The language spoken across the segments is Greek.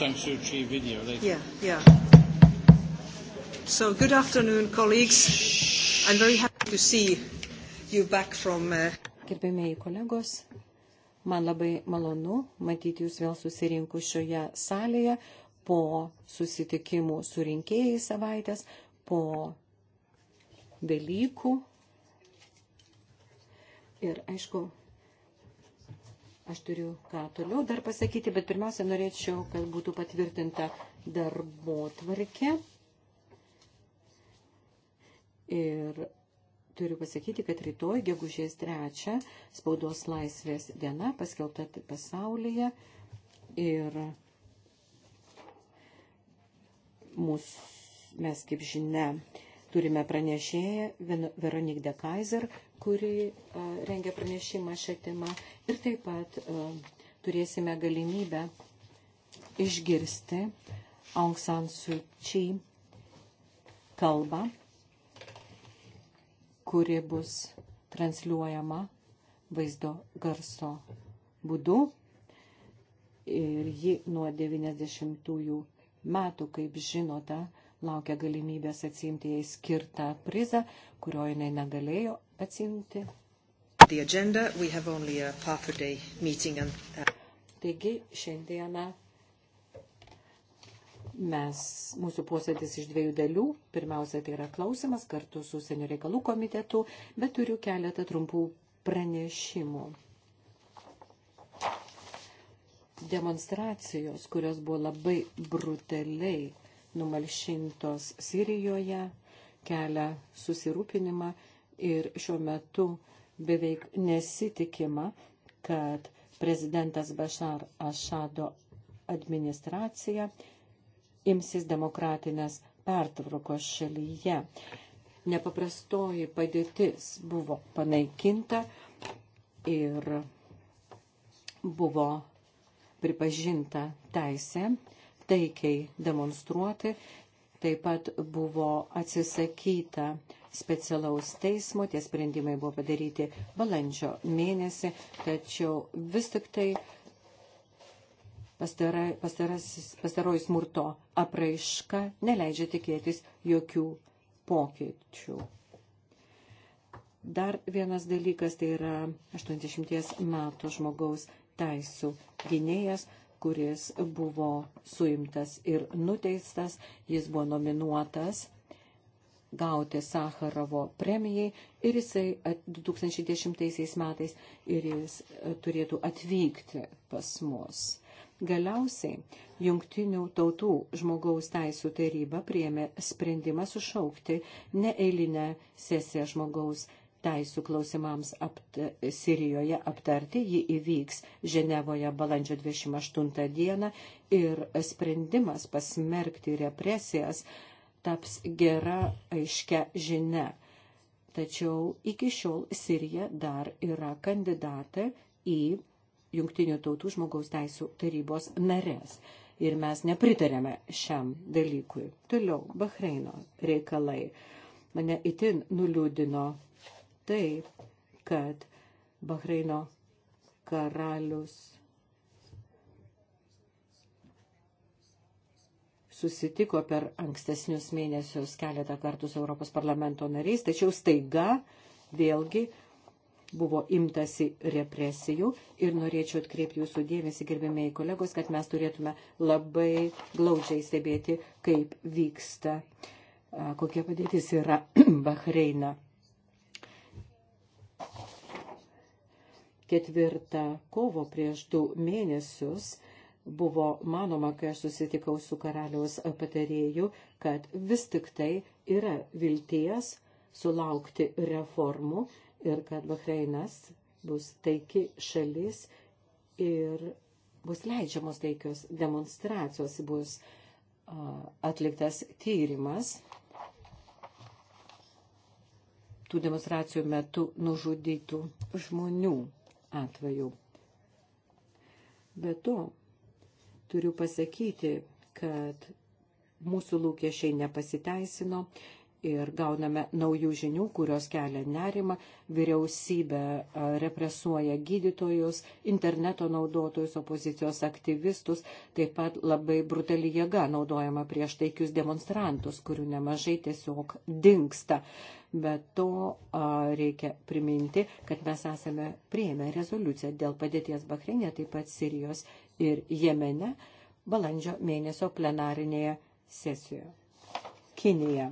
Aung Suu Kyi video later. Yeah, yeah. So good afternoon, colleagues. I'm very happy to see you back from. Gerbėmiai kolegos, man labai malonu matyti jūs vėl susirinkus šioje salėje po susitikimų su rinkėjai savaitės, po Velykų. Ir aišku, Aš turiu ką toliau dar pasakyti, bet pirmiausia norėčiau, kad būtų patvirtinta darbo tvarkė. Ir turiu pasakyti, kad rytoj, gegužės trečią, spaudos laisvės diena paskelbta pasaulyje. Ir mūsų, mes, kaip žinia, Turime pranešėją Veronik de Kaiser, kuri rengia pranešimą šią temą ir taip pat turėsime galimybę išgirsti Aung San Suu Kyi kalbą, kuri bus transliuojama vaizdo garso būdu. Ir ji nuo 90-ųjų metų, kaip žinote, laukia galimybės atsiimti jai skirtą prizą, kurio jinai negalėjo atsiimti. Agenda, and... Taigi šiandieną mes, mūsų posėdis iš dviejų dalių. Pirmiausia, tai yra klausimas kartu su senio reikalų komitetu, bet turiu keletą trumpų pranešimų. Demonstracijos, kurios buvo labai brutaliai numalšintos Sirijoje, kelia susirūpinimą ir šiuo metu beveik nesitikima, kad prezidentas Bashar Asado administracija imsis demokratinės pertvarkos šalyje. Nepaprastoji padėtis buvo panaikinta ir buvo pripažinta teisė taikiai demonstruoti. Taip pat buvo atsisakyta specialaus teismo, tie sprendimai buvo padaryti balandžio mėnesį, tačiau vis tik tai pastarai, pastaroji smurto apraiška neleidžia tikėtis jokių pokyčių. Dar vienas dalykas tai yra 80 metų žmogaus teisų gynėjas kuris buvo suimtas ir nuteistas, jis buvo nominuotas gauti Sakharovo premijai ir jisai 2010 metais ir jis turėtų atvykti pas mus. Galiausiai Jungtinių tautų žmogaus teisų taryba priėmė sprendimą sušaukti neeilinę sesiją žmogaus Taisų klausimams apt, Sirijoje aptarti. Ji įvyks Ženevoje balandžio 28 dieną ir sprendimas pasmerkti represijas taps gera aiškia žinia. Tačiau iki šiol Sirija dar yra kandidatė į Jungtinių tautų žmogaus teisų tarybos narės. Ir mes nepritarėme šiam dalykui. Toliau, Bahreino reikalai. Mane itin nuliūdino tai, kad Bahreino karalius susitiko per ankstesnius mėnesius keletą kartų su Europos parlamento nariais, tačiau staiga vėlgi buvo imtasi represijų ir norėčiau atkreipti jūsų dėmesį, gerbėmiai kolegos, kad mes turėtume labai glaudžiai stebėti, kaip vyksta, kokia padėtis yra Bahreina. Ketvirtą kovo prieš du mėnesius buvo manoma, kai aš susitikau su karaliaus patarėju, kad vis tik tai yra vilties sulaukti reformų ir kad Bahreinas bus taiki šalis ir bus leidžiamos taikios demonstracijos, bus atliktas tyrimas. Tų demonstracijų metu nužudytų žmonių atveju. Be to, turiu pasakyti, kad mūsų lūkesčiai nepasiteisino ir gauname naujų žinių, kurios kelia nerimą. Vyriausybė represuoja gydytojus, interneto naudotojus, opozicijos aktyvistus, taip pat labai brutali jėga naudojama prieš taikius demonstrantus, kurių nemažai tiesiog dinksta. Bet to a, reikia priminti, kad mes esame priėmę rezoliuciją dėl padėties Bahreinė, taip pat Sirijos ir Jemene balandžio mėnesio plenarinėje sesijoje. Kinija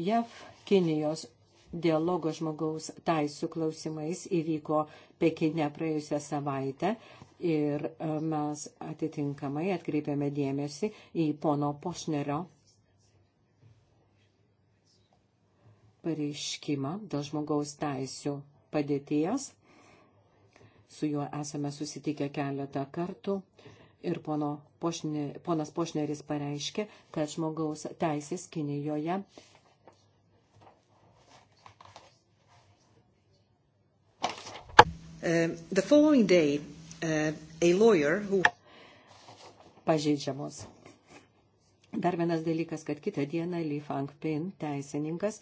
JAV Kinijos dialogo žmogaus taisų klausimais įvyko Pekine praėjusią savaitę ir mes atitinkamai atkreipėme dėmesį į pono Pošnerio pareiškimą dėl žmogaus teisių padėties. Su juo esame susitikę keletą kartų ir pono Pošne, ponas Pošneris pareiškė, kad žmogaus teisės Kinijoje The following day, a lawyer who... Pažeidžiamos. Dar vienas dalykas, kad kitą dieną Li Pin, teisininkas,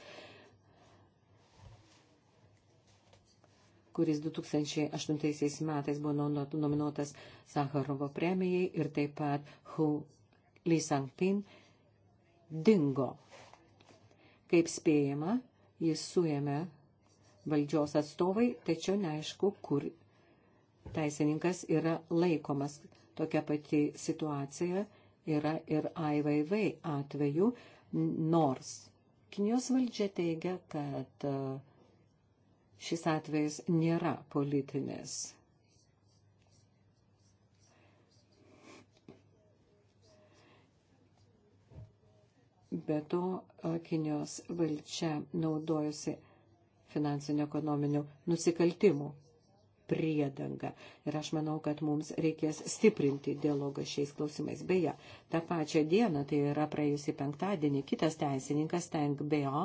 kuris 2008 metais buvo nominuotas Sakharovo premijai ir taip pat Hu Li Pin, dingo. Kaip spėjama, jis suėmė valdžios atstovai, tačiau neaišku, kur teisininkas yra laikomas. Tokia pati situacija yra ir IVV atveju, nors Kinijos valdžia teigia, kad šis atvejis nėra politinis. Be to, Kinijos valdžia naudojusi finansinių ekonominių nusikaltimų priedanga. Ir aš manau, kad mums reikės stiprinti dialogą šiais klausimais. Beje, tą pačią dieną, tai yra praėjusį penktadienį, kitas teisininkas Tank Beo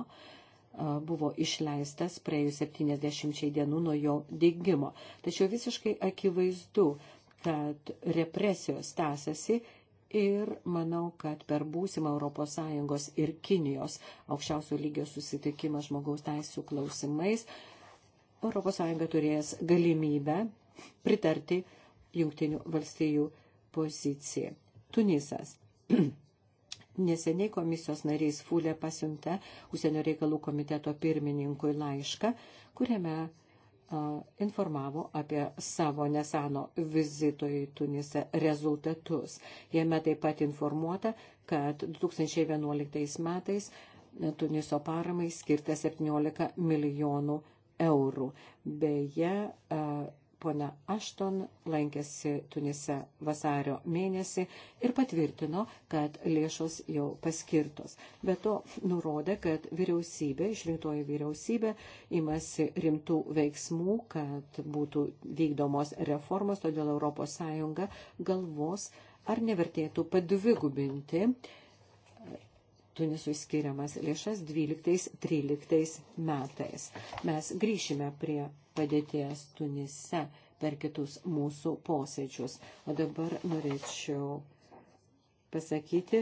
buvo išleistas praėjus 70 dienų nuo jo dėgymo. Tačiau visiškai akivaizdu, kad represijos tęsiasi Ir manau, kad per būsimą ES ir Kinijos aukščiausio lygio susitikimą žmogaus teisių klausimais ES turės galimybę pritarti jungtinių valstijų pozicijai. Tunisas. Neseniai komisijos narys Fulė pasiuntė užsienio reikalų komiteto pirmininkui laišką, kuriame informavo apie savo nesano vizito į Tunise rezultatus. Jame taip pat informuota, kad 2011 metais Tuniso paramai skirta 17 milijonų eurų. Beje, ponia Ashton lankėsi Tunise vasario mėnesį ir patvirtino, kad lėšos jau paskirtos. Be to nurodė, kad vyriausybė, išrinktoji vyriausybė, imasi rimtų veiksmų, kad būtų vykdomos reformos, todėl ES galvos, ar nevertėtų padvigubinti Tunisui skiriamas lėšas 12-13 metais. Mes grįšime prie padėties Tunise per kitus mūsų posėdžius. O dabar norėčiau pasakyti,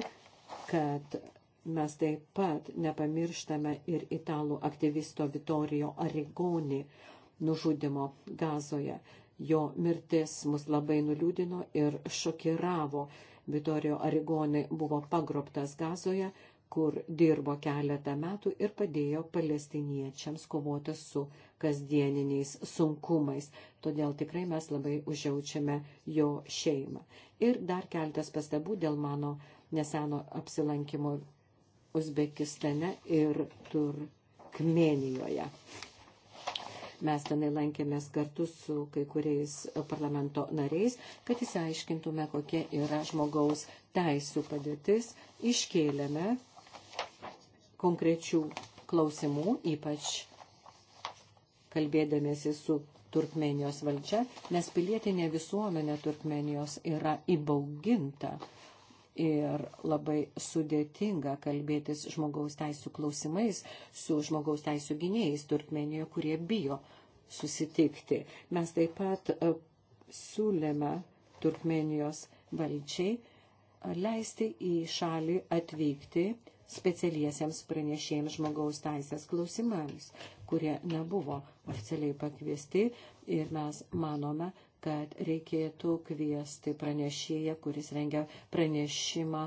kad mes taip pat nepamirštame ir italų aktyvisto Vitorijo Arigoni nužudimo gazoje. Jo mirtis mus labai nuliūdino ir šokiravo. Vitorijo Arigoni buvo pagrobtas gazoje, kur dirbo keletą metų ir padėjo palestiniečiams kovoti su kasdieniniais sunkumais. Todėl tikrai mes labai užjaučiame jo šeimą. Ir dar keltas pastabų dėl mano neseno apsilankimo Uzbekistane ir Turkmenijoje. Mes tenai lankėmės kartu su kai kuriais parlamento nariais, kad įsiaiškintume, kokia yra žmogaus teisų padėtis. Iškėlėme konkrečių klausimų, ypač kalbėdamėsi su Turkmenijos valdžia, nes pilietinė visuomenė Turkmenijos yra įbauginta ir labai sudėtinga kalbėtis žmogaus teisų klausimais su žmogaus teisų gynėjais Turkmenijoje, kurie bijo susitikti. Mes taip pat siūlėme Turkmenijos valdžiai leisti į šalį atvykti specialiesiems pranešėjams žmogaus teisės klausimams, kurie nebuvo oficialiai pakviesti ir mes manome, kad reikėtų kviesti pranešėją, kuris rengia pranešimą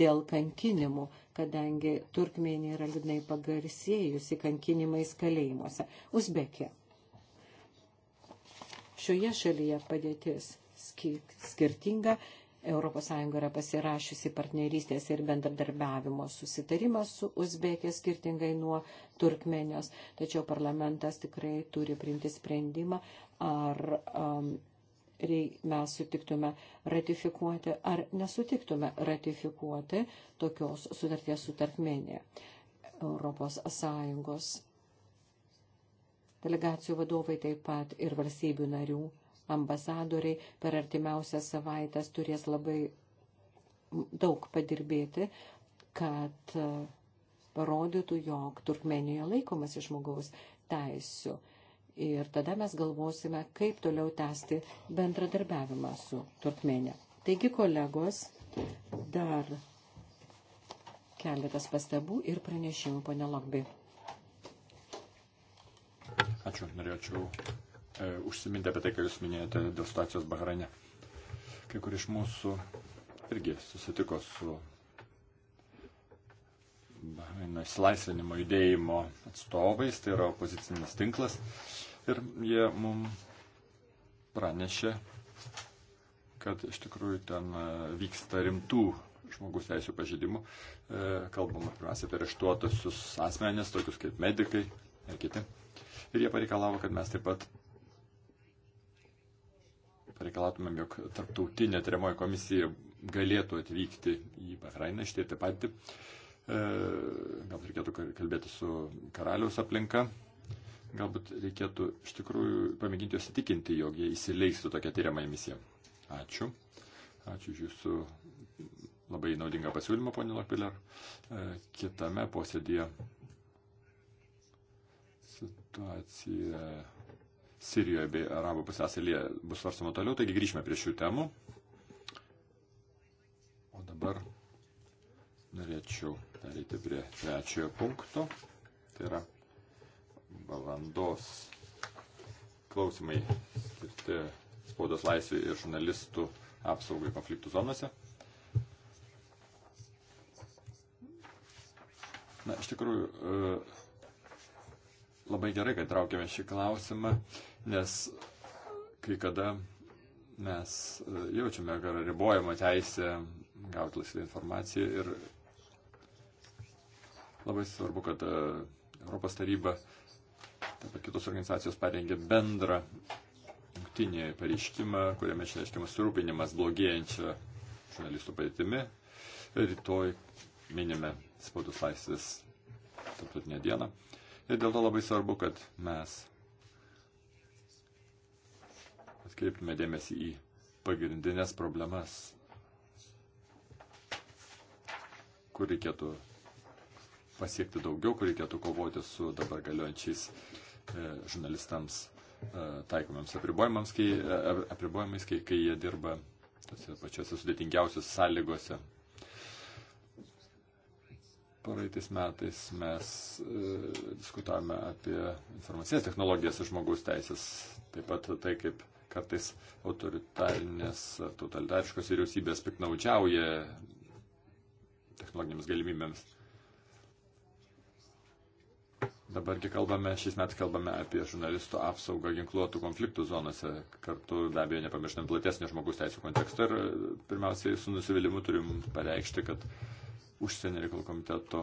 dėl kankinimų, kadangi Turkmenija yra liūdnai pagarsėjusi kankinimais kalėjimuose. Uzbekija. Šioje šalyje padėtis skirtinga ES yra pasirašiusi partnerystės ir bendradarbiavimo susitarimą su Uzbekija skirtingai nuo Turkmenijos. Tačiau parlamentas tikrai turi priimti sprendimą, ar um, mes sutiktume ratifikuoti ar nesutiktume ratifikuoti tokios sutarties su Turkmenija. Europos Sąjungos delegacijų vadovai taip pat ir valstybių narių ambasadoriai per artimiausias savaitės turės labai daug padirbėti, kad parodytų, jog Turkmenijoje laikomas žmogaus teisų. Ir tada mes galvosime, kaip toliau tęsti bendradarbiavimą su Turkmenė. Taigi, kolegos, dar keletas pastabų ir pranešimų, ponė Lokbi. Ačiū, norėčiau užsiminti apie tai, ką jūs minėjote dėl situacijos Bahrane. Kai kur iš mūsų irgi susitiko su Bahreino įsilaisvinimo judėjimo atstovais, tai yra opozicinis tinklas. Ir jie mums pranešė, kad iš tikrųjų ten vyksta rimtų žmogus teisų pažydimų. Kalbama pirmiausia apie reštuotusius asmenės, tokius kaip medikai ir kiti. Ir jie pareikalavo, kad mes taip pat pareikalatumėm, jog tarptautinė tyriamoji komisija galėtų atvykti į Bahrainą, ištirti patį. Galbūt reikėtų kalbėti su karaliaus aplinka. Galbūt reikėtų iš tikrųjų pamėginti juos įtikinti, jog jie įsileistų tokią tyriamą misiją. Ačiū. Ačiū už jūsų labai naudingą pasiūlymą, ponė Lokpiler. Kitame posėdėje situacija Sirijoje bei Arabų pusėsalyje bus svarstama toliau, taigi grįžime prie šių temų. O dabar norėčiau pereiti prie trečiojo punkto, tai yra valandos klausimai skirti spaudos laisvė ir žurnalistų apsaugai konfliktų zonose. Na, iš tikrųjų, labai gerai, kad traukėme šį klausimą nes kai kada mes jaučiame ribojimą teisę gauti laisvą informaciją ir labai svarbu, kad Europos taryba, taip pat kitos organizacijos parengė bendrą jungtinį pareiškimą, kuriame išreiškiamas surūpinimas blogėjančia žurnalistų padėtimi. Rytoj minime spaudos laisvės tarptautinę dieną. Ir dėl to labai svarbu, kad mes atkreiptume dėmesį į pagrindinės problemas, kur reikėtų pasiekti daugiau, kur reikėtų kovoti su dabar galiojančiais žurnalistams taikomiems apribojimams, kai, apribojimais, kai, kai jie dirba tose pačiose sudėtingiausios sąlygose. Paraitais metais mes e, diskutavome apie informacinės technologijas ir žmogaus teisės, taip pat tai, kaip Kartais autoritarinės, totalitariškos vyriausybės piknaučiauja technologinėms galimybėms. Dabargi kalbame, šiais metais kalbame apie žurnalistų apsaugą ginkluotų konfliktų zonose, kartu be abejo nepamirštant platesnio žmogus teisų konteksto ir pirmiausiai su nusivylimu turim pareikšti, kad užsienio reikalų komiteto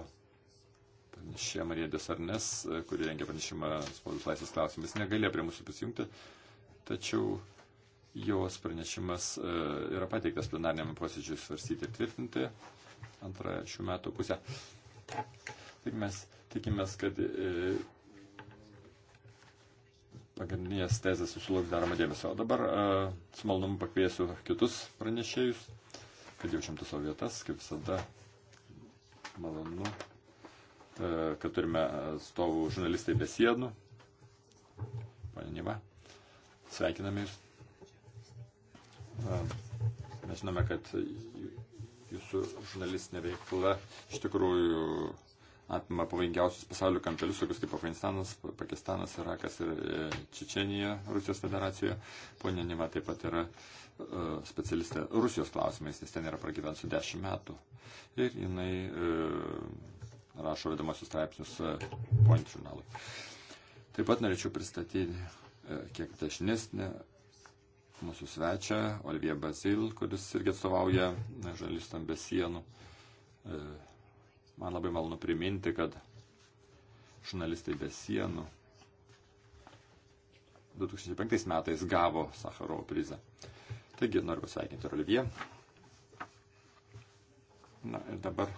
pranešė Marija Desarnes, kuri rengė pranešimą spaudos laisvės klausimais, negalėjo prie mūsų prisijungti, tačiau jos pranešimas yra pateiktas plenariniam posėdžiui svarstyti ir tvirtinti antrąją šių metų pusę. Taigi mes tikimės, kad pagrindinės tezės susilauks daroma dėmesio. O dabar su malonumu pakviesiu kitus pranešėjus, kad jaučiamtų savo vietas, kaip visada malonu, kad turime stovu žurnalistai be sienų. Pane Niva. Sveikiname ir mes žinome, kad jūsų žurnalistinė veikla iš tikrųjų apima pavojingiausius pasaulio kampelius, tokius kaip Afganistanas, Pakistanas, Irakas ir Čečenija Rusijos federacijoje. Pone Nima taip pat yra specialistė Rusijos klausimais, nes ten yra pragyvenusi dešimt metų. Ir jinai rašo vedamosius straipsnius Point žurnalui. Taip pat norėčiau pristatyti kiek dešinesnė mūsų svečia, Olivija Bazil, kuris irgi atstovauja žurnalistam be sienų. Man labai malonu priminti, kad žurnalistai be sienų 2005 metais gavo Sakharo prizą. Taigi noriu pasveikinti ir Oliviją. Na ir dabar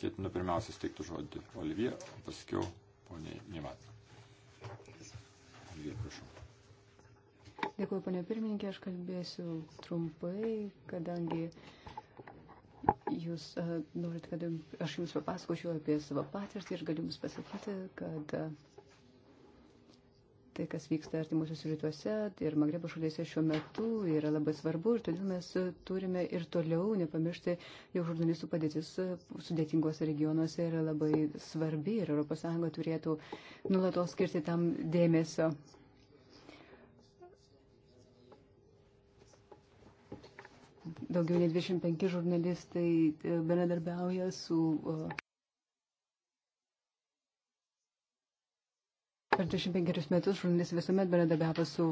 ketinu pirmiausia steigti žodį Oliviją, o paskiau poniai Nivat. Olivija, prašau. Dėkui, ponė pirmininkė, aš kalbėsiu trumpai, kadangi jūs kad aš jums papasakočiau apie savo patirtį ir galiu jums pasakyti, kad tai, kas vyksta artimuosius rytuose ir Magrebo šalyse šiuo metu yra labai svarbu ir todėl mes turime ir toliau nepamiršti, jog žurnalistų padėtis sudėtingose regionuose yra labai svarbi ir ES turėtų nulatos skirti tam dėmesio. Daugiau nei 25 žurnalistai bendradarbiauja su Per 25 metus žurnalistai visuomet benedarbiavo su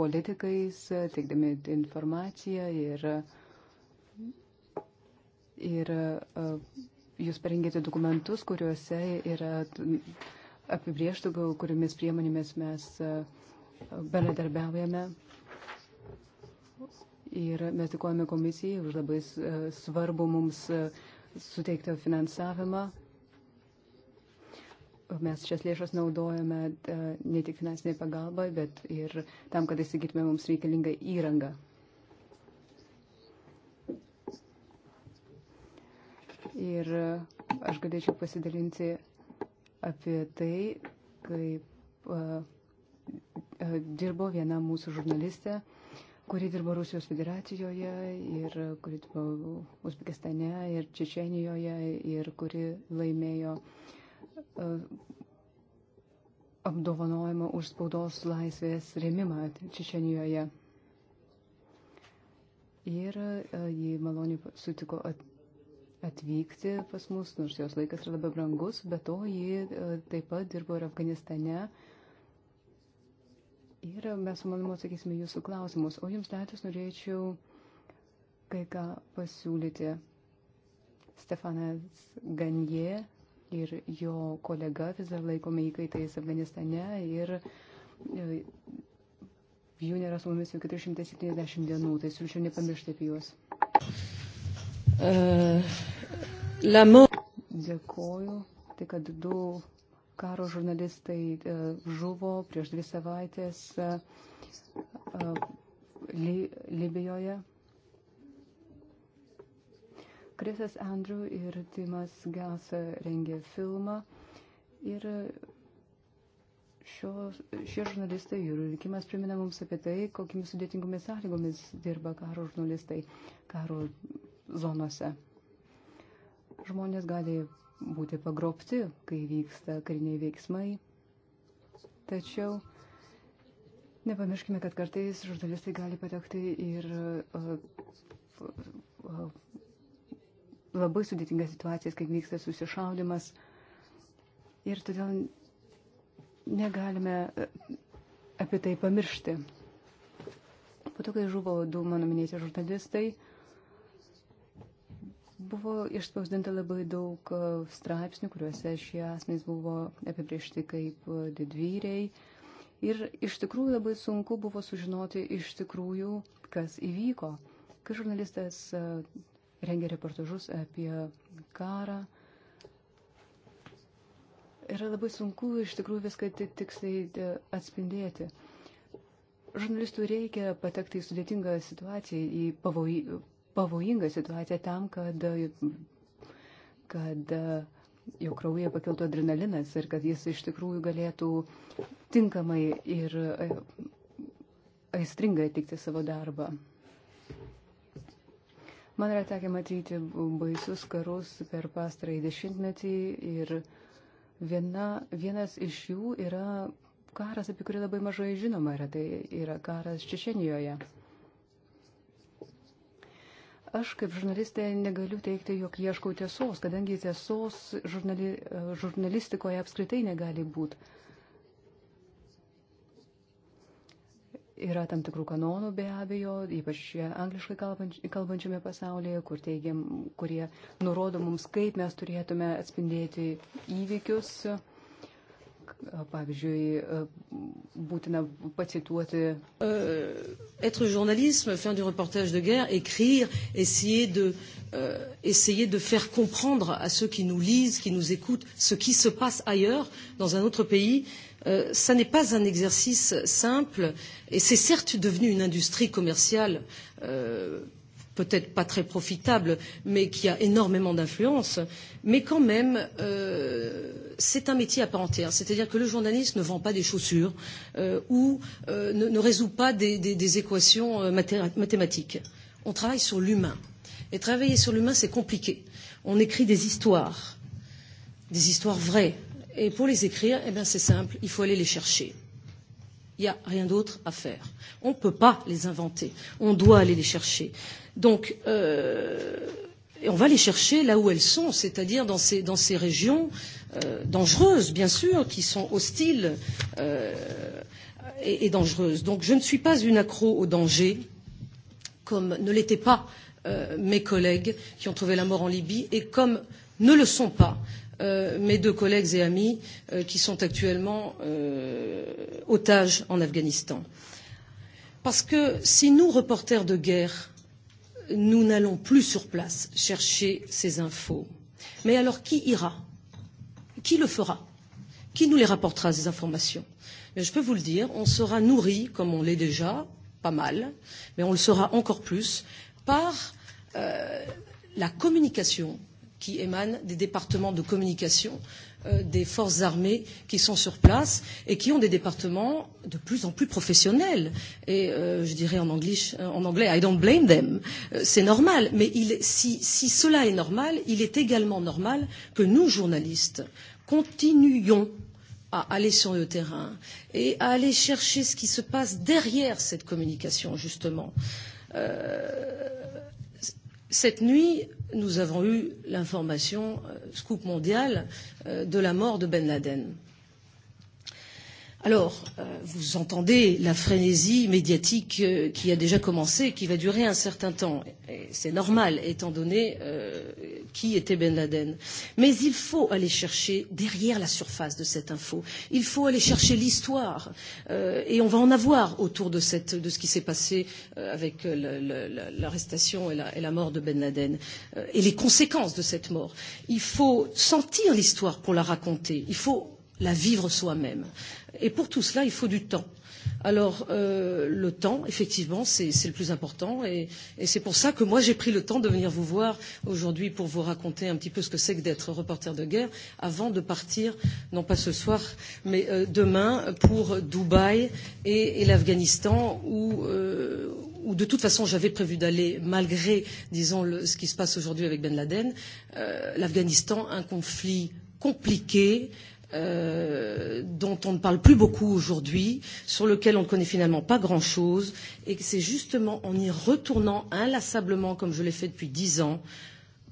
politikais, teikdami informaciją ir, ir jūs parengėte dokumentus, kuriuose yra apibrieštų, kuriomis priemonėmis mes benedarbiaujame. Ir mes dėkojame komisijai už labai svarbu mums suteikti finansavimą. Mes šias lėšas naudojame ne tik finansinė pagalba, bet ir tam, kad įsigytume mums reikalingą įrangą. Ir aš galėčiau pasidalinti apie tai, kaip dirbo viena mūsų žurnalistė, kuri dirbo Rusijos federacijoje ir kuri dirbo Uzbekistane ir Čečenijoje ir kuri laimėjo apdovanojimą už spaudos laisvės rėmimą Čečenijoje. Ir jį maloniai sutiko atvykti pas mus, nors jos laikas yra labai brangus, bet to jį taip pat dirbo ir Afganistane ir mes su manimu atsakysime jūsų klausimus. O jums datus norėčiau kai ką pasiūlyti. Stefanas Ganje ir jo kolega vis dar laikome įkaitais Afganistane ir jų nėra su mumis jau 470 dienų, tai siūlyčiau nepamiršti apie juos. Uh, Dėkoju, tai kad du karo žurnalistai žuvo prieš dvi savaitės Li Libijoje. Krisas Andrew ir Timas Gasa rengė filmą ir šio, šie žurnalistai ir likimas primena mums apie tai, kokiamis sudėtingomis sąlygomis dirba karo žurnalistai karo zonose. Žmonės gali būti pagrobti, kai vyksta kariniai veiksmai. Tačiau nepamirškime, kad kartais žurnalistai gali patekti ir labai sudėtingas situacijas, kai vyksta susišaudimas. Ir todėl negalime apie tai pamiršti. Po to, kai žuvo du mano minėti žurnalistai, Buvo išspausdinta labai daug straipsnių, kuriuose šie asmenys buvo apibriešti kaip didvyriai. Ir iš tikrųjų labai sunku buvo sužinoti iš tikrųjų, kas įvyko. Kai žurnalistas rengė reportažus apie karą, yra labai sunku iš tikrųjų viską tiksliai atspindėti. Žurnalistų reikia patekti į sudėtingą situaciją, į pavojį pavojinga situacija tam, kad, kad jo kraujyje pakiltų adrenalinas ir kad jis iš tikrųjų galėtų tinkamai ir aistringai atlikti savo darbą. Man yra tekę matyti baisius karus per pastarąjį dešimtmetį ir viena, vienas iš jų yra karas, apie kurį labai mažai žinoma yra, tai yra karas Čečenijoje. Aš kaip žurnalistė negaliu teikti, jog ieškau tiesos, kadangi tiesos žurnali, žurnalistikoje apskritai negali būti. Yra tam tikrų kanonų be abejo, ypač angliškai kalbančiame pasaulyje, kur teigiam, kurie nurodo mums, kaip mes turėtume atspindėti įvykius être journaliste, faire du reportage de guerre, écrire, essayer de, essayer de faire comprendre à ceux qui nous lisent, qui nous écoutent, ce qui se passe ailleurs, dans un autre pays, euh, ça n'est pas un exercice simple et c'est certes devenu une industrie commerciale peut-être pas très profitable, mais qui a énormément d'influence. Mais quand même, c'est un métier à part entière. C'est-à-dire que le journaliste ne vend pas des chaussures ou ne résout pas des équations mathématiques. On travaille sur l'humain. Et travailler sur l'humain, c'est compliqué. On écrit des histoires, des histoires vraies. Et pour les écrire, eh c'est simple, il faut aller les chercher. Il n'y a rien d'autre à faire. On ne peut pas les inventer. On doit aller les chercher. Donc, et on va les chercher là où elles sont, c'est-à-dire dans ces, dans ces régions dangereuses, bien sûr, qui sont hostiles et, dangereuses. Donc, je ne suis pas une accro au danger, comme ne l'étaient pas mes collègues qui ont trouvé la mort en Libye, et comme ne le sont pas mes deux collègues et amis qui sont actuellement otages en Afghanistan. Parce que si nous, reporters de guerre, nous n'allons plus sur place chercher ces infos, mais alors qui ira Qui le fera Qui nous les rapportera, ces informations Je peux vous le dire, on sera nourri, comme on l'est déjà, pas mal, mais on le sera encore plus, par la communication qui émanent des départements de communication des forces armées qui sont sur place et qui ont des départements de plus en plus professionnels. Et je dirais en anglais, en anglais I don't blame them. C'est normal. Mais si cela est normal, il est également normal que nous, journalistes, continuions à aller sur le terrain et à aller chercher ce qui se passe derrière cette communication, justement. Cette nuit, nous avons eu l'information scoop mondiale de la mort de Ben Laden Alors, vous entendez la frénésie médiatique qui a déjà commencé, qui va durer un certain temps. C'est normal, étant donné qui était Ben Laden. Mais il faut aller chercher derrière la surface de cette info. Il faut aller chercher l'histoire. Et on va en avoir autour de ce qui s'est passé avec l'arrestation et la mort de Ben Laden. Et les conséquences de cette mort. Il faut sentir l'histoire pour la raconter. Il faut la vivre soi-même. Et pour tout cela, il faut du temps. Alors, le temps, effectivement, c'est le plus important. Et c'est pour ça que moi, j'ai pris le temps de venir vous voir aujourd'hui pour vous raconter un petit peu ce que c'est que d'être reporter de guerre avant de partir, non pas ce soir, mais demain, pour Dubaï et l'Afghanistan où de toute façon j'avais prévu d'aller malgré, disons, ce qui se passe aujourd'hui avec Ben Laden, l'Afghanistan, un conflit compliqué dont on ne parle plus beaucoup aujourd'hui, sur lequel on ne connaît finalement pas grand-chose, et que c'est justement en y retournant inlassablement, comme je l'ai fait depuis dix ans,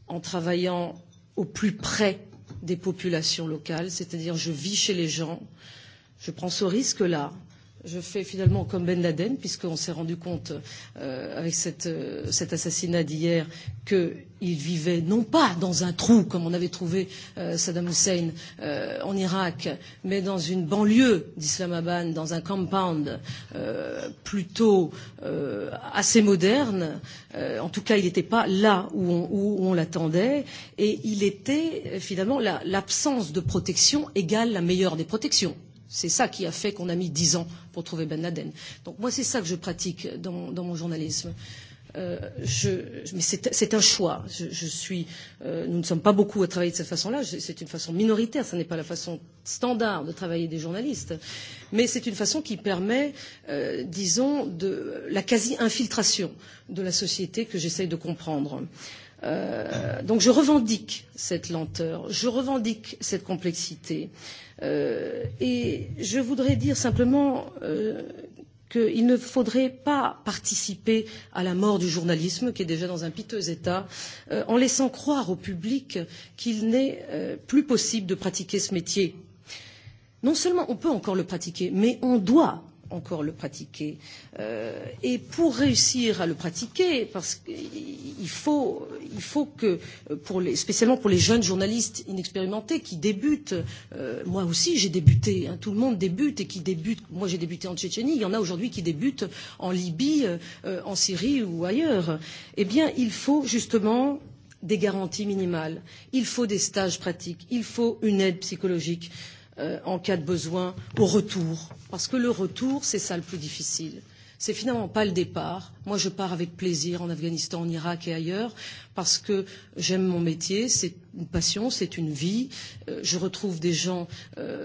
en travaillant au plus près des populations locales, c'est-à-dire je vis chez les gens, je prends ce risque-là je fais finalement comme Ben Laden, puisqu'on s'est rendu compte avec cet assassinat d'hier qu'il vivait non pas dans un trou, comme on avait trouvé Saddam Hussein en Irak, mais dans une banlieue d'Islamabad, dans un compound plutôt assez moderne. En tout cas, il n'était pas là où on l'attendait. Et il était, finalement, l'absence de protection égale la meilleure des protections C'est ça qui a fait qu'on a mis dix ans pour trouver Ben Laden. Donc moi, c'est ça que je pratique dans mon journalisme. Mais c'est un choix. Nous ne sommes pas beaucoup à travailler de cette façon-là. C'est une façon minoritaire. Ce n'est pas la façon standard de travailler des journalistes. Mais c'est une façon qui permet, disons, la quasi-infiltration de la société que j'essaye de comprendre donc je revendique cette lenteur je revendique cette complexité et je voudrais dire simplement qu'il ne faudrait pas participer à la mort du journalisme qui est déjà dans un piteux état en laissant croire au public qu'il n'est plus possible de pratiquer ce métier. non seulement on peut encore le pratiquer mais on doit encore le pratiquer. Et pour réussir à le pratiquer, parce qu'il faut que, spécialement pour les jeunes journalistes inexpérimentés qui débutent, moi aussi j'ai débuté, tout le monde débute et qui débute, moi j'ai débuté en Tchétchénie, il y en a aujourd'hui qui débutent en Libye, en Syrie ou ailleurs. Eh bien, il faut justement des garanties minimales, il faut des stages pratiques, il faut une aide psychologique en cas de besoin au retour. Parce que le retour, c'est ça le plus difficile. C'est finalement pas le départ. Moi, je pars avec plaisir en Afghanistan, en Irak et ailleurs, parce que j'aime mon métier, c'est une passion, c'est une vie. Je retrouve des gens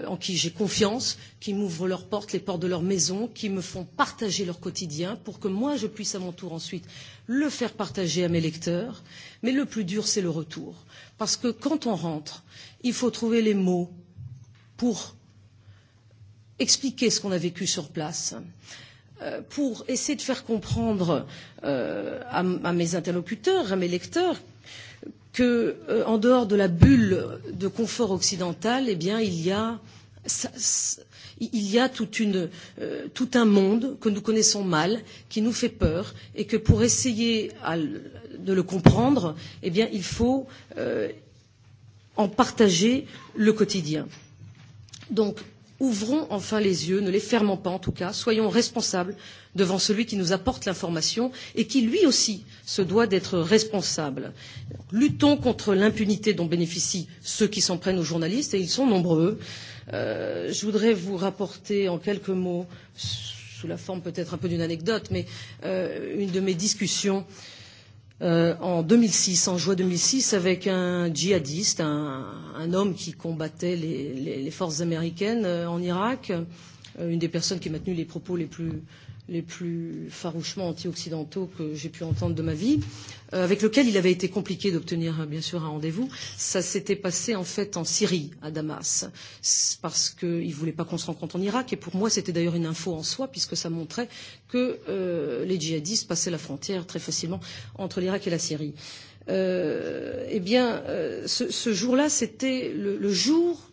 en qui j'ai confiance, qui m'ouvrent leurs portes, les portes de leur maison, qui me font partager leur quotidien pour que moi, je puisse à mon tour ensuite le faire partager à mes lecteurs. Mais le plus dur, c'est le retour. Parce que quand on rentre, il faut trouver les mots pour expliquer ce qu'on a vécu sur place, pour essayer de faire comprendre à mes interlocuteurs, à mes lecteurs, qu'en dehors de la bulle de confort occidental, eh bien, il y a il y a tout un monde que nous connaissons mal, qui nous fait peur, et que pour essayer de le comprendre, eh bien, il faut en partager le quotidien. Donc, ouvrons enfin les yeux, ne les fermons pas en tout cas, soyons responsables devant celui qui nous apporte l'information et qui lui aussi se doit d'être responsable. Luttons contre l'impunité dont bénéficient ceux qui s'en prennent aux journalistes, et ils sont nombreux. Je voudrais vous rapporter en quelques mots, sous la forme peut-être un peu d'une anecdote, mais une de mes discussions en 2006, en juin 2006, avec un djihadiste, un homme qui combattait les forces américaines en Irak, une des personnes qui a maintenu les propos les plus farouchement anti-occidentaux que j'ai pu entendre de ma vie avec lequel il avait été compliqué d'obtenir bien sûr un rendez-vous. Ça s'était passé en fait en Syrie, à Damas, parce qu'il ne voulait pas qu'on se rencontre en Irak. Et pour moi, c'était d'ailleurs une info en soi, puisque ça montrait que les djihadistes passaient la frontière très facilement entre l'Irak et la Syrie. Eh bien, ce jour-là, c'était le jour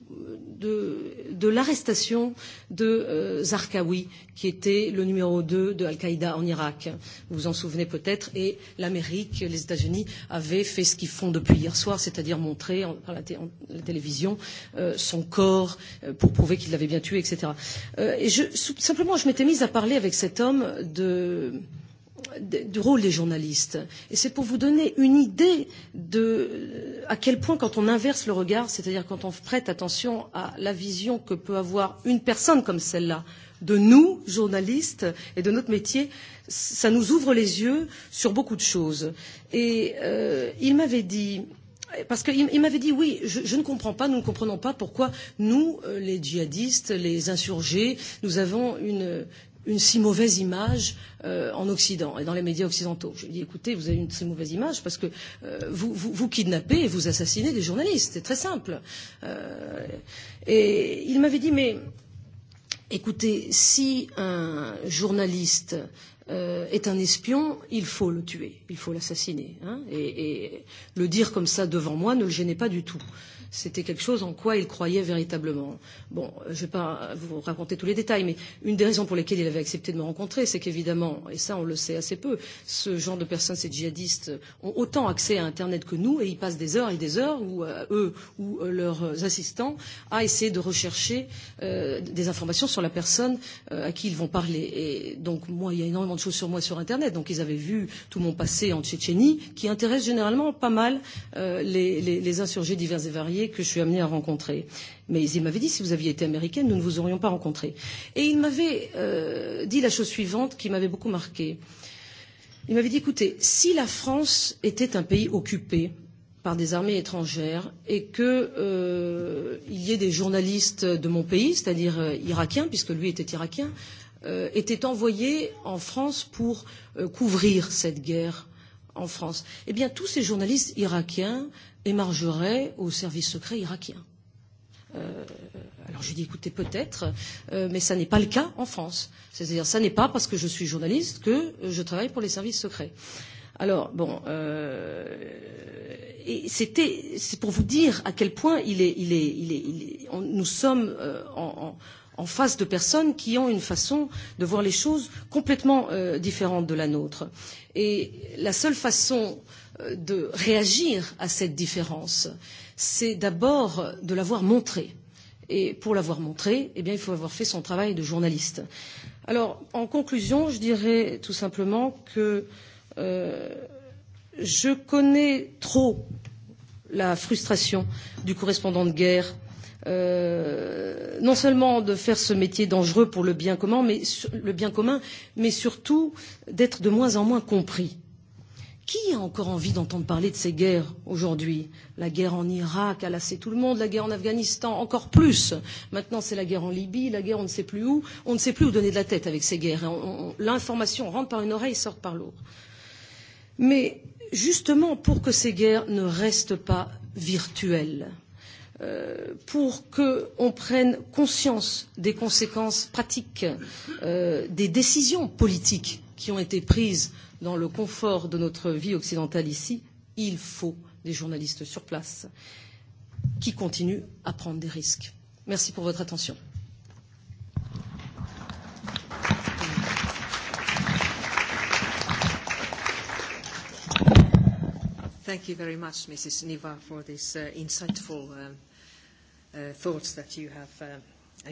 de l'arrestation de Zarqawi, qui était le numéro 2 de Al-Qaïda en Irak. Vous vous en souvenez peut-être. Et l'Amérique, les États-Unis, avaient fait ce qu'ils font depuis hier soir, c'est-à-dire montrer par la télévision son corps pour prouver qu'il l'avait bien tué, etc. Simplement, je m'étais mise à parler avec cet homme de du rôle des journalistes. Et c'est pour vous donner une idée de à quel point, quand on inverse le regard, c'est-à-dire quand on prête attention à la vision que peut avoir une personne comme celle-là, de nous, journalistes, et de notre métier, ça nous ouvre les yeux sur beaucoup de choses. Et il m'avait dit. Parce qu'il m'avait dit, oui, je ne comprends pas, nous ne comprenons pas pourquoi nous, les djihadistes, les insurgés, nous avons une une si mauvaise image en Occident et dans les médias occidentaux. Je lui dis écoutez, vous avez une si mauvaise image parce que vous vous kidnappez et vous assassinez des journalistes, c'est très simple. Et il m'avait dit mais écoutez, si un journaliste est un espion, il faut le tuer, il faut l'assassiner. Et le dire comme ça devant moi ne le gênait pas du tout c'était quelque chose en quoi il croyait véritablement. Bon, je ne vais pas vous raconter tous les détails, mais une des raisons pour lesquelles il avait accepté de me rencontrer, c'est qu'évidemment, et ça on le sait assez peu, ce genre de personnes, ces djihadistes, ont autant accès à Internet que nous et ils passent des heures et des heures, ou eux ou leurs assistants, à essayer de rechercher des informations sur la personne à qui ils vont parler. Et donc, moi, il y a énormément de choses sur moi sur Internet. Donc, ils avaient vu tout mon passé en Tchétchénie, qui intéresse généralement pas mal les insurgés divers et variés que je suis amenée à rencontrer. Mais il m'avait dit, si vous aviez été américaine, nous ne vous aurions pas rencontré. Et il m'avait dit la chose suivante qui m'avait beaucoup marqué. Il m'avait dit, écoutez, si la France était un pays occupé par des armées étrangères et qu'il y ait des journalistes de mon pays, c'est-à-dire irakiens, puisque lui était irakien, étaient envoyés en France pour couvrir cette guerre en France. Eh bien, tous ces journalistes irakiens émargeraient au service secret irakien. Alors je dis écoutez peut-être, mais ça n'est pas le cas en France. C'est-à-dire ça n'est pas parce que je suis journaliste que je travaille pour les services secrets. Alors bon, et c'était c'est pour vous dire à quel point il est il est il est nous sommes en en face de personnes qui ont une façon de voir les choses complètement différente de la nôtre. Et la seule façon de réagir à cette différence, c'est d'abord de l'avoir montrée. Et pour l'avoir montrée, il faut avoir fait son travail de journaliste. Alors, en conclusion, je dirais tout simplement que je connais trop la frustration du correspondant de guerre non seulement de faire ce métier dangereux pour le bien commun, mais surtout d'être de moins en moins compris. Qui a encore envie d'entendre parler de ces guerres aujourd'hui La guerre en Irak a lassé tout le monde, la guerre en Afghanistan encore plus. Maintenant, c'est la guerre en Libye, la guerre on ne sait plus où. On ne sait plus où donner de la tête avec ces guerres. L'information rentre par une oreille et sort par l'autre. Mais justement, pour que ces guerres ne restent pas virtuelles, pour qu'on prenne conscience des conséquences pratiques des décisions politiques qui ont été prises dans le confort de notre vie occidentale ici, il faut des journalistes sur place qui continuent à prendre des risques. Merci pour votre attention. Thank thoughts that you have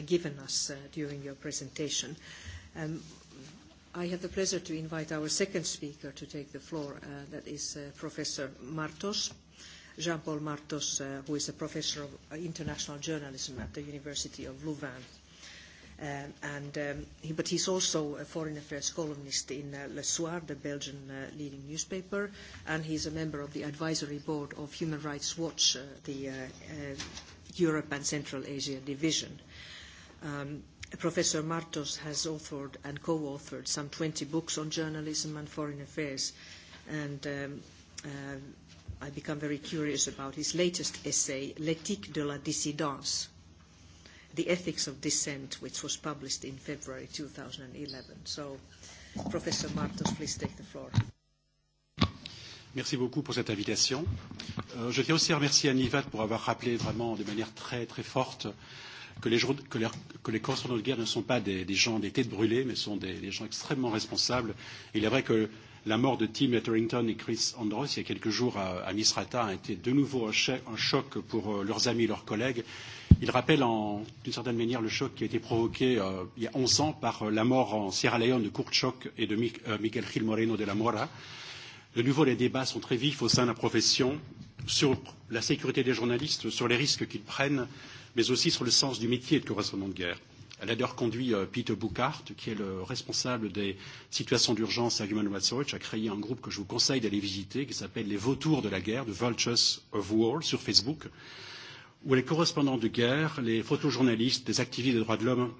given us during your presentation. I have the pleasure to invite our second speaker to take the floor. That is Professor Martos, Jean-Paul Martos, who is a professor of international journalism at the University of Louvain. And but he's also a foreign affairs columnist in Le Soir, the Belgian leading newspaper, and he's a member of the advisory board of Human Rights Watch, the Europe and Central Asia division. Professor Martos has authored and co-authored some 20 books on journalism and foreign affairs, and I become very curious about his latest essay, L'éthique de la dissidence, The Ethics of Dissent, which was published in February 2011. So, Professor Martos, please take the floor. Merci beaucoup pour cette invitation. Je tiens aussi à remercier Anivat pour avoir rappelé vraiment de manière très très forte que les correspondants de guerre ne sont pas des gens des têtes brûlées, mais sont des gens extrêmement responsables. Il est vrai que la mort de Tim Etherington et Chris Andros il y a quelques jours à Misrata a été de nouveau un choc pour leurs amis et leurs collègues. Il rappelle d'une certaine manière le choc qui a été provoqué il y a 11 ans par la mort en Sierra Leone de Kurt et de Miguel Gil Moreno de la Mora De nouveau, les débats sont très vifs au sein de la profession sur la sécurité des journalistes, sur les risques qu'ils prennent, mais aussi sur le sens du métier de correspondant de guerre. Elle a d'ailleurs conduit Peter Buchart, qui est le responsable des situations d'urgence à Human Rights Watch, à créer un groupe que je vous conseille d'aller visiter, qui s'appelle Les Vautours de la guerre, The Vultures of War, sur Facebook, où les correspondants de guerre, les photojournalistes, les activistes des droits de l'homme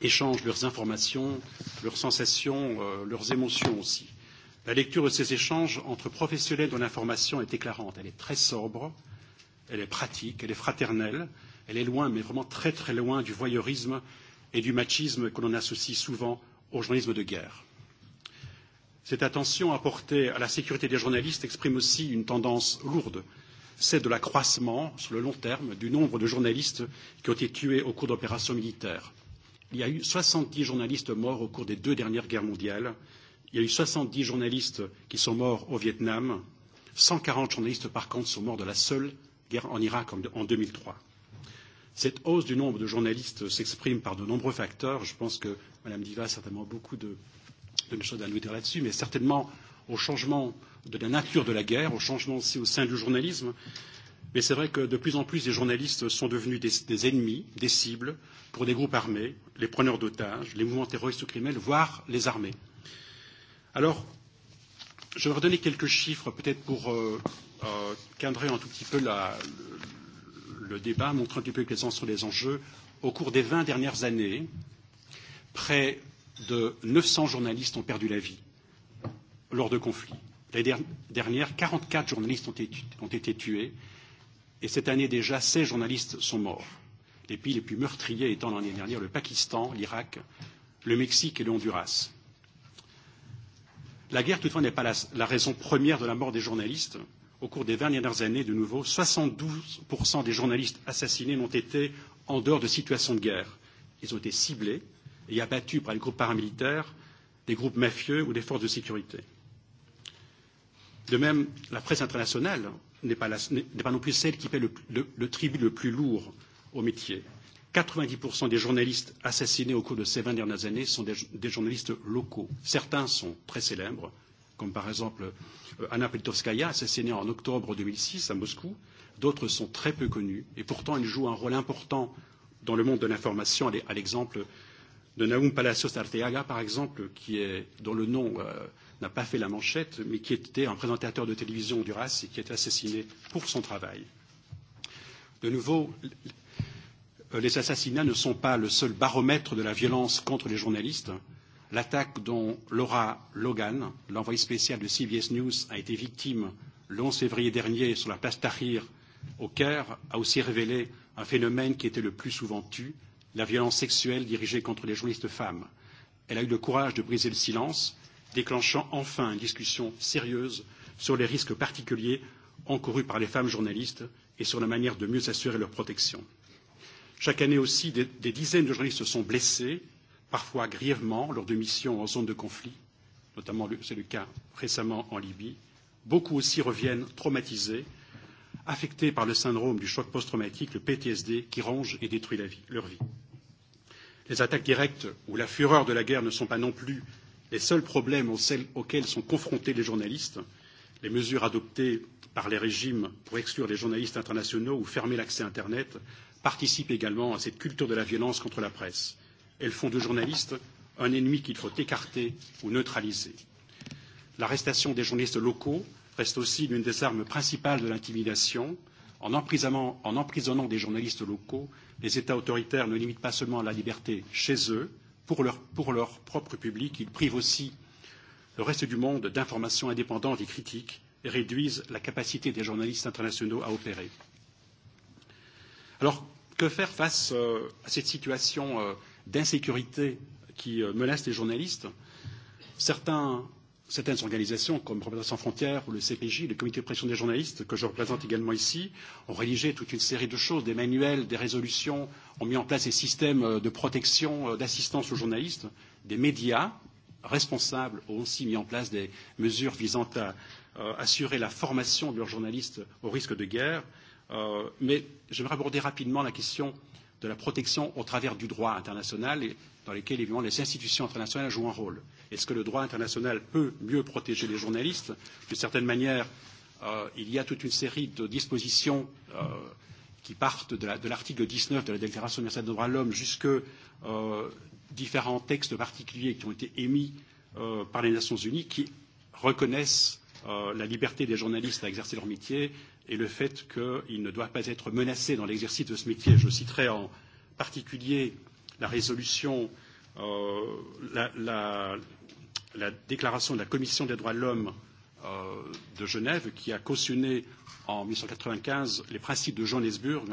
échangent leurs informations, leurs sensations, leurs émotions aussi. La lecture de ces échanges entre professionnels dont l'information est éclairante. Elle est très sobre, elle est pratique, elle est fraternelle, elle est loin, mais vraiment très très loin du voyeurisme et du machisme que l'on associe souvent au journalisme de guerre. Cette attention apportée à la sécurité des journalistes exprime aussi une tendance lourde, celle de l'accroissement, sur le long terme, du nombre de journalistes qui ont été tués au cours d'opérations militaires. Il y a eu 70 journalistes morts au cours des deux dernières guerres mondiales, Il y a eu 70 journalistes qui sont morts au Vietnam. 140 journalistes, par contre, sont morts de la seule guerre en Irak en 2003. Cette hausse du nombre de journalistes s'exprime par de nombreux facteurs. Je pense que Mme Diva a certainement beaucoup de choses à nous dire là-dessus, mais certainement au changement de la nature de la guerre, au changement aussi au sein du journalisme. Mais c'est vrai que de plus en plus, les journalistes sont devenus des ennemis, des cibles pour des groupes armés, les preneurs d'otages, les mouvements terroristes ou criminels, voire les armées. Alors, je vais redonner quelques chiffres, peut-être pour cadrer un tout petit peu le débat, montrer un petit peu quels sont les enjeux. Au cours des 20 dernières années, près de 900 journalistes ont perdu la vie lors de conflits. L'année dernière, 44 journalistes ont été tués et cette année déjà, 16 journalistes sont morts. Les pays les plus meurtriers étant l'année dernière le Pakistan, l'Irak, le Mexique et le Honduras. La guerre, toutefois, n'est pas la raison première de la mort des journalistes. Au cours des 20 dernières années, de nouveau, 72% des journalistes assassinés n'ont été en dehors de situations de guerre. Ils ont été ciblés et abattus par des groupes paramilitaires, des groupes mafieux ou des forces de sécurité. De même, la presse internationale n'est pas non plus celle qui paie le tribut le plus lourd au métier. 90% des journalistes assassinés au cours de ces 20 dernières années sont des journalistes locaux. Certains sont très célèbres, comme par exemple Anna Politkovskaya, assassinée en octobre 2006 à Moscou. D'autres sont très peu connus et pourtant ils jouent un rôle important dans le monde de l'information, à l'exemple de Naum Palacios Arteaga, par exemple, qui est, dont le nom n'a pas fait la manchette, mais qui était un présentateur de télévision du RAS et qui a été assassiné pour son travail. De nouveau, les assassinats ne sont pas le seul baromètre de la violence contre les journalistes. L'attaque dont Laura Logan, l'envoyée spéciale de CBS News, a été victime le 11 février dernier sur la place Tahrir au Caire, a aussi révélé un phénomène qui était le plus souvent tu, la violence sexuelle dirigée contre les journalistes femmes. Elle a eu le courage de briser le silence, déclenchant enfin une discussion sérieuse sur les risques particuliers encourus par les femmes journalistes et sur la manière de mieux assurer leur protection. Chaque année aussi, des dizaines de journalistes sont blessés, parfois grièvement, lors de missions en zone de conflit, notamment c'est le cas récemment en Libye. Beaucoup aussi reviennent traumatisés, affectés par le syndrome du choc post-traumatique, le PTSD, qui ronge et détruit leur vie. Les attaques directes ou la fureur de la guerre ne sont pas non plus les seuls problèmes auxquels sont confrontés les journalistes. Les mesures adoptées par les régimes pour exclure les journalistes internationaux ou fermer l'accès à Internet participent également à cette culture de la violence contre la presse. Elles font de journalistes un ennemi qu'il faut écarter ou neutraliser. L'arrestation des journalistes locaux reste aussi l'une des armes principales de l'intimidation. En emprisonnant des journalistes locaux, les États autoritaires ne limitent pas seulement la liberté chez eux, pour leur propre public, ils privent aussi le reste du monde d'informations indépendantes et critiques et réduisent la capacité des journalistes internationaux à opérer. Alors, que faire face à cette situation d'insécurité qui menace les journalistes Certains, certaines organisations comme Représentation sans frontières ou le CPJ, le Comité de pression des journalistes, que je représente également ici, ont rédigé toute une série de choses, des manuels, des résolutions, ont mis en place des systèmes de protection, d'assistance aux journalistes, des médias responsables ont aussi mis en place des mesures visant à assurer la formation de leurs journalistes au risque de guerre. Mais j'aimerais aborder rapidement la question de la protection au travers du droit international, dans lequel, évidemment, les institutions internationales jouent un rôle. Est-ce que le droit international peut mieux protéger les journalistes D'une certaine manière, il y a toute une série de dispositions qui partent de l'article 19 de la Déclaration universelle des droits de l'homme jusque différents textes particuliers qui ont été émis par les Nations unies qui reconnaissent la liberté des journalistes à exercer leur métier, et le fait qu'il ne doit pas être menacé dans l'exercice de ce métier. Je citerai en particulier la résolution, la déclaration de la Commission des droits de l'homme de Genève qui a cautionné en 1995 les principes de Johannesburg,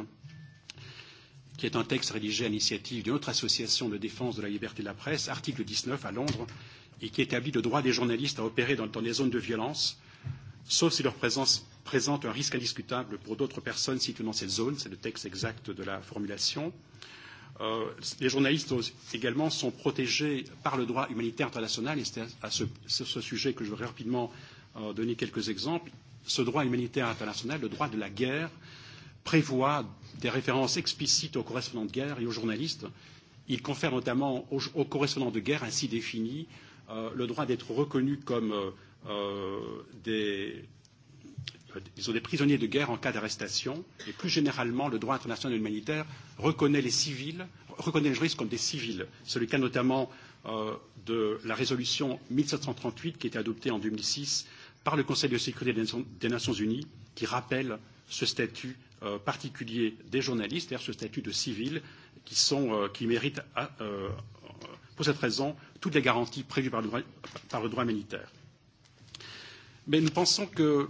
qui est un texte rédigé à l'initiative d'une autre association de défense de la liberté de la presse, article 19 à Londres, et qui établit le droit des journalistes à opérer dans des zones de violence, sauf si leur présence présente un risque indiscutable pour d'autres personnes situées dans cette zone. C'est le texte exact de la formulation. Les journalistes également sont protégés par le droit humanitaire international et c'est à ce sujet que je voudrais rapidement donner quelques exemples. Ce droit humanitaire international, le droit de la guerre, prévoit des références explicites aux correspondants de guerre et aux journalistes. Il confère notamment aux correspondants de guerre ainsi définis le droit d'être reconnus comme des ils ont des prisonniers de guerre en cas d'arrestation et plus généralement le droit international humanitaire reconnaît les civils reconnaît les juristes comme des civils c'est le cas notamment de la résolution 1738 qui a été adoptée en 2006 par le Conseil de sécurité des Nations Unies qui rappelle ce statut particulier des journalistes c'est-à-dire ce statut de civils qui sont qui méritent pour cette raison toutes les garanties prévues par le droit humanitaire mais nous pensons que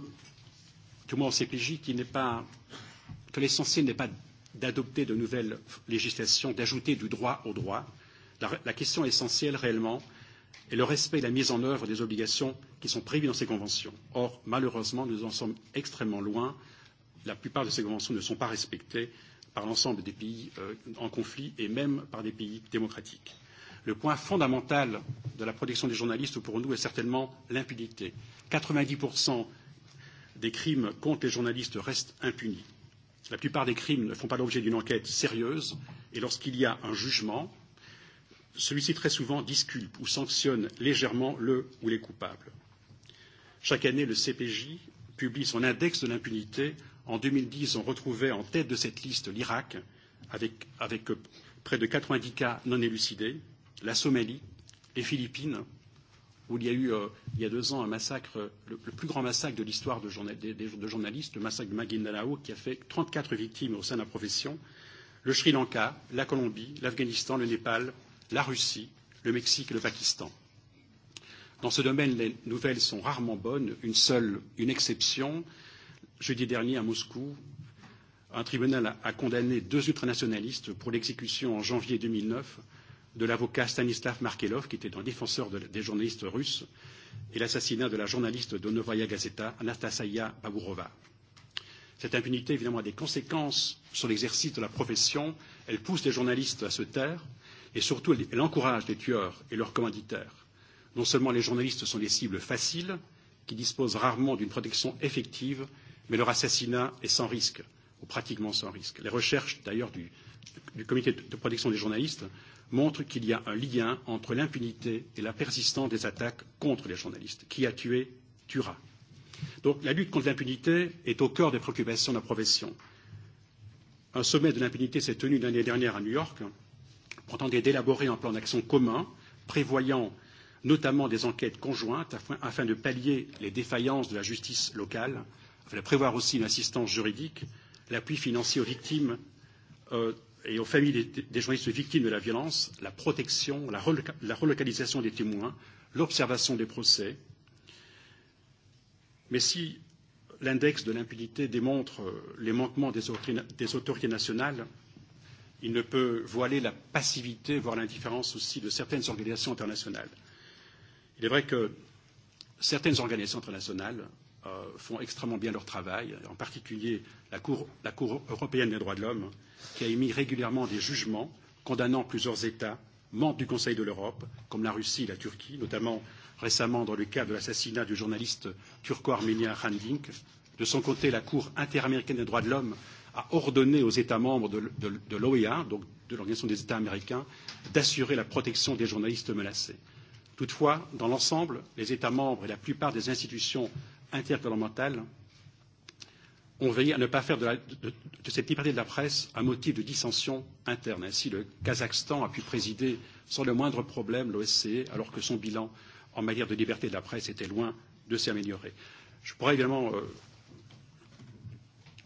du moins au CPJ, qui que l'essentiel n'est pas d'adopter de nouvelles législations, d'ajouter du droit au droit. La question essentielle réellement est le respect et la mise en œuvre des obligations qui sont prévues dans ces conventions. Or, malheureusement, nous en sommes extrêmement loin. La plupart de ces conventions ne sont pas respectées par l'ensemble des pays en conflit et même par des pays démocratiques. Le point fondamental de la protection des journalistes pour nous est certainement l'impunité. 90% des crimes contre les journalistes restent impunis. La plupart des crimes ne font pas l'objet d'une enquête sérieuse et lorsqu'il y a un jugement, celui-ci très souvent disculpe ou sanctionne légèrement le ou les coupables. Chaque année, le CPJ publie son index de l'impunité. En 2010, on retrouvait en tête de cette liste l'Irak, avec près de 90 cas non élucidés, la Somalie, les Philippines, où il y a eu, il y a deux ans, un massacre, le plus grand massacre de l'histoire de journalistes, le massacre de Maguindanao, qui a fait 34 victimes au sein de la profession, le Sri Lanka, la Colombie, l'Afghanistan, le Népal, la Russie, le Mexique et le Pakistan. Dans ce domaine, les nouvelles sont rarement bonnes. Une seule, une exception. Jeudi dernier, à Moscou, un tribunal a condamné deux ultranationalistes pour l'exécution en janvier 2009 de l'avocat Stanislav Markelov, qui était un défenseur des journalistes russes, et l'assassinat de la journaliste de Novaya Gazeta, Anastasia Baburova. Cette impunité, évidemment, a des conséquences sur l'exercice de la profession. Elle pousse les journalistes à se taire et surtout, elle encourage les tueurs et leurs commanditaires. Non seulement les journalistes sont des cibles faciles, qui disposent rarement d'une protection effective, mais leur assassinat est sans risque, ou pratiquement sans risque. Les recherches, d'ailleurs, du Comité de protection des journalistes montre qu'il y a un lien entre l'impunité et la persistance des attaques contre les journalistes. Qui a tué, tuera. Donc la lutte contre l'impunité est au cœur des préoccupations de la profession. Un sommet de l'impunité s'est tenu l'année dernière à New York pour tenter d'élaborer un plan d'action commun prévoyant notamment des enquêtes conjointes afin de pallier les défaillances de la justice locale, afin de prévoir aussi une assistance juridique, l'appui financier aux victimes et aux familles des journalistes victimes de la violence, la protection, la relocalisation des témoins, l'observation des procès. Mais si l'index de l'impunité démontre les manquements des autorités nationales, il ne peut voiler la passivité, voire l'indifférence aussi de certaines organisations internationales. Il est vrai que certaines organisations internationales font extrêmement bien leur travail, en particulier la Cour européenne des droits de l'homme, qui a émis régulièrement des jugements condamnant plusieurs États membres du Conseil de l'Europe, comme la Russie et la Turquie, notamment récemment dans le cas de l'assassinat du journaliste turco-arménien Dink. De son côté, la Cour interaméricaine des droits de l'homme a ordonné aux États membres de l'OEA, donc de l'Organisation des États américains, d'assurer la protection des journalistes menacés. Toutefois, dans l'ensemble, les États membres et la plupart des institutions intergouvernementale ont veillé à ne pas faire de cette liberté de la presse un motif de dissension interne. Ainsi, le Kazakhstan a pu présider sans le moindre problème l'OSCE, alors que son bilan en matière de liberté de la presse était loin de s'améliorer. Je pourrais également.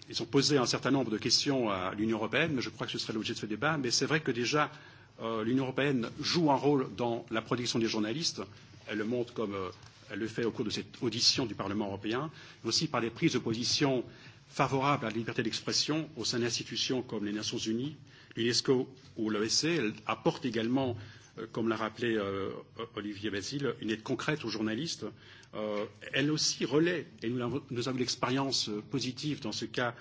Ils ont posé un certain nombre de questions à l'Union européenne, mais je crois que ce serait l'objet de ce débat. Mais c'est vrai que déjà, l'Union européenne joue un rôle dans la protection des journalistes. Elle le montre comme Elle le fait au cours de cette audition du Parlement européen, mais aussi par des prises de position favorables à la liberté d'expression au sein d'institutions comme les Nations unies, l'UNESCO ou l'OSCE. Elle apporte également, comme l'a rappelé Olivier Basile, une aide concrète aux journalistes. Elle aussi relaie, et nous avons l'expérience positive dans ce cas,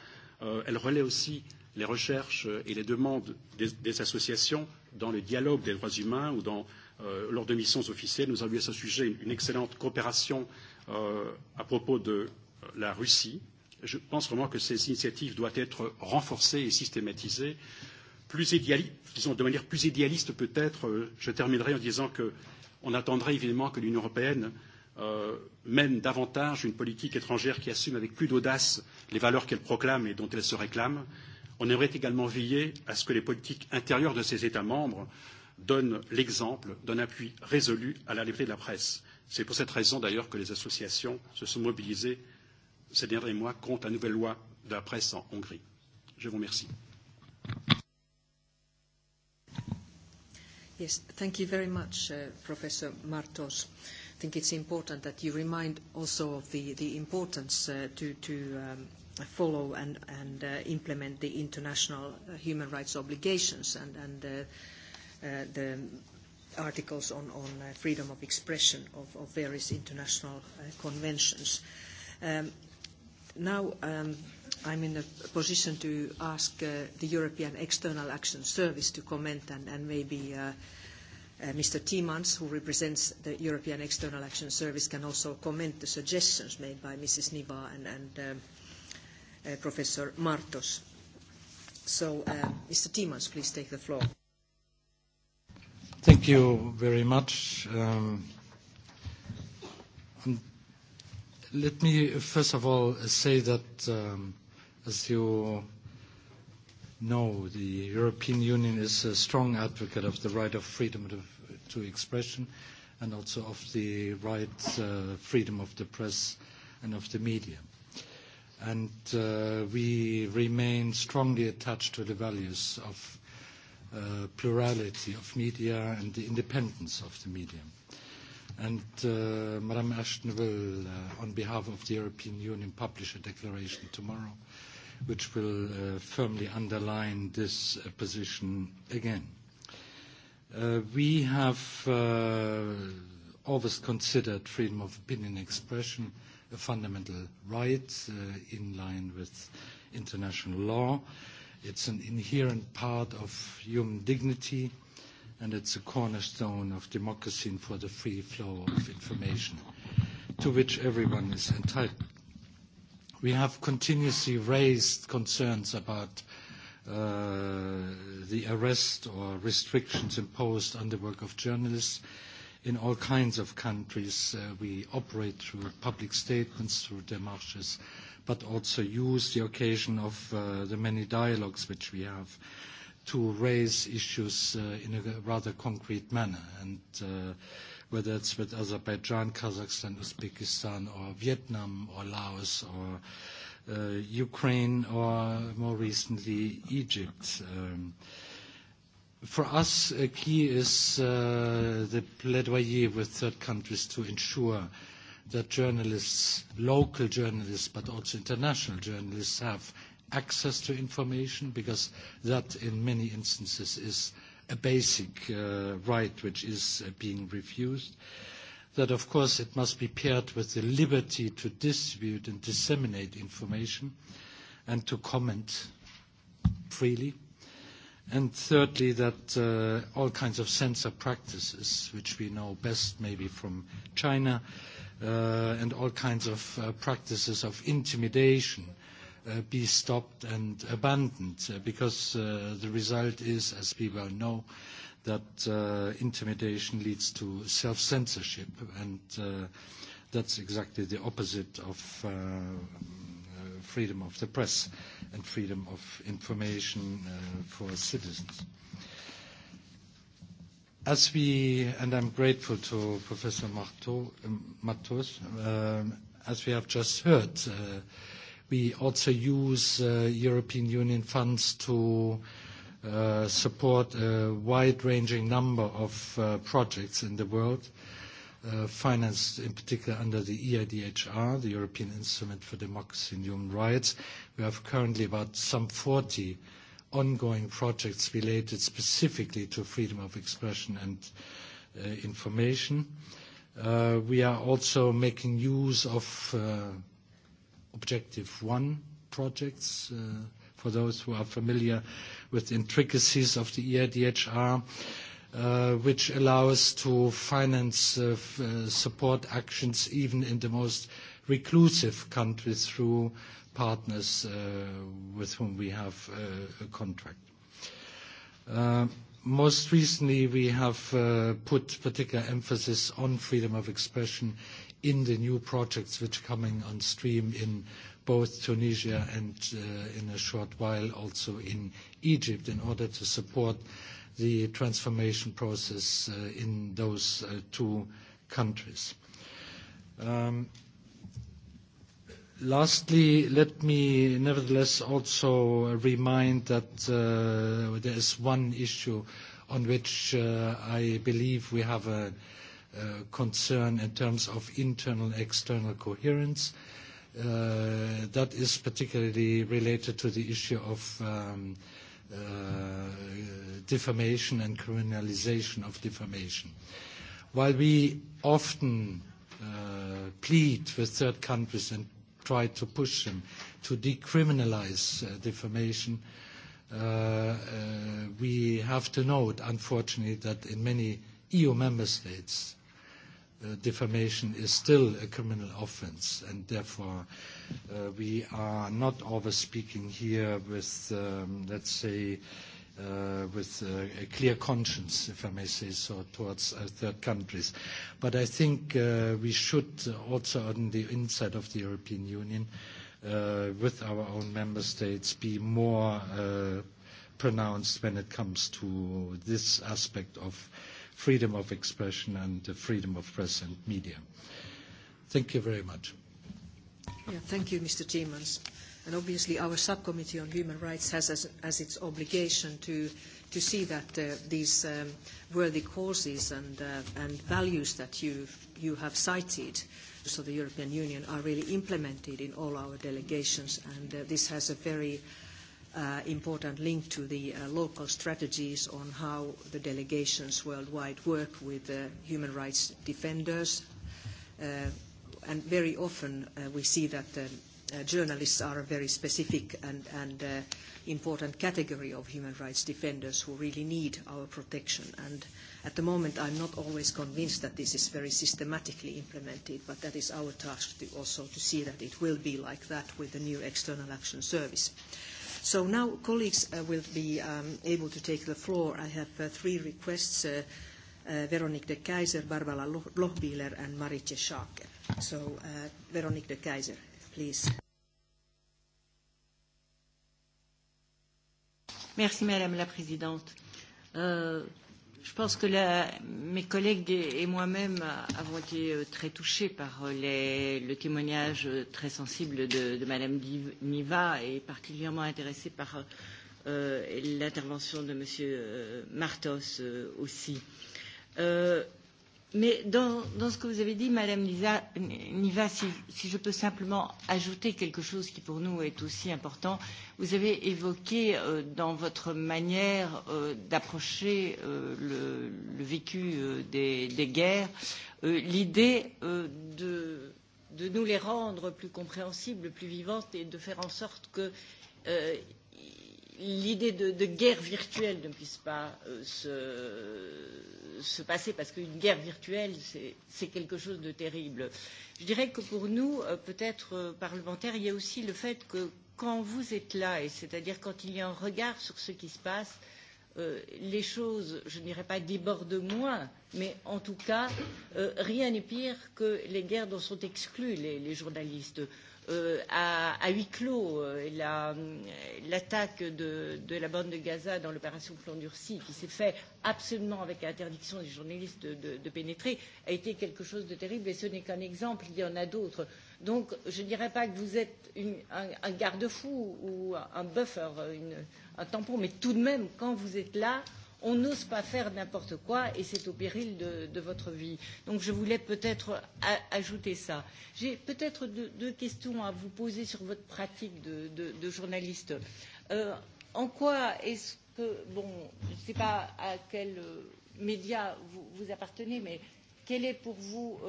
elle relaie aussi les recherches et les demandes des associations dans le dialogue des droits humains ou dans lors de missions officielles. Nous avons eu à ce sujet une excellente coopération à propos de la Russie. Je pense vraiment que ces initiatives doivent être renforcées et systématisées. Plus disons de manière plus idéaliste peut-être, je terminerai en disant qu'on attendrait évidemment que l'Union européenne mène davantage une politique étrangère qui assume avec plus d'audace les valeurs qu'elle proclame et dont elle se réclame. On aimerait également veiller à ce que les politiques intérieures de ces États membres donne l'exemple d'un appui résolu à la liberté de la presse. C'est pour cette raison d'ailleurs que les associations se sont mobilisées ces derniers mois contre la nouvelle loi de la presse en Hongrie. Je vous remercie. Yes, thank you very much, Professor Martos. I think it's important that you remind also of the, the importance to, to follow and, and implement the international human rights obligations and, and the articles on freedom of expression of various international conventions. Now I'm in a position to ask the European External Action Service to comment and maybe Mr. Timans, who represents the European External Action Service, can also comment the suggestions made by Mrs. Niva and Professor Martos. So, Mr. Timans, please take the floor. Thank you very much. Let me first of all say that, as you know, the European Union is a strong advocate of the right of freedom to expression and also of the right freedom of the press and of the media. And we remain strongly attached to the values of plurality of media and the independence of the media. And Madame Ashton will, on behalf of the European Union, publish a declaration tomorrow, which will firmly underline this position again. We have always considered freedom of opinion and expression a fundamental right in line with international law. It's an inherent part of human dignity, and it's a cornerstone of democracy and for the free flow of information, to which everyone is entitled. We have continuously raised concerns about the arrest or restrictions imposed on the work of journalists in all kinds of countries. We operate through public statements, through demarches but also use the occasion of the many dialogues which we have to raise issues in a rather concrete manner. And whether it's with Azerbaijan, Kazakhstan, Uzbekistan, or Vietnam, or Laos, or Ukraine or more recently Egypt. For us, a key is the plaidoyer with third countries to ensure that journalists, local journalists, but also international journalists, have access to information, because that, in many instances, is a basic right which is being refused. That, of course, it must be paired with the liberty to distribute and disseminate information and to comment freely. And thirdly, that all kinds of censor practices, which we know best maybe from China, and all kinds of practices of intimidation be stopped and abandoned because the result is, as we well know, that intimidation leads to self-censorship and that's exactly the opposite of freedom of the press and freedom of information for citizens. As we, and I'm grateful to Professor Matos, as we have just heard, we also use European Union funds to support a wide-ranging number of projects in the world, financed in particular under the EIDHR, the European Instrument for Democracy and Human Rights. We have currently about some 40 ongoing projects related specifically to freedom of expression and information. We are also making use of Objective One projects, for those who are familiar with the intricacies of the EIDHR, which allow us to finance support actions even in the most reclusive countries through partners with whom we have a contract. Most recently, we have put particular emphasis on freedom of expression in the new projects which are coming on stream in both Tunisia and in a short while also in Egypt in order to support the transformation process in those two countries. Lastly, let me nevertheless also remind that there is one issue on which I believe we have a concern in terms of internal-external coherence. That is particularly related to the issue of defamation and criminalization of defamation. While we often plead with third countries and tried to push him to decriminalize defamation. We have to note, unfortunately, that in many EU member states, defamation is still a criminal offence, and therefore we are not always speaking here with, let's say, with a clear conscience, if I may say so, towards third countries. But I think we should also on the inside of the European Union, with our own member states, be more pronounced when it comes to this aspect of freedom of expression and the freedom of press and media. Thank you very much. Thank you, Mr. Timmermans. And obviously our subcommittee on human rights has as its obligation to to see that these worthy causes and values that you have cited so the European Union are really implemented in all our delegations and this has a very important link to the local strategies on how the delegations worldwide work with human rights defenders and very often we see that journalists are a very specific and important category of human rights defenders who really need our protection. And at the moment, I'm not always convinced that this is very systematically implemented, but that is our task to also to see that it will be like that with the new External Action Service. So now colleagues will be able to take the floor. I have three requests, Veronique de Keyser, Barbara Lochbieler, and Marietje Schaake. So Veronique de Keyser, please. Merci, Madame la Présidente. Je pense que mes collègues et moi-même avons été très touchés par le témoignage très sensible de Madame Niva et particulièrement intéressés par l'intervention de Monsieur Martos aussi. Mais dans ce que vous avez dit, Madame Niva, si je peux simplement ajouter quelque chose qui pour nous est aussi important, vous avez évoqué dans votre manière d'approcher le vécu des guerres l'idée de nous les rendre plus compréhensibles, plus vivantes et de faire en sorte que l'idée de guerre virtuelle ne puisse pas se passer, parce qu'une guerre virtuelle, c'est quelque chose de terrible. Je dirais que pour nous, peut-être parlementaires, il y a aussi le fait que quand vous êtes là, et c'est-à-dire quand il y a un regard sur ce qui se passe, les choses, je ne dirais pas débordent moins, mais en tout cas, rien n'est pire que les guerres dont sont exclus les journalistes à à huis clos l'attaque de la bande de Gaza dans l'opération Durcy, qui s'est fait absolument avec l'interdiction des journalistes de pénétrer, a été quelque chose de terrible, et ce n'est qu'un exemple, il y en a d'autres. Donc, je ne dirais pas que vous êtes un garde-fou ou un buffer, une un tampon, mais tout de même, quand vous êtes là, on n'ose pas faire n'importe quoi et c'est au péril de votre vie. Donc je voulais peut-être ajouter ça. J'ai peut-être deux questions à vous poser sur votre pratique de journaliste. En quoi est-ce que, bon, je ne sais pas à quel média vous appartenez, mais quel est pour vous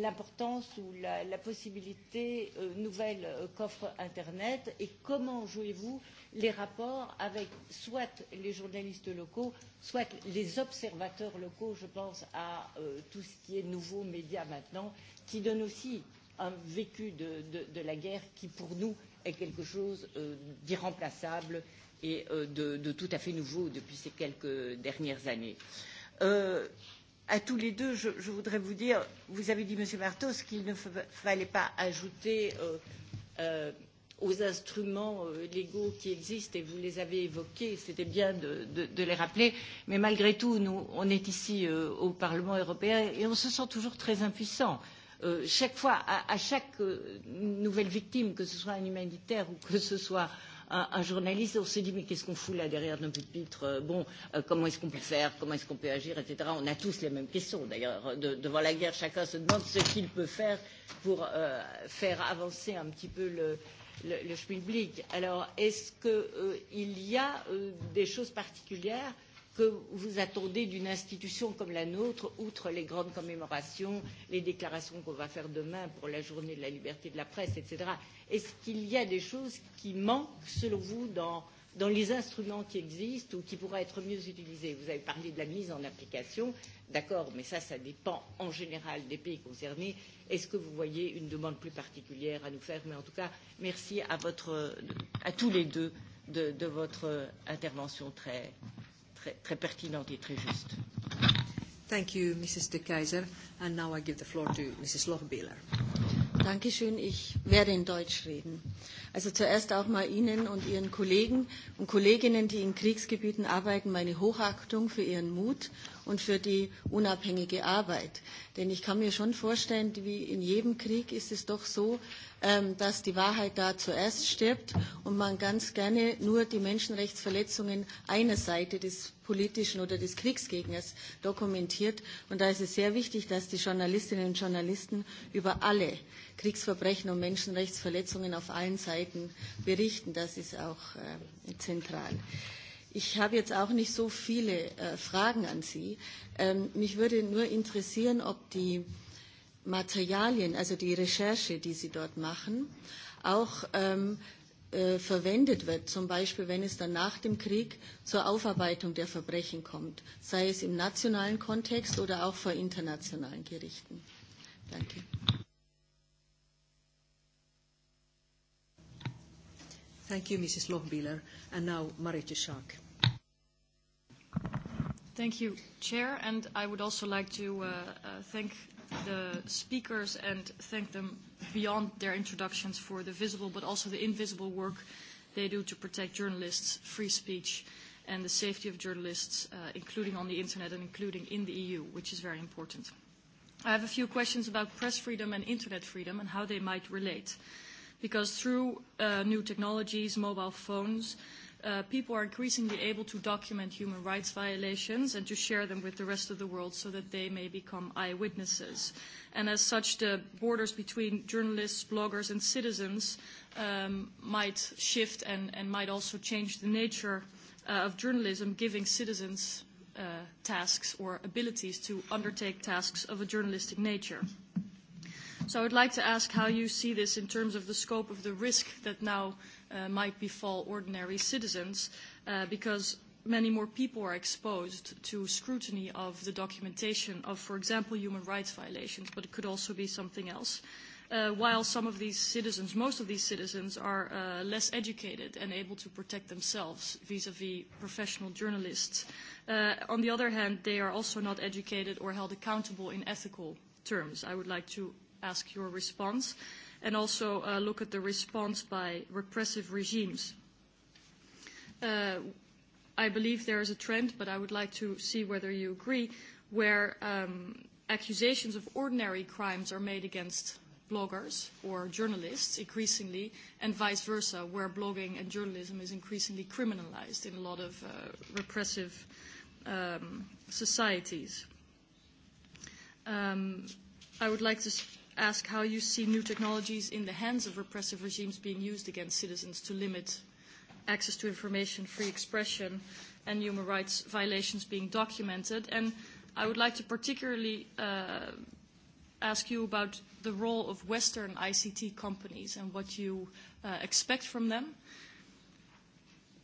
l'importance ou la possibilité nouvelle qu'offre Internet et comment jouez-vous les rapports avec soit les journalistes locaux, soit les observateurs locaux, je pense à tout ce qui est nouveaux médias maintenant, qui donne aussi un vécu de la guerre qui, pour nous, est quelque chose d'irremplaçable et de tout à fait nouveau depuis ces quelques dernières années à tous les deux, je, voudrais vous dire, vous avez dit, Monsieur Martos, qu'il ne fallait pas ajouter aux instruments légaux qui existent et vous les avez évoqués, c'était bien de, de, de les rappeler, mais malgré tout, nous, on est ici au Parlement européen et on se sent toujours très impuissant. chaque fois, à, chaque nouvelle victime, que ce soit un humanitaire ou que ce soit un journaliste, on se dit mais qu'est-ce qu'on fout là derrière nos pupitres Bon, comment est-ce qu'on peut faire Comment est-ce qu'on peut agir Etc. On a tous les mêmes questions d'ailleurs. Devant la guerre, chacun se demande ce qu'il peut faire pour faire avancer un petit peu le le Alors, est-ce qu'il y a des choses particulières que vous attendez d'une institution comme la nôtre, outre les grandes commémorations, les déclarations qu'on va faire demain pour la journée de la liberté de la presse, etc. Est-ce qu'il y a des choses qui manquent, selon vous, dans les instruments qui existent ou qui pourraient être mieux utilisés Vous avez parlé de la mise en application, d'accord, mais ça, ça dépend en général des pays concernés. Est-ce que vous voyez une demande plus particulière à nous faire Mais en tout cas, merci à tous les deux de votre intervention très très pertinente et très juste. Thank you, Mrs. De Keyser. And now I give the floor to Mrs. Lochbihler. Dankeschön. Ich werde in Deutsch reden. Also zuerst auch mal Ihnen und Ihren Kollegen und Kolleginnen, die in Kriegsgebieten arbeiten, meine Hochachtung für Ihren Mut und für die unabhängige Arbeit. Denn ich kann mir schon vorstellen, wie in jedem Krieg ist es doch so, dass die Wahrheit da zuerst stirbt und man ganz gerne nur die Menschenrechtsverletzungen einer Seite des politischen oder des Kriegsgegners dokumentiert. Und da ist es sehr wichtig, dass die Journalistinnen und Journalisten über alle Kriegsverbrechen und Menschenrechtsverletzungen auf allen Seiten berichten. Das ist auch zentral. Ich habe jetzt auch nicht so viele Fragen an Sie. Mich würde nur interessieren, ob die Materialien, also die Recherche, die Sie dort machen, auch verwendet wird, zum Beispiel wenn es dann nach dem Krieg zur Aufarbeitung der Verbrechen kommt, sei es im nationalen Kontext oder auch vor internationalen Gerichten. Danke. Thank you, Mrs. Lochbihler. And now, Marietje Schaak. Thank you, Chair. And I would also like to thank the speakers and thank them beyond their introductions for the visible but also the invisible work they do to protect journalists, free speech, and the safety of journalists, including on the Internet and including in the EU, which is very important. I have a few questions about press freedom and Internet freedom and how they might relate because through new technologies, mobile phones, people are increasingly able to document human rights violations and to share them with the rest of the world so that they may become eyewitnesses. And as such, the borders between journalists, bloggers, and citizens might shift and might also change the nature of journalism, giving citizens tasks or abilities to undertake tasks of a journalistic nature. So I would like to ask how you see this in terms of the scope of the risk that now might befall ordinary citizens, because many more people are exposed to scrutiny of the documentation of, for example, human rights violations, but it could also be something else, while some of these citizens, most of these citizens, are less educated and able to protect themselves vis-à-vis professional journalists. On the other hand, they are also not educated or held accountable in ethical terms. I would like to ask your response, and also look at the response by repressive regimes. I believe there is a trend, but I would like to see whether you agree, where accusations of ordinary crimes are made against bloggers or journalists increasingly, and vice versa, where blogging and journalism is increasingly criminalized in a lot of repressive societies. I would like to ask how you see new technologies in the hands of repressive regimes being used against citizens to limit access to information, free expression, and human rights violations being documented. And I would like to particularly ask you about the role of Western ICT companies and what you expect from them.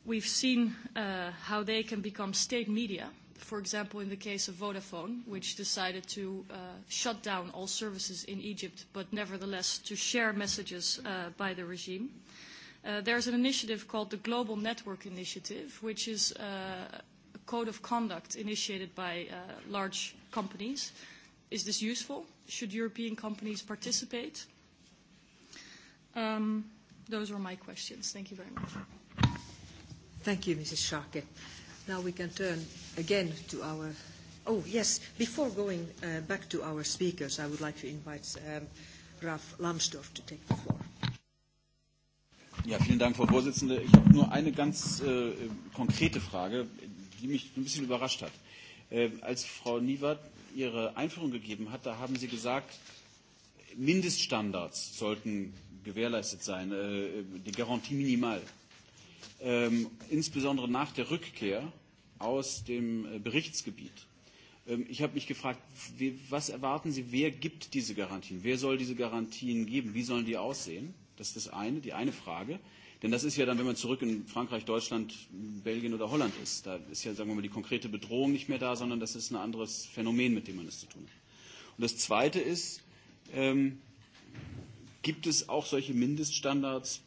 We've seen how they can become state media for example, in the case of Vodafone, which decided to shut down all services in Egypt, but nevertheless to share messages by the regime. There's an initiative called the Global Network Initiative, which is a code of conduct initiated by large companies. Is this useful? Should European companies participate? Those are my questions. Thank you very much. Thank you, Mrs. Schaake. Now we can turn again to our. Oh, yes, before going back to our speakers, I would like to invite Ralf Lambsdorff to take the floor. Ja, vielen Dank, Frau Vorsitzende. Ich habe nur eine ganz konkrete Frage, die mich ein bisschen überrascht hat. Als Frau Niewert ihre Einführung gegeben hat, da haben Sie gesagt, Mindeststandards sollten gewährleistet sein, die Garantie minimal insbesondere nach der Rückkehr aus dem Berichtsgebiet. Ich habe mich gefragt, was erwarten Sie, wer gibt diese Garantien? Wer soll diese Garantien geben? Wie sollen die aussehen? Das ist eine, die eine Frage. Denn das ist ja dann, wenn man zurück in Frankreich, Deutschland, Belgien oder Holland ist. Da ist ja, sagen wir mal, die konkrete Bedrohung nicht mehr da, sondern das ist ein anderes Phänomen, mit dem man es zu tun hat. Und das Zweite ist, gibt es auch solche Mindeststandards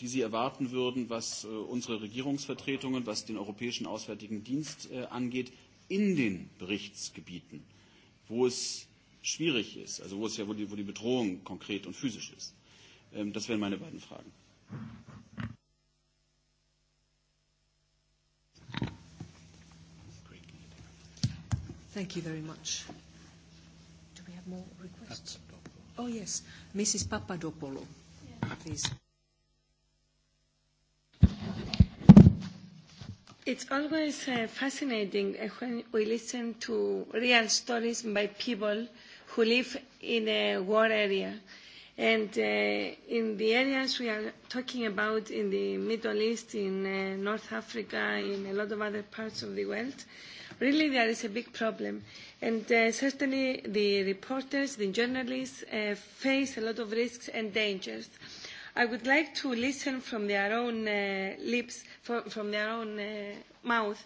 die Sie erwarten würden, was unsere Regierungsvertretungen, was den Europäischen Auswärtigen Dienst angeht, in den Berichtsgebieten, wo es schwierig ist, also wo es ja wo die Bedrohung konkret und physisch ist. Das wären meine beiden Fragen. Thank you very much. Do we have more requests? Oh yes, Mrs. please. It's always fascinating when we listen to real stories by people who live in a war area. And in the areas we are talking about in the Middle East, in North Africa, in a lot of other parts of the world, really there is a big problem. And certainly the reporters, the journalists face a lot of risks and dangers. I would like to listen from their own lips, from their own mouth,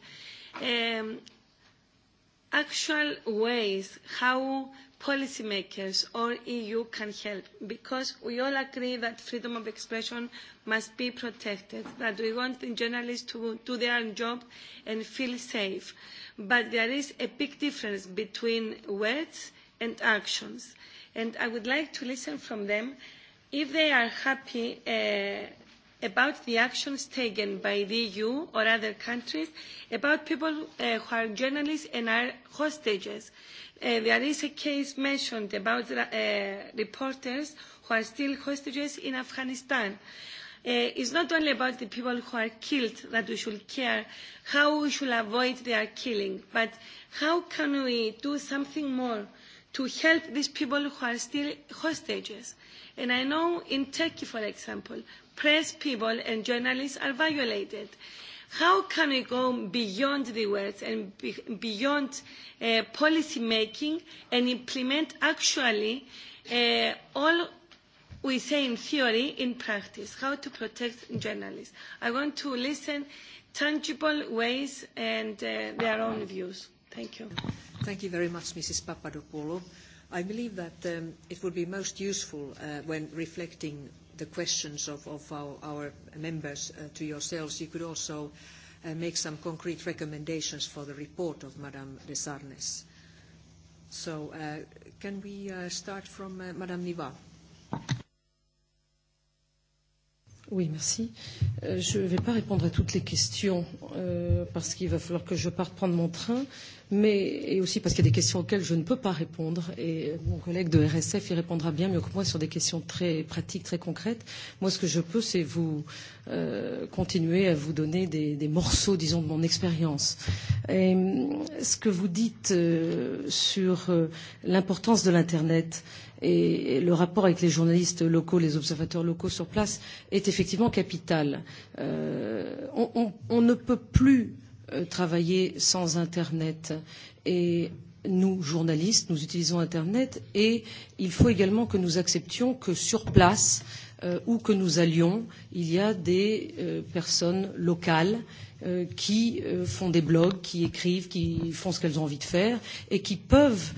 actual ways how policymakers or EU can help, because we all agree that freedom of expression must be protected, that we want the journalists to do their job and feel safe. But there is a big difference between words and actions. And I would like to listen from them if they are happy about the actions taken by the EU or other countries about people who are journalists and are hostages. There is a case mentioned about reporters who are still hostages in Afghanistan. It's not only about the people who are killed that we should care how we should avoid their killing, but how can we do something more to help these people who are still hostages. And I know in Turkey, for example, press people and journalists are violated. How can we go beyond the words and beyond policy making and implement actually all we say in theory in practice, how to protect journalists? I want to listen tangible ways and their own views. Thank you. Thank you very much, Mrs. Papadopoulou. I believe that it would be most useful when reflecting the questions of our members to yourselves. You could also make some concrete recommendations for the report of Madame de Sarnes. So can we start from Madame Niva? Oui, merci. Je ne vais pas répondre à toutes les questions parce qu'il va falloir que je parte prendre mon train, mais et aussi parce qu'il y a des questions auxquelles je ne peux pas répondre et mon collègue de RSF y répondra bien mieux que moi sur des questions très pratiques, très concrètes. Moi, ce que je peux, c'est vous continuer à vous donner des morceaux, disons, de mon expérience. Ce que vous dites sur l'importance de l'Internet et le rapport avec les journalistes locaux, les observateurs locaux sur place est effectivement capital. On ne peut plus travailler sans Internet et nous, journalistes, nous utilisons Internet et il faut également que nous acceptions que sur place, où que nous allions, il y a des personnes locales qui font des blogs, qui écrivent, qui font ce qu'elles ont envie de faire et qui peuvent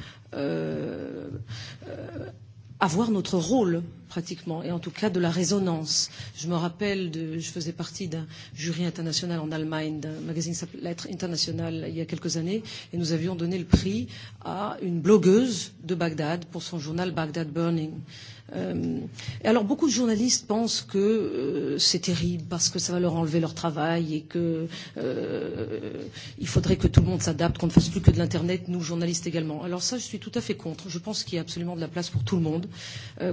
avoir notre rôle pratiquement, et en tout cas de la résonance. Je me rappelle, de, je faisais partie d'un jury international en Allemagne, d'un magazine Lettres International il y a quelques années, et nous avions donné le prix à une blogueuse de Bagdad pour son journal Bagdad Burning. Et alors beaucoup de journalistes pensent que c'est terrible parce que ça va leur enlever leur travail et que il faudrait que tout le monde s'adapte, qu'on ne fasse plus que de l'internet, nous journalistes également. Alors ça, je suis tout à fait contre. Je pense qu'il y a absolument de la place pour tout le monde,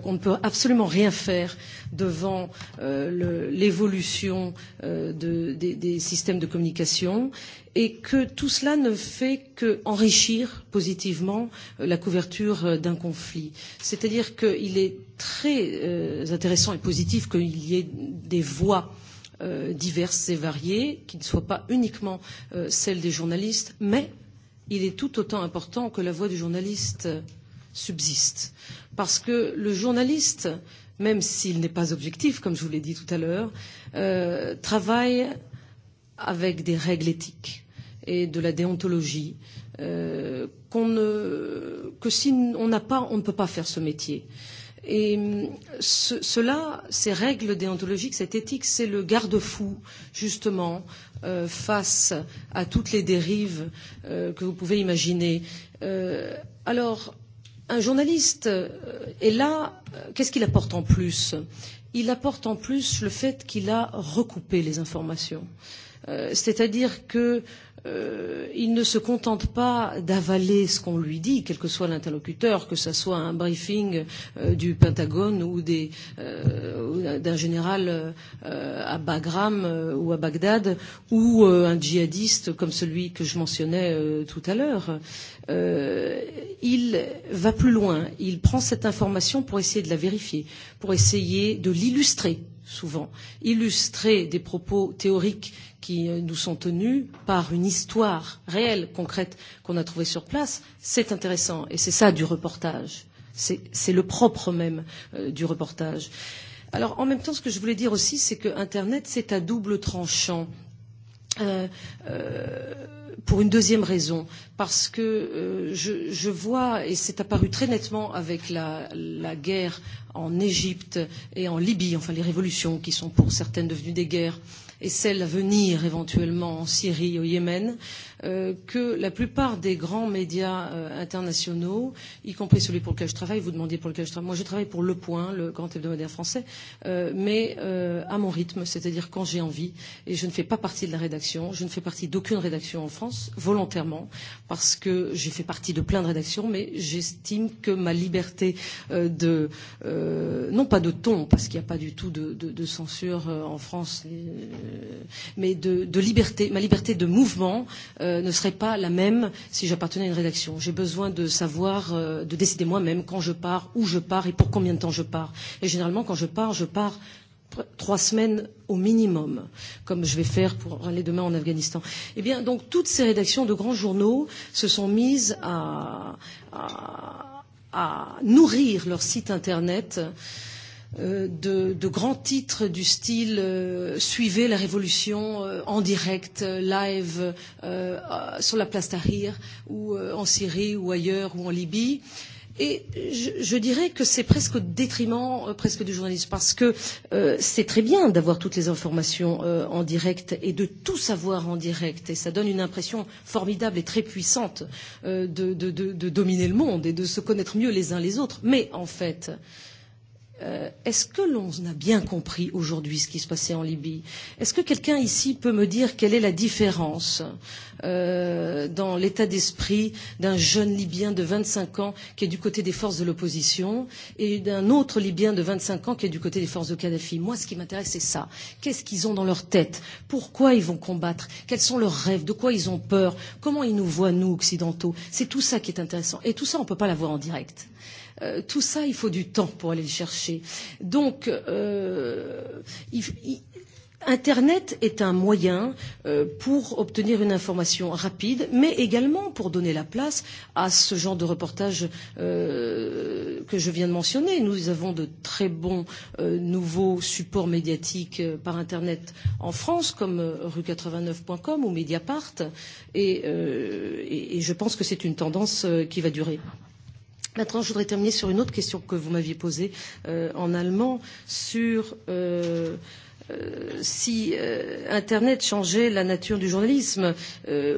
qu'on ne peut absolument absolument rien faire devant l'évolution des systèmes de communication et que tout cela ne fait qu'enrichir positivement la couverture d'un conflit. C'est-à-dire qu'il est très intéressant et positif qu'il y ait des voix diverses et variées, qui ne soient pas uniquement celles des journalistes, mais il est tout autant important que la voix du journaliste subsiste parce que le journaliste, même s'il n'est pas objectif, comme je vous l'ai dit tout à l'heure, travaille avec des règles éthiques et de la déontologie qu'on ne, que si on n'a pas, on ne peut pas faire ce métier. Et cela, ces règles déontologiques, cette éthique, c'est le garde-fou, justement, face à toutes les dérives que vous pouvez imaginer. Alors, un journaliste est là, qu'est-ce qu'il apporte en plus Il apporte en plus le fait qu'il a recoupé les informations. C'est-à-dire que il ne se contente pas d'avaler ce qu'on lui dit, quel que soit l'interlocuteur, que ce soit un briefing du Pentagone ou d'un général à Bagram ou à Bagdad, ou un djihadiste comme celui que je mentionnais tout à l'heure. Il va plus loin. Il prend cette information pour essayer de la vérifier, pour essayer de l'illustrer souvent illustrer des propos théoriques qui nous sont tenus par une histoire réelle, concrète, qu'on a trouvée sur place, c'est intéressant. Et c'est ça du reportage. C'est le propre même du reportage. Alors, en même temps, ce que je voulais dire aussi, c'est que Internet, c'est à double tranchant pour une deuxième raison, parce que je vois, et c'est apparu très nettement avec la guerre en Égypte et en Libye, enfin les révolutions qui sont pour certaines devenues des guerres, et celles à venir éventuellement en Syrie et au Yémen, que la plupart des grands médias internationaux, y compris celui pour lequel je travaille, vous demandez pour lequel je travaille, moi je travaille pour Le Point, le grand hebdomadaire français, mais à mon rythme, c'est-à-dire quand j'ai envie, et je ne fais pas partie de la rédaction, je ne fais partie d'aucune rédaction en France, volontairement, parce que j'ai fait partie de plein de rédactions, mais j'estime que ma liberté de, non pas de ton, parce qu'il n'y a pas du tout de censure en France, mais de liberté, ma liberté de mouvement, ne serait pas la même si j'appartenais à une rédaction. J'ai besoin de savoir, de décider moi-même quand je pars, où je pars et pour combien de temps je pars. Et généralement, quand je pars, je pars trois semaines au minimum, comme je vais faire pour aller demain en Afghanistan. Eh bien, donc, toutes ces rédactions de grands journaux se sont mises à, à, à nourrir leur site Internet de grands titres du style Suivez la révolution en direct, live, sur la place Tahrir, ou en Syrie, ou ailleurs, ou en Libye. Et je dirais que c'est presque au détriment presque du journalisme, parce que c'est très bien d'avoir toutes les informations en direct et de tout savoir en direct, et ça donne une impression formidable et très puissante de dominer le monde et de se connaître mieux les uns les autres. Mais en fait, Est-ce que l'on a bien compris aujourd'hui ce qui se passait en Libye Est-ce que quelqu'un ici peut me dire quelle est la différence dans l'état d'esprit d'un jeune Libyen de 25 ans qui est du côté des forces de l'opposition et d'un autre Libyen de 25 ans qui est du côté des forces de Kadhafi Moi, ce qui m'intéresse, c'est ça. Qu'est-ce qu'ils ont dans leur tête Pourquoi ils vont combattre Quels sont leurs rêves De quoi ils ont peur Comment ils nous voient, nous, occidentaux C'est tout ça qui est intéressant. Et tout ça, on ne peut pas l'avoir en direct. Tout ça, il faut du temps pour aller le chercher. Donc, Internet est un moyen pour obtenir une information rapide, mais également pour donner la place à ce genre de reportage que je viens de mentionner. Nous avons de très bons nouveaux supports médiatiques par Internet en France, comme rue89.com ou Mediapart, et je pense que c'est une tendance qui va durer. Maintenant, je voudrais terminer sur une autre question que vous m'aviez posée en allemand, sur si Internet changeait la nature du journalisme, et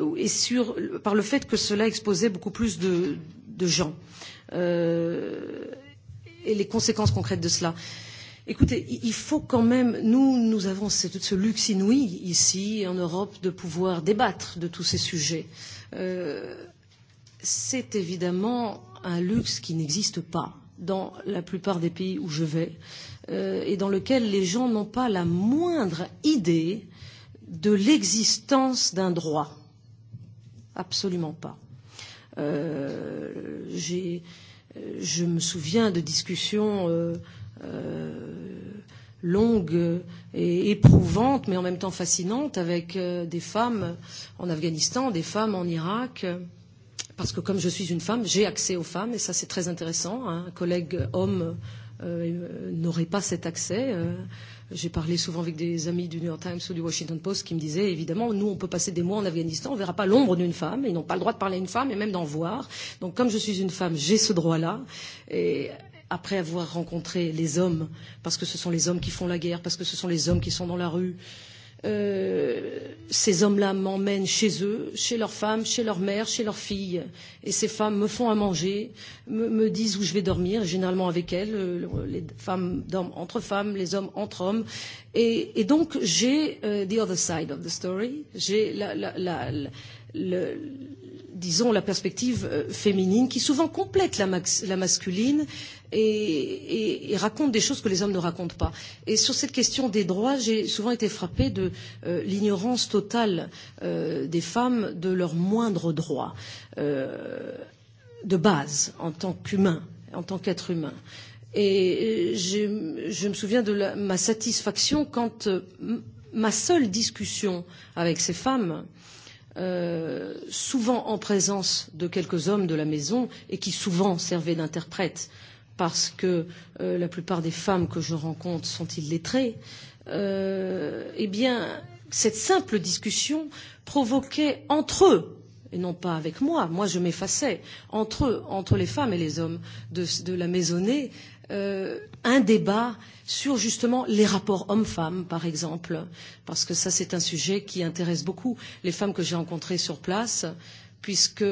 par le fait que cela exposait beaucoup plus de gens, et les conséquences concrètes de cela. Écoutez, il faut quand même, nous, nous avons ce luxe inouï ici, en Europe, de pouvoir débattre de tous ces sujets. C'est évidemment un luxe qui n'existe pas dans la plupart des pays où je vais et dans lequel les gens n'ont pas la moindre idée de l'existence d'un droit. Absolument pas. Je me souviens de discussions longues et éprouvantes, mais en même temps fascinantes, avec des femmes en Afghanistan, des femmes en Irak, parce que comme je suis une femme, j'ai accès aux femmes, et ça c'est très intéressant. Un collègue homme n'aurait pas cet accès. J'ai parlé souvent avec des amis du New York Times ou du Washington Post qui me disaient, évidemment, nous, on peut passer des mois en Afghanistan, on ne verra pas l'ombre d'une femme, ils n'ont pas le droit de parler à une femme et même d'en voir. Donc, comme je suis une femme, j'ai ce droit-là. Et après avoir rencontré les hommes, parce que ce sont les hommes qui font la guerre, parce que ce sont les hommes qui sont dans la rue, ces hommes-là m'emmènent chez eux, chez leurs femmes, chez leurs mères, chez leurs filles. Et ces femmes me font à manger, me disent où je vais dormir, généralement avec elles. Les femmes dorment entre femmes, les hommes entre hommes. Et donc, j'ai the other side of the story. J'ai la disons, la perspective féminine, qui souvent complète la masculine et raconte des choses que les hommes ne racontent pas. Et sur cette question des droits, j'ai souvent été frappée de l'ignorance totale des femmes de leurs moindres droits, de base, en tant qu'humain, en tant qu'être humain. Et je me souviens de ma satisfaction quand ma seule discussion avec ces femmes, souvent en présence de quelques hommes de la maison et qui souvent servaient d'interprètes parce que la plupart des femmes que je rencontre sont illettrées, eh bien, cette simple discussion provoquait entre eux, et non pas avec moi, moi je m'effaçais, entre eux, entre les femmes et les hommes de la maisonnée, un débat sur justement les rapports hommes-femmes, par exemple, parce que ça c'est un sujet qui intéresse beaucoup les femmes que j'ai rencontrées sur place, puisque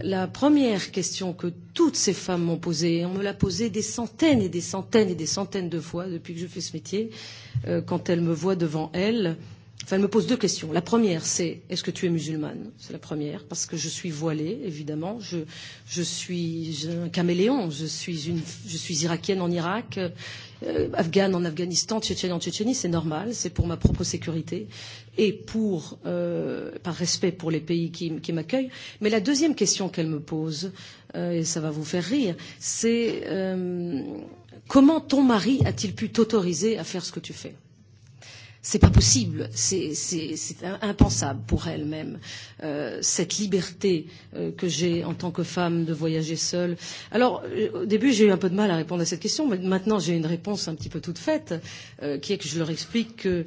la première question que toutes ces femmes m'ont posée, et on me l'a posée des centaines et des centaines et des centaines de fois depuis que je fais ce métier, quand elles me voient devant elles, Enfin, elle me pose deux questions. La première, c'est est-ce que tu es musulmane C'est la première, parce que je suis voilée, évidemment. Je, je suis un caméléon. Je suis, une, je suis irakienne en Irak, euh, afghane en Afghanistan, tchétchène en Tchétchénie. C'est normal, c'est pour ma propre sécurité et pour, euh, par respect pour les pays qui, qui m'accueillent. Mais la deuxième question qu'elle me pose, et ça va vous faire rire, c'est comment ton mari a-t-il pu t'autoriser à faire ce que tu fais C'est pas possible, c'est impensable pour elle-même, cette liberté que j'ai en tant que femme de voyager seule. Alors, au début, j'ai eu un peu de mal à répondre à cette question, mais maintenant, j'ai une réponse un petit peu toute faite, qui est que je leur explique que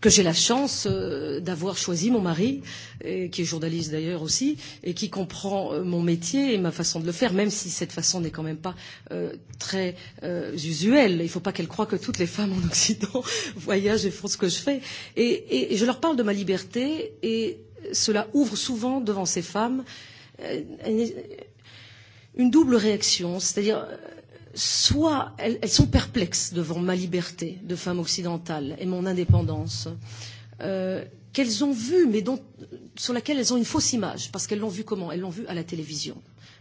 que j'ai la chance d'avoir choisi mon mari, qui est journaliste d'ailleurs aussi, et qui comprend mon métier et ma façon de le faire, même si cette façon n'est quand même pas très usuelle. Il ne faut pas qu'elle croie que toutes les femmes en Occident voyagent et font ce que je fais. Et je leur parle de ma liberté, et cela ouvre souvent devant ces femmes une double réaction, c'est-à-dire soit elles sont perplexes devant ma liberté de femme occidentale et mon indépendance qu'elles ont vu mais sur laquelle elles ont une fausse image parce qu'elles l'ont vu comment elles l'ont vu à la télévision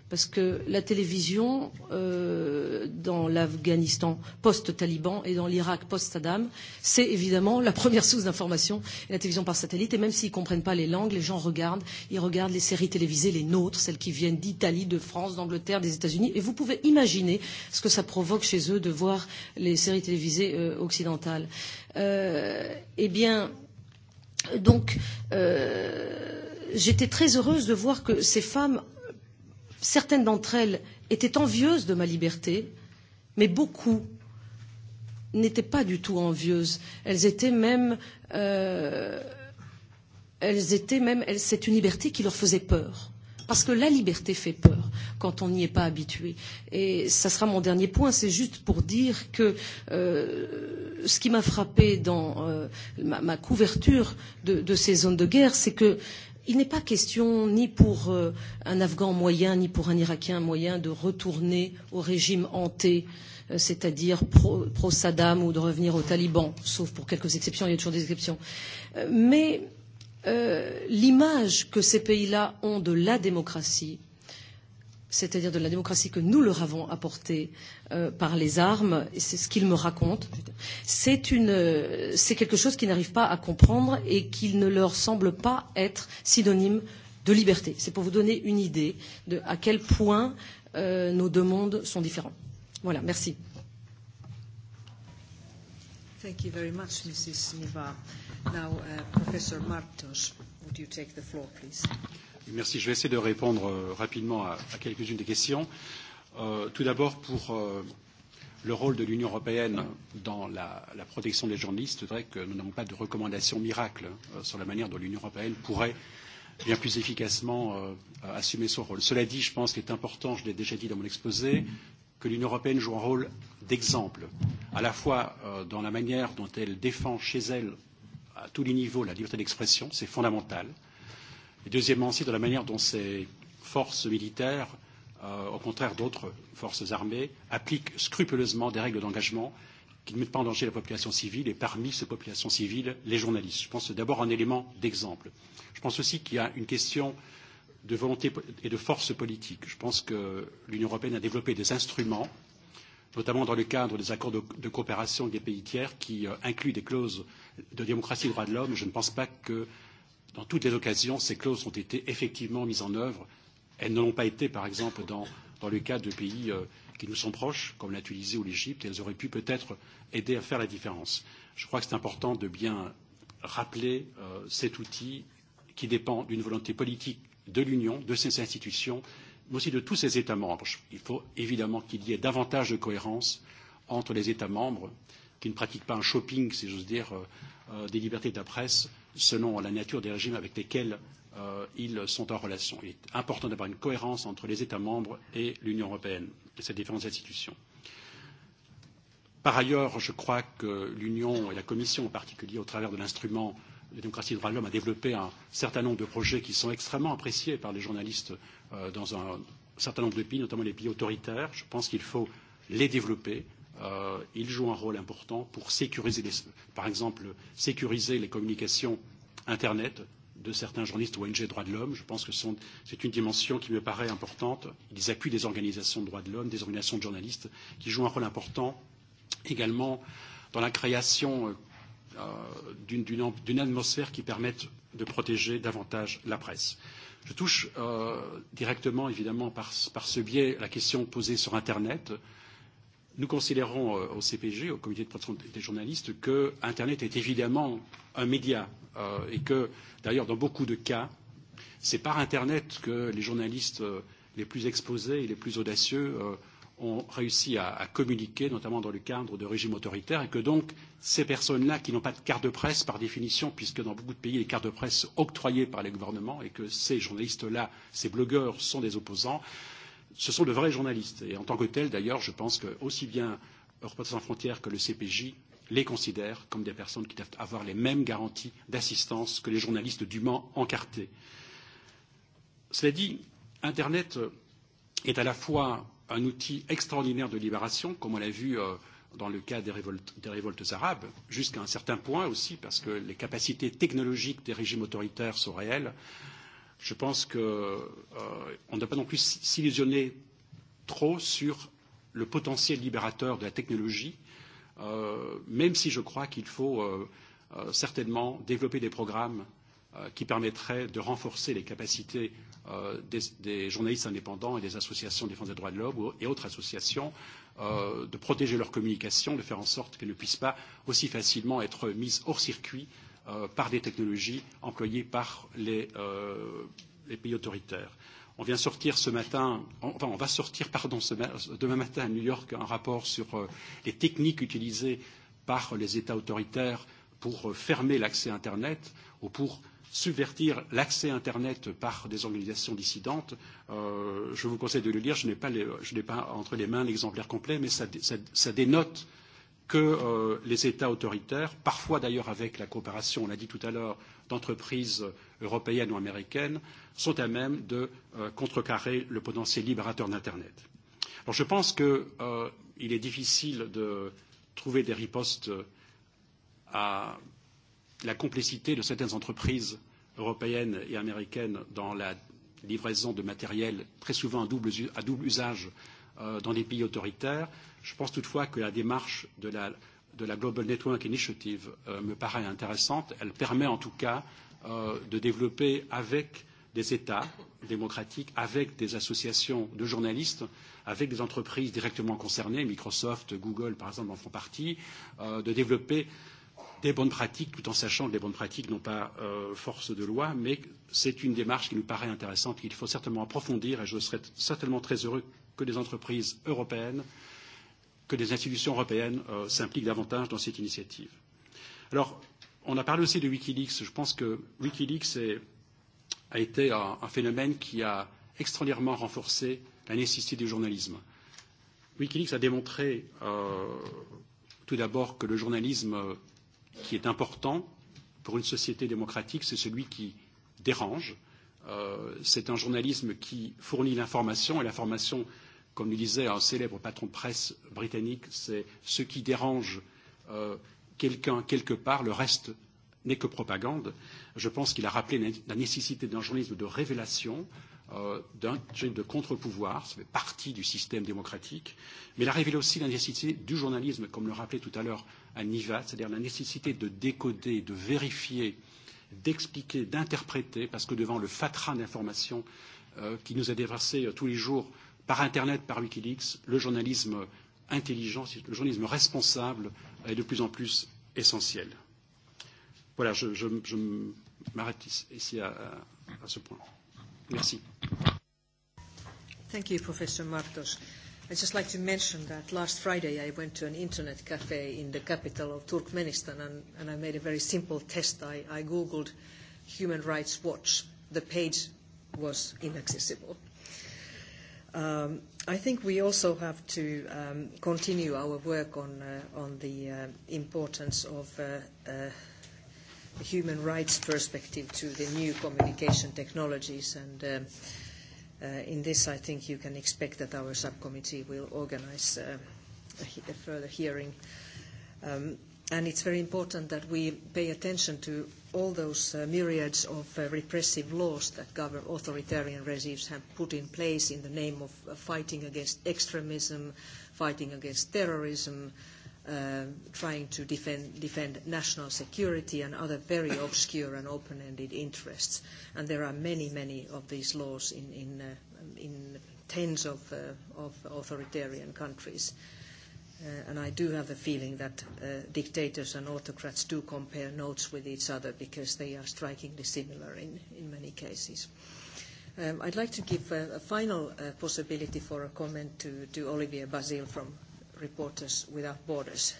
parce que la télévision dans l'Afghanistan post-Taliban et dans l'Irak post-Saddam, c'est évidemment la première source d'information, la télévision par satellite. Et même s'ils ne comprennent pas les langues, les gens regardent, ils regardent les séries télévisées, les nôtres, celles qui viennent d'Italie, de France, d'Angleterre, des États-Unis. Et vous pouvez imaginer ce que ça provoque chez eux de voir les séries télévisées occidentales. Eh bien, donc, j'étais très heureuse de voir que ces femmes certaines d'entre elles étaient envieuses de ma liberté, mais beaucoup n'étaient pas du tout envieuses. Elles étaient même. Elles étaient même. C'est une liberté qui leur faisait peur. Parce que la liberté fait peur quand on n'y est pas habitué. Et ça sera mon dernier point, c'est juste pour dire que ce qui m'a frappé dans ma couverture de ces zones de guerre, c'est que Il n'est pas question ni pour un Afghan moyen ni pour un Irakien moyen de retourner au régime hanté, c'est-à-dire pro-Saddam ou de revenir aux talibans, sauf pour quelques exceptions, il y a toujours des exceptions. Mais l'image que ces pays-là ont de la démocratie c'est-à-dire de la démocratie que nous leur avons apportée par les armes, et c'est ce qu'ils me racontent, c'est quelque chose qu'ils n'arrivent pas à comprendre et qu'il ne leur semble pas être synonyme de liberté. C'est pour vous donner une idée de à quel point nos deux mondes sont différents. Voilà, merci. Thank you very much, Mrs. Now, Professor Martos, would you take the floor, please? Merci. Je vais essayer de répondre rapidement à quelques-unes des questions. Tout d'abord, pour le rôle de l'Union européenne dans la protection des journalistes, je voudrais que nous n'avons pas de recommandations miracles sur la manière dont l'Union européenne pourrait bien plus efficacement assumer son rôle. Cela dit, je pense qu'il est important, je l'ai déjà dit dans mon exposé, que l'Union européenne joue un rôle d'exemple, à la fois dans la manière dont elle défend chez elle, à tous les niveaux, la liberté d'expression, c'est fondamental, et deuxièmement aussi de la manière dont ces forces militaires, au contraire d'autres forces armées, appliquent scrupuleusement des règles d'engagement qui ne mettent pas en danger la population civile et parmi ces populations civiles, les journalistes. Je pense d'abord un élément d'exemple. Je pense aussi qu'il y a une question de volonté et de force politique. Je pense que l'Union européenne a développé des instruments, notamment dans le cadre des accords de coopération avec des pays tiers, qui incluent des clauses de démocratie et de droits de l'homme. Je ne pense pas que dans toutes les occasions, ces clauses ont été effectivement mises en œuvre. Elles ne l'ont pas été, par exemple, dans le cas de pays qui nous sont proches, comme la Tunisie ou l'Égypte, et elles auraient pu peut-être aider à faire la différence. Je crois que c'est important de bien rappeler cet outil qui dépend d'une volonté politique de l'Union, de ses institutions, mais aussi de tous ses États membres. Il faut évidemment qu'il y ait davantage de cohérence entre les États membres qui ne pratiquent pas un shopping, si j'ose dire, des libertés de la presse selon la nature des régimes avec lesquels ils sont en relation. Il est important d'avoir une cohérence entre les États membres et l'Union européenne et ces différentes institutions. Par ailleurs, je crois que l'Union et la Commission en particulier, au travers de l'instrument de démocratie et de droits de l'homme a développé un certain nombre de projets qui sont extrêmement appréciés par les journalistes dans un certain nombre de pays, notamment les pays autoritaires. Je pense qu'il faut les développer il joue un rôle important pour sécuriser, par exemple, sécuriser les communications Internet de certains journalistes ONG droits de l'homme. Je pense que c'est une dimension qui me paraît importante. Ils appuient des organisations de droits de l'homme, des organisations de journalistes, qui jouent un rôle important également dans la création d'une atmosphère qui permette de protéger davantage la presse. Je touche directement, évidemment, par ce biais, la question posée sur Internet. Nous considérons au CPG, au Comité de protection des journalistes, que Internet est évidemment un média et que, d'ailleurs, dans beaucoup de cas, c'est par Internet que les journalistes les plus exposés et les plus audacieux ont réussi à communiquer, notamment dans le cadre de régimes autoritaires, et que donc ces personnes-là qui n'ont pas de carte de presse, par définition, puisque dans beaucoup de pays, les cartes de presse sont octroyées par les gouvernements, et que ces journalistes-là, ces blogueurs, sont des opposants, ce sont de vrais journalistes. Et en tant que tels, d'ailleurs, je pense que aussi bien Reporters sans frontières que le CPJ les considèrent comme des personnes qui doivent avoir les mêmes garanties d'assistance que les journalistes dûment encartés. Cela dit, Internet est à la fois un outil extraordinaire de libération, comme on l'a vu dans le cas des révoltes arabes, jusqu'à un certain point aussi, parce que les capacités technologiques des régimes autoritaires sont réelles je pense qu'on ne doit pas non plus s'illusionner trop sur le potentiel libérateur de la technologie, même si je crois qu'il faut certainement développer des programmes qui permettraient de renforcer les capacités des journalistes indépendants et des associations de défense des droits de l'homme et autres associations de protéger leur communication, de faire en sorte qu'elles ne puissent pas aussi facilement être mises hors circuit par des technologies employées par les pays autoritaires. On vient sortir ce matin, enfin on va sortir, pardon, demain matin à New York un rapport sur les techniques utilisées par les États autoritaires pour fermer l'accès Internet ou pour subvertir l'accès Internet par des organisations dissidentes. Je vous conseille de le lire. Je n'ai pas entre les mains l'exemplaire complet, mais ça dénote que les États autoritaires, parfois d'ailleurs avec la coopération, on l'a dit tout à l'heure, d'entreprises européennes ou américaines, sont à même de contrecarrer le potentiel libérateur d'Internet. Alors je pense qu'il est difficile de trouver des ripostes à la complicité de certaines entreprises européennes et américaines dans la livraison de matériel très souvent à double usage dans des pays autoritaires. Je pense toutefois que la démarche de la de la Global Network Initiative me paraît intéressante. Elle permet en tout cas de développer avec des États démocratiques, avec des associations de journalistes, avec des entreprises directement concernées, Microsoft, Google par exemple en font partie, de développer des bonnes pratiques tout en sachant que les bonnes pratiques n'ont pas force de loi, mais c'est une démarche qui nous paraît intéressante, qu'il faut certainement approfondir et je serais certainement très heureux que des entreprises européennes, que des institutions européennes s'impliquent davantage dans cette initiative. Alors, on a parlé aussi de Wikileaks. Je pense que Wikileaks a été un phénomène qui a extraordinairement renforcé la nécessité du journalisme. Wikileaks a démontré tout d'abord que le journalisme qui est important pour une société démocratique, c'est celui qui dérange. C'est un journalisme qui fournit l'information et l'information Comme le disait un célèbre patron de presse britannique, c'est ce qui dérange quelqu'un quelque part, le reste n'est que propagande. Je pense qu'il a rappelé la nécessité d'un journalisme de révélation, d'un journalisme de contre-pouvoir, ça fait partie du système démocratique, mais il a révélé aussi la nécessité du journalisme, comme le rappelait tout à l'heure Niva, c'est-à-dire la nécessité de décoder, de vérifier, d'expliquer, d'interpréter, parce que devant le fatras d'informations qui nous a déversé tous les jours par Internet, par Wikileaks, le journalisme intelligent, le journalisme responsable est de plus en plus essentiel. Voilà, je, je, je m'arrête ici à, à ce point. Merci. Thank you, Professor Martos. I'd just like to mention that last Friday I went to an internet cafe in the capital of Turkmenistan and, and I made a very simple test. I, I Googled Human Rights Watch. The page was inaccessible I think we also have to continue our work on on the importance of human rights perspective to the new communication technologies and in this I think you can expect that our subcommittee will organize a further hearing and it's very important that we pay attention to all those myriads of repressive laws that authoritarian regimes have put in place in the name of fighting against extremism, fighting against terrorism, trying to defend national security and other very obscure and open-ended interests. And there are many, many of these laws in tens of authoritarian countries and I do have the feeling that dictators and autocrats do compare notes with each other because they are strikingly similar in in many cases. I'd like to give a final possibility for a comment to Olivier Bazil from Reporters Without Borders.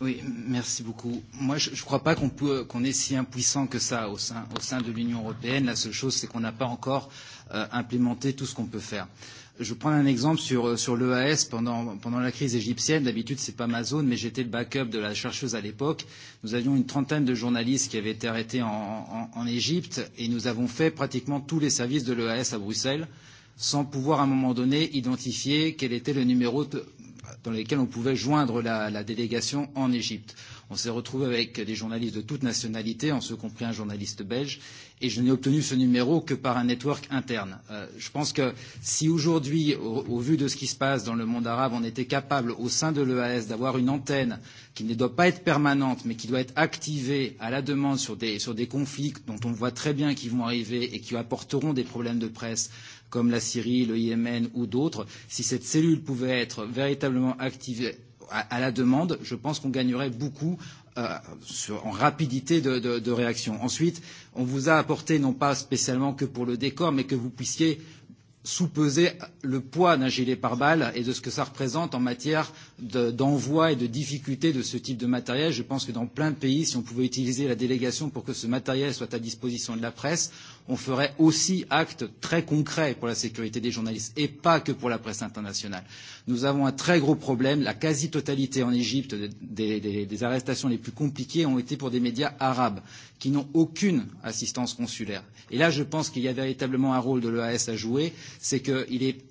Oui, merci beaucoup. Moi, je ne crois pas qu'on est si impuissant que ça au sein de l'Union européenne. La seule chose, c'est qu'on n'a pas encore implémenté tout ce qu'on peut faire. Je prends un exemple sur, sur l'EAS pendant, pendant la crise égyptienne. D'habitude, ce n'est pas ma zone, mais j'étais le backup de la chercheuse à l'époque. Nous avions une trentaine de journalistes qui avaient été arrêtés en, en, en Égypte et nous avons fait pratiquement tous les services de l'EAS à Bruxelles sans pouvoir à un moment donné identifier quel était le numéro dans lequel on pouvait joindre la, la délégation en Égypte. On s'est retrouvé avec des journalistes de toutes nationalités, en ce compris un journaliste belge, et je n'ai obtenu ce numéro que par un network interne. Je pense que si aujourd'hui, au vu de ce qui se passe dans le monde arabe, on était capable, au sein de l'EAS, d'avoir une antenne qui ne doit pas être permanente, mais qui doit être activée à la demande sur des conflits dont on voit très bien qu'ils vont arriver et qui apporteront des problèmes de presse, comme la Syrie, le Yémen ou d'autres, si cette cellule pouvait être véritablement activée à la demande, je pense qu'on gagnerait beaucoup en rapidité de réaction. Ensuite, on vous a apporté, non pas spécialement que pour le décor, mais que vous puissiez sous-peser le poids d'un gilet pare-balles et de ce que ça représente en matière d'envoi et de difficulté de ce type de matériel. Je pense que dans plein de pays, si on pouvait utiliser la délégation pour que ce matériel soit à disposition de la presse, on ferait aussi acte très concret pour la sécurité des journalistes et pas que pour la presse internationale. Nous avons un très gros problème. La quasi-totalité en Égypte des arrestations les plus compliquées ont été pour des médias arabes qui n'ont aucune assistance consulaire. Et là, je pense qu'il y a véritablement un rôle de l'EAS à jouer. C'est qu'il est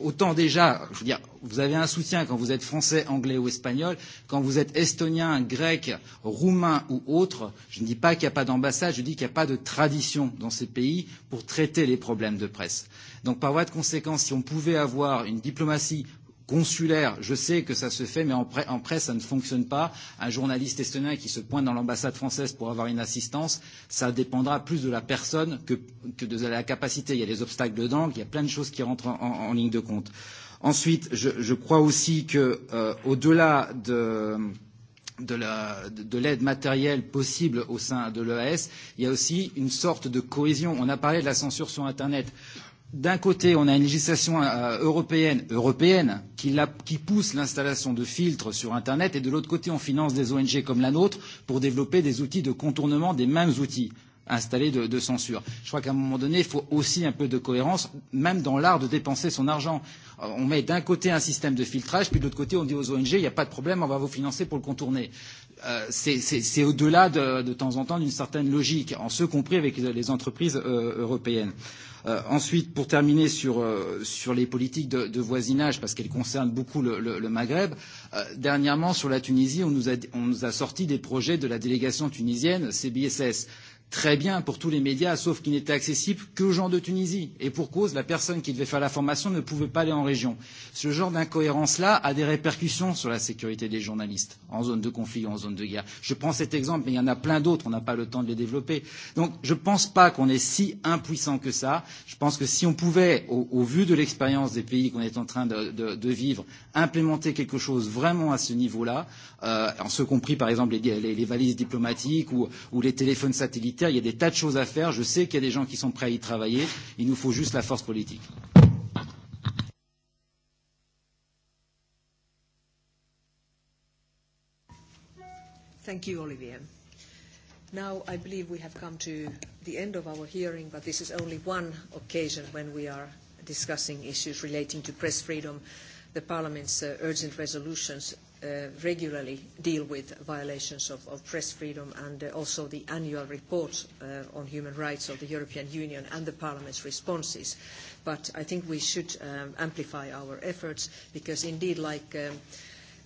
autant déjà, je veux dire, vous avez un soutien quand vous êtes français, anglais ou espagnol, quand vous êtes estonien, grec, roumain ou autre, je ne dis pas qu'il n'y a pas d'ambassade, je dis qu'il n'y a pas de tradition dans ces pays pour traiter les problèmes de presse. Donc par voie de conséquence, si on pouvait avoir une diplomatie consulaire. Je sais que ça se fait, mais en presse, ça ne fonctionne pas. Un journaliste estonien qui se pointe dans l'ambassade française pour avoir une assistance, ça dépendra plus de la personne que de la capacité. Il y a des obstacles dedans, il y a plein de choses qui rentrent en ligne de compte. Ensuite, je crois aussi qu'au-delà de de l'aide matérielle possible au sein de l'EAS, il y a aussi une sorte de cohésion. On a parlé de la censure sur Internet. D'un côté, on a une législation européenne, européenne qui pousse l'installation de filtres sur Internet, et de l'autre côté, on finance des ONG comme la nôtre pour développer des outils de contournement des mêmes outils installés de censure. Je crois qu'à un moment donné, il faut aussi un peu de cohérence, même dans l'art de dépenser son argent. On met d'un côté un système de filtrage, puis de l'autre côté, on dit aux ONG, il n'y a pas de problème, on va vous financer pour le contourner. C'est au-delà, de temps en temps, d'une certaine logique, en ce compris avec les entreprises européennes. Ensuite, pour terminer sur les politiques de voisinage, parce qu'elles concernent beaucoup le Maghreb, dernièrement, sur la Tunisie, on nous a sorti des projets de la délégation tunisienne CBSS très bien pour tous les médias, sauf qu'il n'était accessible qu'aux gens de Tunisie. Et pour cause, la personne qui devait faire la formation ne pouvait pas aller en région. Ce genre d'incohérence-là a des répercussions sur la sécurité des journalistes, en zone de conflit ou en zone de guerre. Je prends cet exemple, mais il y en a plein d'autres, on n'a pas le temps de les développer. Donc je ne pense pas qu'on est si impuissant que ça. Je pense que si on pouvait, au vu de l'expérience des pays qu'on est en train de vivre, implémenter quelque chose vraiment à ce niveau-là, en ce compris par exemple les valises diplomatiques ou les téléphones satellites, militaire. Il y a des tas de choses à faire. Je sais qu'il y a des gens qui sont prêts à y travailler. Il nous faut juste la force politique. Thank you, Olivier. Now I believe we have come to the end of our hearing, but this is only one occasion when we are discussing issues relating to press freedom. The Parliament's urgent resolutions regularly deal with violations of press freedom and also the annual reports on human rights of the European Union and the Parliament's responses. But I think we should amplify our efforts because indeed, like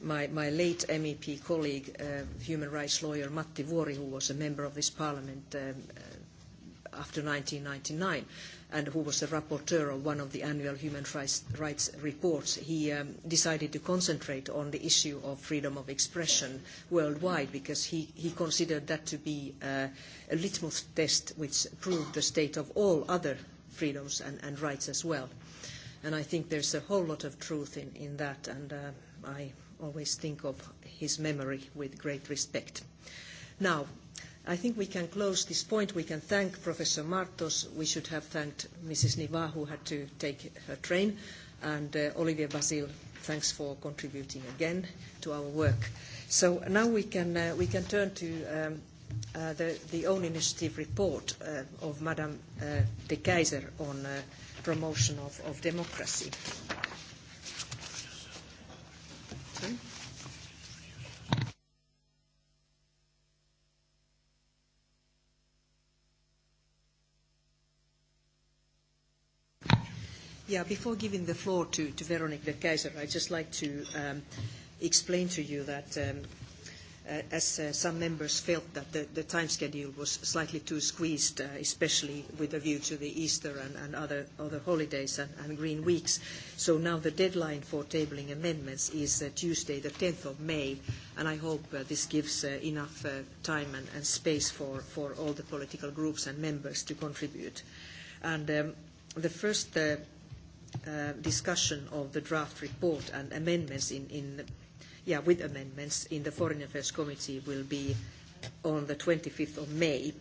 my late MEP colleague, human rights lawyer Matti Vuori, who was a member of this Parliament after 1999, and who was the rapporteur of one of the annual human rights reports, he decided to concentrate on the issue of freedom of expression worldwide because he considered that to be a litmus test which proved the state of all other freedoms and rights as well. And I think there's a whole lot of truth in that, and I always think of his memory with great respect. Now, I think we can close this point. We can thank Professor Martos. We should have thanked Mrs. Niva, who had to take her train, and Olivier Basile. Thanks for contributing again to our work. So now we can we can turn to the own initiative report of Madame De Keyser on promotion of democracy. Yeah, before giving the floor to to Veronique de Keyser, I'd just like to explain to you that as some members felt that the time schedule was slightly too squeezed, especially with a view to the Easter and other holidays and green weeks. So now the deadline for tabling amendments is Tuesday, the 10th of May, and I hope this gives enough time and space for all the political groups and members to contribute. And the first discussion of the draft report and amendments in, yeah, with amendments in the Foreign Affairs Committee will be on the 25th of May,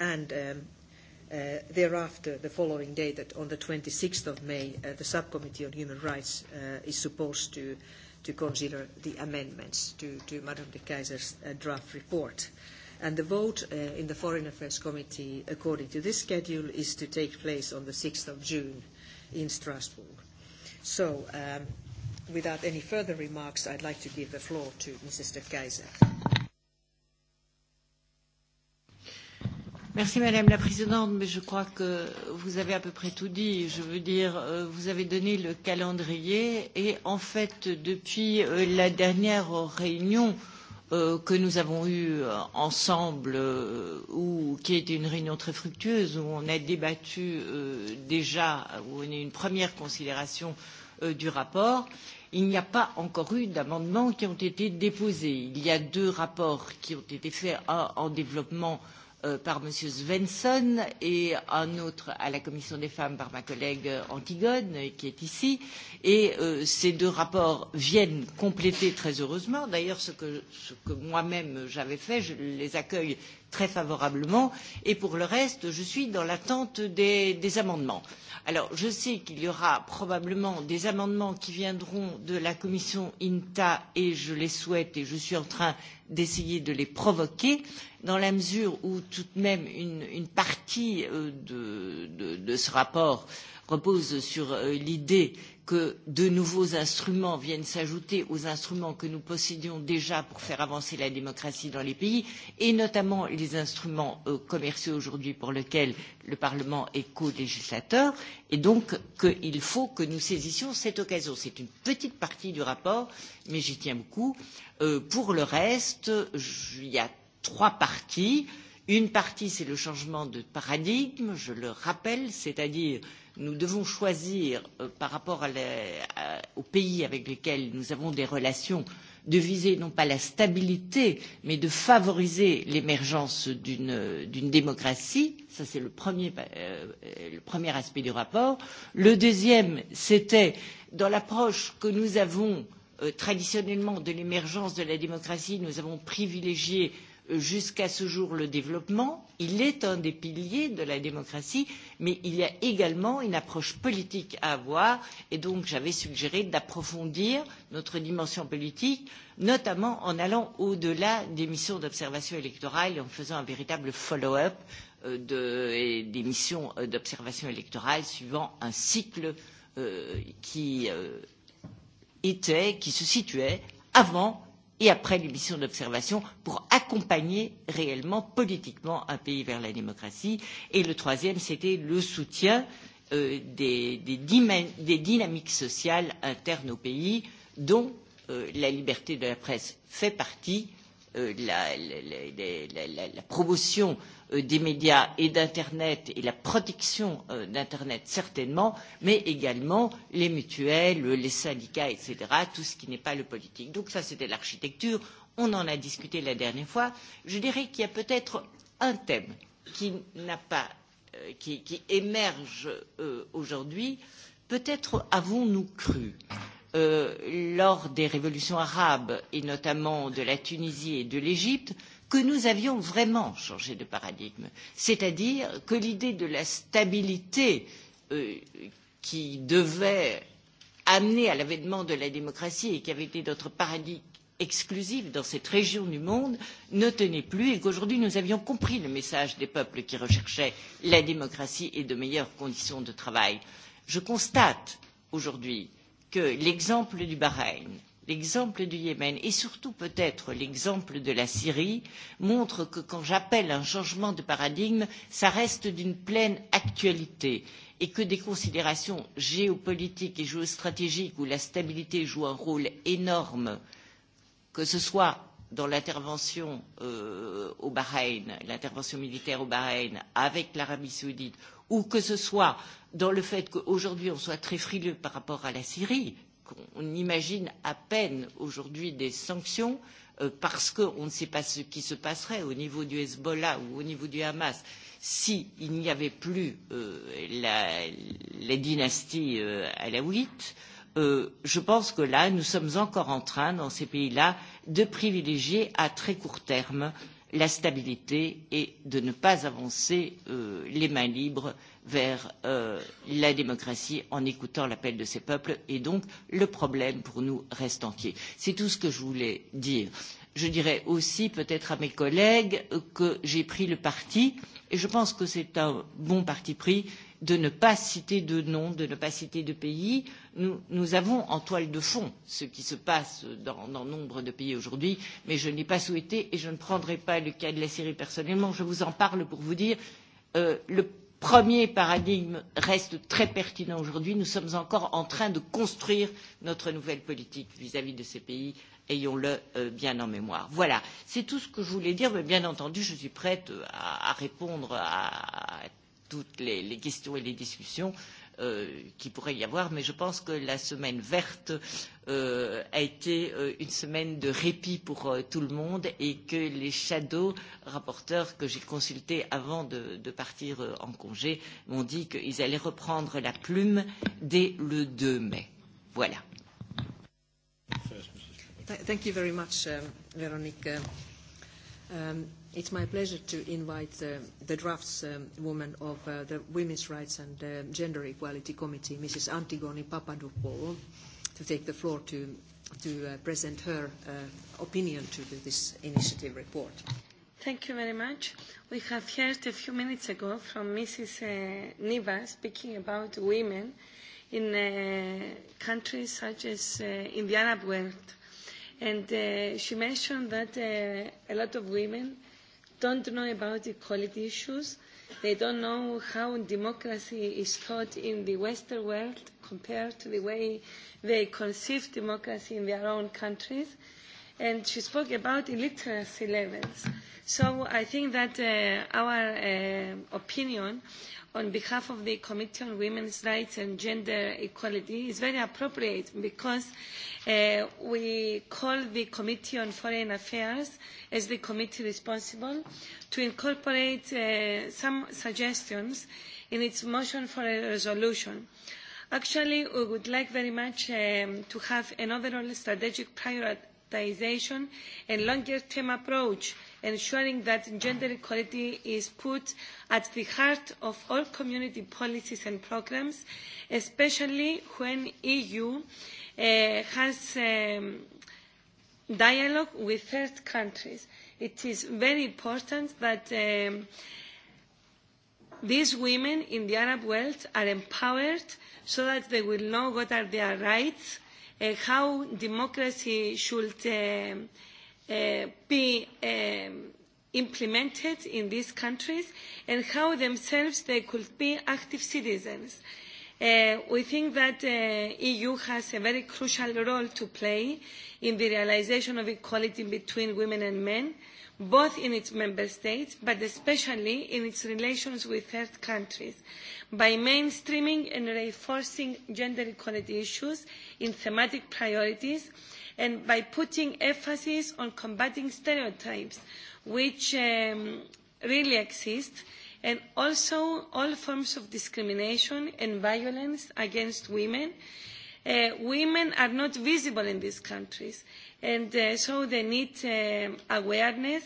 and thereafter, the following day, that on the 26th of May, the Subcommittee on Human Rights is supposed to to consider the amendments to to Madame de Keyser's draft report. And the vote in the Foreign Affairs Committee, according to this schedule, is to take place on the 6th of June in Strasbourg. So um, without any further remarks, I'd like to give the floor to Mrs. de Keyser. Merci Madame la Présidente, mais je crois que vous avez à peu près tout dit. Je veux dire, vous avez donné le calendrier et en fait, depuis la dernière réunion que nous avons eu ensemble, ou qui été une réunion très fructueuse, où on a débattu déjà, où on a une première considération du rapport, il n'y a pas encore eu d'amendements qui ont été déposés. Il y a deux rapports qui ont été faits, un en développement par M. Svensson et un autre à la Commission des femmes par ma collègue Antigone, qui est ici. Et ces deux rapports viennent compléter très heureusement. D'ailleurs, ce que moi-même j'avais fait, je les accueille très favorablement. Et pour le reste, je suis dans l'attente des amendements. Alors, je sais qu'il y aura probablement des amendements qui viendront de la commission INTA et je les souhaite et je suis en train d'essayer de les provoquer, dans la mesure où tout de même une partie de ce rapport repose sur l'idée que de nouveaux instruments viennent s'ajouter aux instruments que nous possédions déjà pour faire avancer la démocratie dans les pays, et notamment les instruments commerciaux aujourd'hui pour lesquels le Parlement est co-législateur, et donc qu'il faut que nous saisissions cette occasion. C'est une petite partie du rapport, mais j'y tiens beaucoup. Pour le reste, il y a trois parties. Une partie, c'est le changement de paradigme, je le rappelle, c'est-à-dire nous devons choisir par rapport aux pays avec lesquels nous avons des relations de viser non pas la stabilité mais de favoriser l'émergence d'une démocratie ça c'est le premier aspect du rapport. le deuxième c'était dans l'approche que nous avons traditionnellement de l'émergence de la démocratie nous avons privilégié jusqu'à ce jour le développement. Il est un des piliers de la démocratie, mais il y a également une approche politique à avoir. Et donc, j'avais suggéré d'approfondir notre dimension politique, notamment en allant au-delà des missions d'observation électorale et en faisant un véritable follow-up des missions d'observation électorale suivant un cycle qui était, qui se situait avant et après les missions d'observation pour accompagner réellement politiquement un pays vers la démocratie. Et le troisième, c'était le soutien des dynamiques sociales internes au pays, dont la liberté de la presse fait partie, la promotion des médias et d'internet et la protection d'internet certainement mais également les mutuelles les syndicats etc. tout ce qui n'est pas le politique. donc ça c'était l'architecture on en a discuté la dernière fois. je dirais qu'il y a peut être un thème qui n'a pas qui émerge aujourd'hui peut être avons nous cru lors des révolutions arabes et notamment de la tunisie et de l'égypte que nous avions vraiment changé de paradigme, c'est-à-dire que l'idée de la stabilité qui devait amener à l'avènement de la démocratie et qui avait été notre paradigme exclusif dans cette région du monde ne tenait plus et qu'aujourd'hui nous avions compris le message des peuples qui recherchaient la démocratie et de meilleures conditions de travail. Je constate aujourd'hui que l'exemple du Bahreïn l'exemple du Yémen et surtout peut être l'exemple de la Syrie montrent que quand j'appelle un changement de paradigme, cela reste d'une pleine actualité et que des considérations géopolitiques et géostratégiques où la stabilité joue un rôle énorme, que ce soit dans l'intervention au Bahreïn, l'intervention militaire au Bahreïn avec l'Arabie saoudite, ou que ce soit dans le fait qu'aujourd'hui on soit très frileux par rapport à la Syrie, On imagine à peine aujourd'hui des sanctions parce qu'on ne sait pas ce qui se passerait au niveau du Hezbollah ou au niveau du Hamas s'il n'y avait plus la dynastie alaouite. Je pense que là, nous sommes encore en train, dans ces pays-là, de privilégier à très court terme la stabilité et de ne pas avancer les mains libres vers la démocratie en écoutant l'appel de ces peuples et donc le problème pour nous reste entier. C'est tout ce que je voulais dire. Je dirais aussi peut être à mes collègues que j'ai pris le parti et je pense que c'est un bon parti pris de ne pas citer de nom, de ne pas citer de pays. Nous avons en toile de fond ce qui se passe dans nombre de pays aujourd'hui, mais je n'ai pas souhaité et je ne prendrai pas le cas de la Syrie personnellement. Je vous en parle pour vous dire le premier paradigme reste très pertinent aujourd'hui. Nous sommes encore en train de construire notre nouvelle politique vis-à-vis de ces pays. Ayons-le bien en mémoire. Voilà, c'est tout ce que je voulais dire, mais bien entendu, je suis prête à répondre à toutes les questions et les discussions qu'il pourrait y avoir, mais je pense que la semaine verte a été une semaine de répit pour tout le monde et que les shadow rapporteurs que j'ai consultés avant de partir en congé m'ont dit qu'ils allaient reprendre la plume dès le 2 mai. Voilà. Thank you Véronique. It's my pleasure to invite the draftswoman of the Women's Rights and Gender Equality Committee, Mrs. Antigoni Papadopoulou, to take the floor to to present her opinion to this initiative report. Thank you very much. We have heard a few minutes ago from Mrs. Niva speaking about women in countries such as in the Arab world. And she mentioned that a lot of women don't know about equality issues. They don't know how democracy is taught in the Western world compared to the way they conceive democracy in their own countries. And she spoke about illiteracy levels. So I think that our opinion on behalf of the Committee on Women's Rights and Gender Equality is very appropriate because we call the Committee on Foreign Affairs as the committee responsible to incorporate some suggestions in its motion for a resolution. Actually, we would like very much to have another strategic priority prioritization and longer term approach, ensuring that gender equality is put at the heart of all community policies and programmes, especially when EU has dialogue with third countries. It is very important that these women in the Arab world are empowered so that they will know what are their rights how democracy should be implemented in these countries and how themselves they could be active citizens. We think that the EU has a very crucial role to play in the realisation of equality between women and men both in its member states but especially in its relations with third countries by mainstreaming and reinforcing gender equality issues in thematic priorities and by putting emphasis on combating stereotypes which really exist and also all forms of discrimination and violence against women. Women are not visible in these countries and so they need awareness,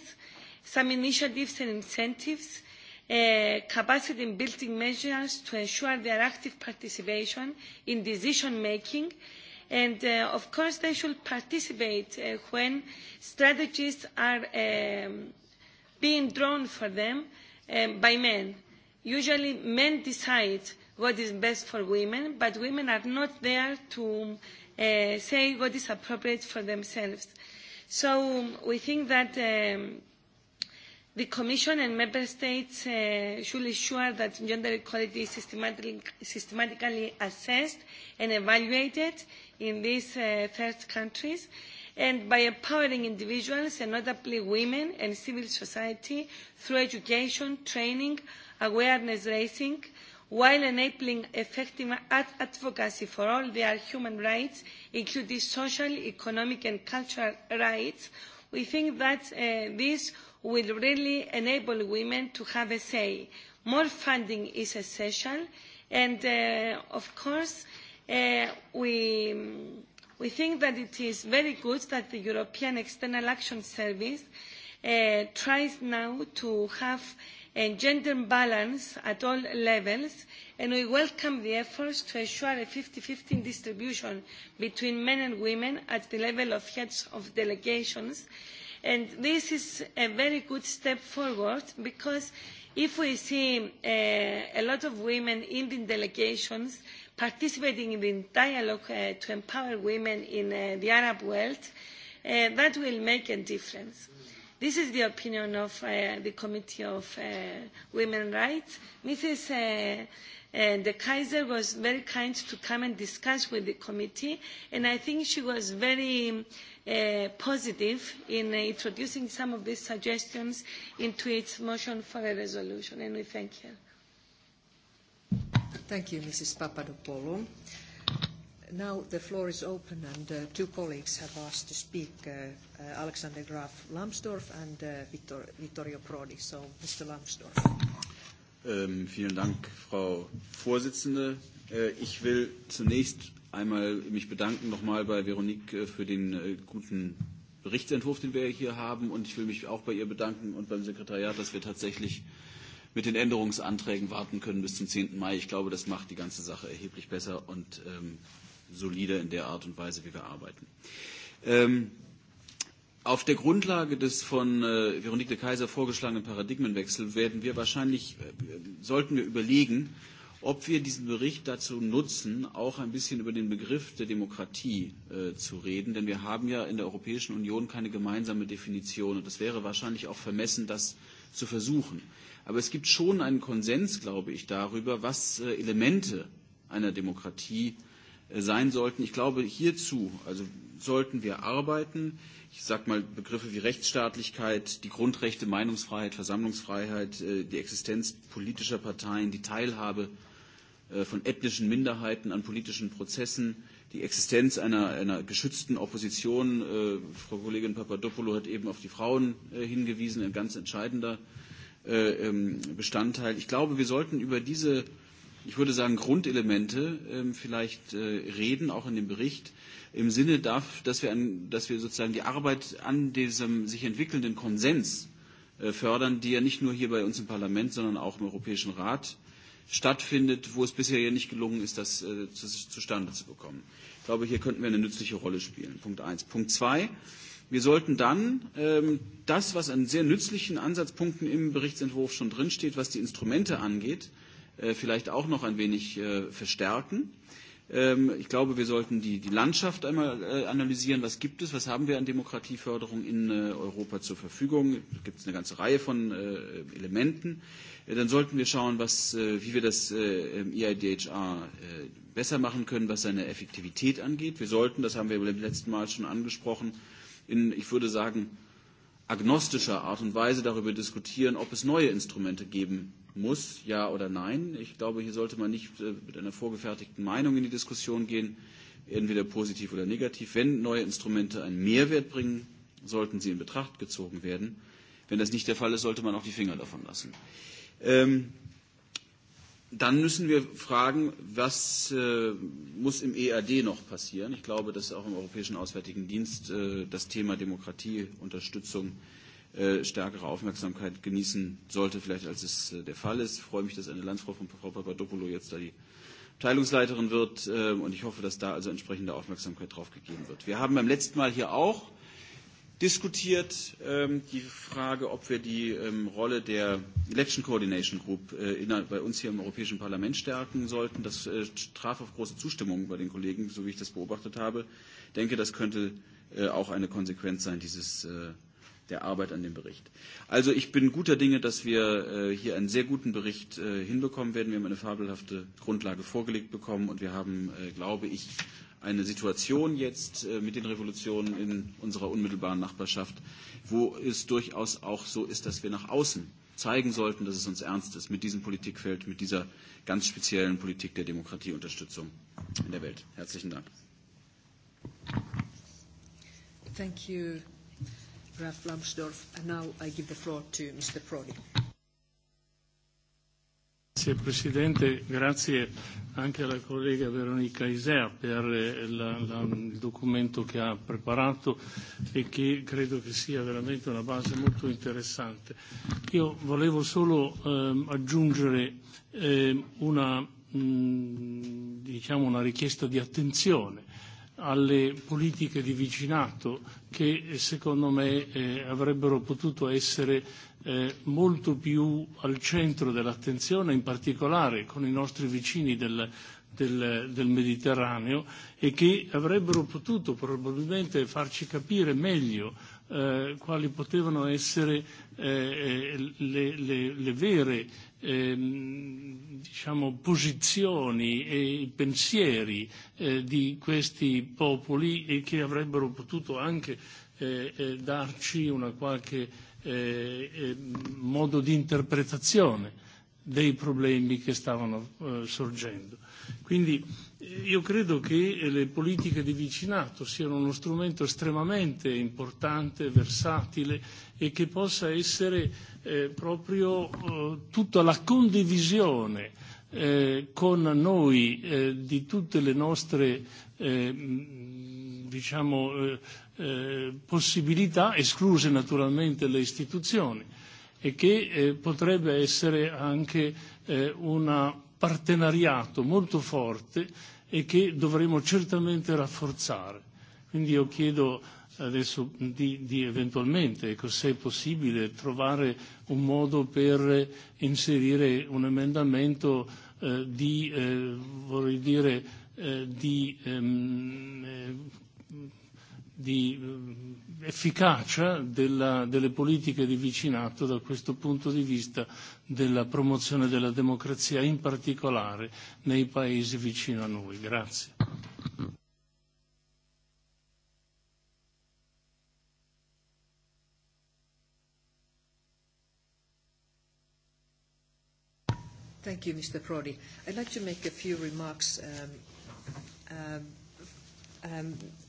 some initiatives and incentives, capacity building measures to ensure their active participation in decision making and of course they should participate when strategies are being drawn for them by men. Usually men decide what is best for women, but women are not there to say what is appropriate for themselves. So we think that the Commission and Member States should ensure that gender equality is systematically assessed and evaluated in these third countries and by empowering individuals and notably women and civil society through education, training, awareness raising while enabling effective advocacy for all their human rights, including social, economic and cultural rights, we think that this will really enable women to have a say. More funding is essential and of course we think that it is very good that the European External Action Service tries now to have and gender balance at all levels, and we welcome the efforts to ensure a 50-50 distribution between men and women at the level of heads of delegations. And this is a very good step forward because if we see a lot of women in the delegations participating in the dialogue to empower women in the Arab world, that will make a difference. This is the opinion of the Committee of Women's Rights. Mrs. De Kaiser was very kind to come and discuss with the committee, and I think she was very positive in introducing some of these suggestions into its motion for a resolution, and we thank her. Thank you, Mrs. Papadopoulou. Now the floor is open, and two colleagues have asked to speak, Alexander Graf Lambsdorff and Vittorio Prodi. So, Mr. Lambsdorff. Vielen Dank, Frau Vorsitzende. Ich will zunächst einmal mich bedanken nochmal bei Veronique für den guten Berichtsentwurf, den wir hier haben. Und ich will mich auch bei ihr bedanken und beim Sekretariat, dass wir tatsächlich mit den Änderungsanträgen warten können bis zum 10. Mai. Ich glaube, das macht die ganze Sache erheblich besser und solider in der Art und Weise, wie wir arbeiten. Auf der Grundlage des von Veronique de Kaiser vorgeschlagenen Paradigmenwechsels werden wir wahrscheinlich, sollten wir überlegen, ob wir diesen Bericht dazu nutzen, auch ein bisschen über den Begriff der Demokratie zu reden. Denn wir haben ja in der Europäischen Union keine gemeinsame Definition. Und es wäre wahrscheinlich auch vermessen, das zu versuchen. Aber es gibt schon einen Konsens, glaube ich, darüber, was Elemente einer Demokratie sein sollten. Ich glaube, hierzu also sollten wir arbeiten. Ich sage mal Begriffe wie Rechtsstaatlichkeit, die Grundrechte, Meinungsfreiheit, Versammlungsfreiheit, die Existenz politischer Parteien, die Teilhabe von ethnischen Minderheiten an politischen Prozessen, die Existenz einer geschützten Opposition. Frau Kollegin Papadopoulou hat eben auf die Frauen hingewiesen, ein ganz entscheidender Bestandteil. Ich glaube, wir sollten über diese ich würde sagen, Grundelemente vielleicht reden, auch in dem Bericht, im Sinne, dass wir sozusagen die Arbeit an diesem sich entwickelnden Konsens fördern, die ja nicht nur hier bei uns im Parlament, sondern auch im Europäischen Rat stattfindet, wo es bisher ja nicht gelungen ist, das zustande zu bekommen. Ich glaube, hier könnten wir eine nützliche Rolle spielen. Punkt eins. Punkt zwei Wir sollten dann das, was an sehr nützlichen Ansatzpunkten im Berichtsentwurf schon drinsteht, was die Instrumente angeht, vielleicht auch noch ein wenig verstärken. Ich glaube, wir sollten die Landschaft einmal analysieren. Was gibt es? Was haben wir an Demokratieförderung in Europa zur Verfügung? Da gibt es eine ganze Reihe von Elementen. Dann sollten wir schauen, wie wir das EIDHR besser machen können, was seine Effektivität angeht. Wir sollten, das haben wir beim letzten Mal schon angesprochen, in, ich würde sagen, agnostischer Art und Weise darüber diskutieren, ob es neue Instrumente geben muss, ja oder nein. Ich glaube, hier sollte man nicht mit einer vorgefertigten Meinung in die Diskussion gehen, entweder positiv oder negativ. Wenn neue Instrumente einen Mehrwert bringen, sollten sie in Betracht gezogen werden. Wenn das nicht der Fall ist, sollte man auch die Finger davon lassen. Dann müssen wir fragen, was muss im EAD noch passieren. Ich glaube, dass auch im Europäischen Auswärtigen Dienst das Thema Demokratieunterstützung stärkere Aufmerksamkeit genießen sollte, vielleicht als es der Fall ist. Ich freue mich, dass eine Landfrau von Frau Papadopoulou jetzt da die Teilungsleiterin wird und ich hoffe, dass da also entsprechende Aufmerksamkeit drauf gegeben wird. Wir haben beim letzten Mal hier auch diskutiert die Frage, ob wir die Rolle der Election Coordination Group bei uns hier im Europäischen Parlament stärken sollten. Das traf auf große Zustimmung bei den Kollegen, so wie ich das beobachtet habe. Ich denke, das könnte auch eine Konsequenz sein dieses der Arbeit an dem Bericht. Also ich bin guter Dinge, dass wir hier einen sehr guten Bericht hinbekommen werden. Wir haben eine fabelhafte Grundlage vorgelegt bekommen und wir haben, glaube ich, eine Situation jetzt mit den Revolutionen in unserer unmittelbaren Nachbarschaft, wo es durchaus auch so ist, dass wir nach außen zeigen sollten, dass es uns ernst ist mit diesem Politikfeld, mit dieser ganz speziellen Politik der Demokratieunterstützung in der Welt. Herzlichen Dank. Ralph now I give the floor to Mr. Prodi. Grazie Presidente, grazie anche alla collega Veronica Isea per il documento che ha preparato e che credo che sia veramente una base molto interessante. Io volevo solo aggiungere una diciamo una richiesta di attenzione alle politiche di vicinato che secondo me avrebbero potuto essere molto più al centro dell'attenzione, in particolare con i nostri vicini del del Mediterraneo e che avrebbero potuto probabilmente farci capire meglio quali potevano essere le vere diciamo posizioni e pensieri di questi popoli e che avrebbero potuto anche darci un qualche modo di interpretazione dei problemi che stavano sorgendo. Quindi Io credo che le politiche di vicinato siano uno strumento estremamente importante, versatile e che possa essere proprio tutta la condivisione con noi di tutte le nostre diciamo possibilità, escluse naturalmente le istituzioni, e che potrebbe essere anche una partenariato molto forte e che dovremo certamente rafforzare. Quindi io chiedo adesso di eventualmente, se è possibile, trovare un modo per inserire un emendamento di, vorrei dire, di di efficacia delle politiche di vicinato da questo punto di vista della promozione della democrazia in particolare nei paesi vicino a noi. Grazie. Thank you, Mr. Prodi. I'd like to make a few remarks. Um, um,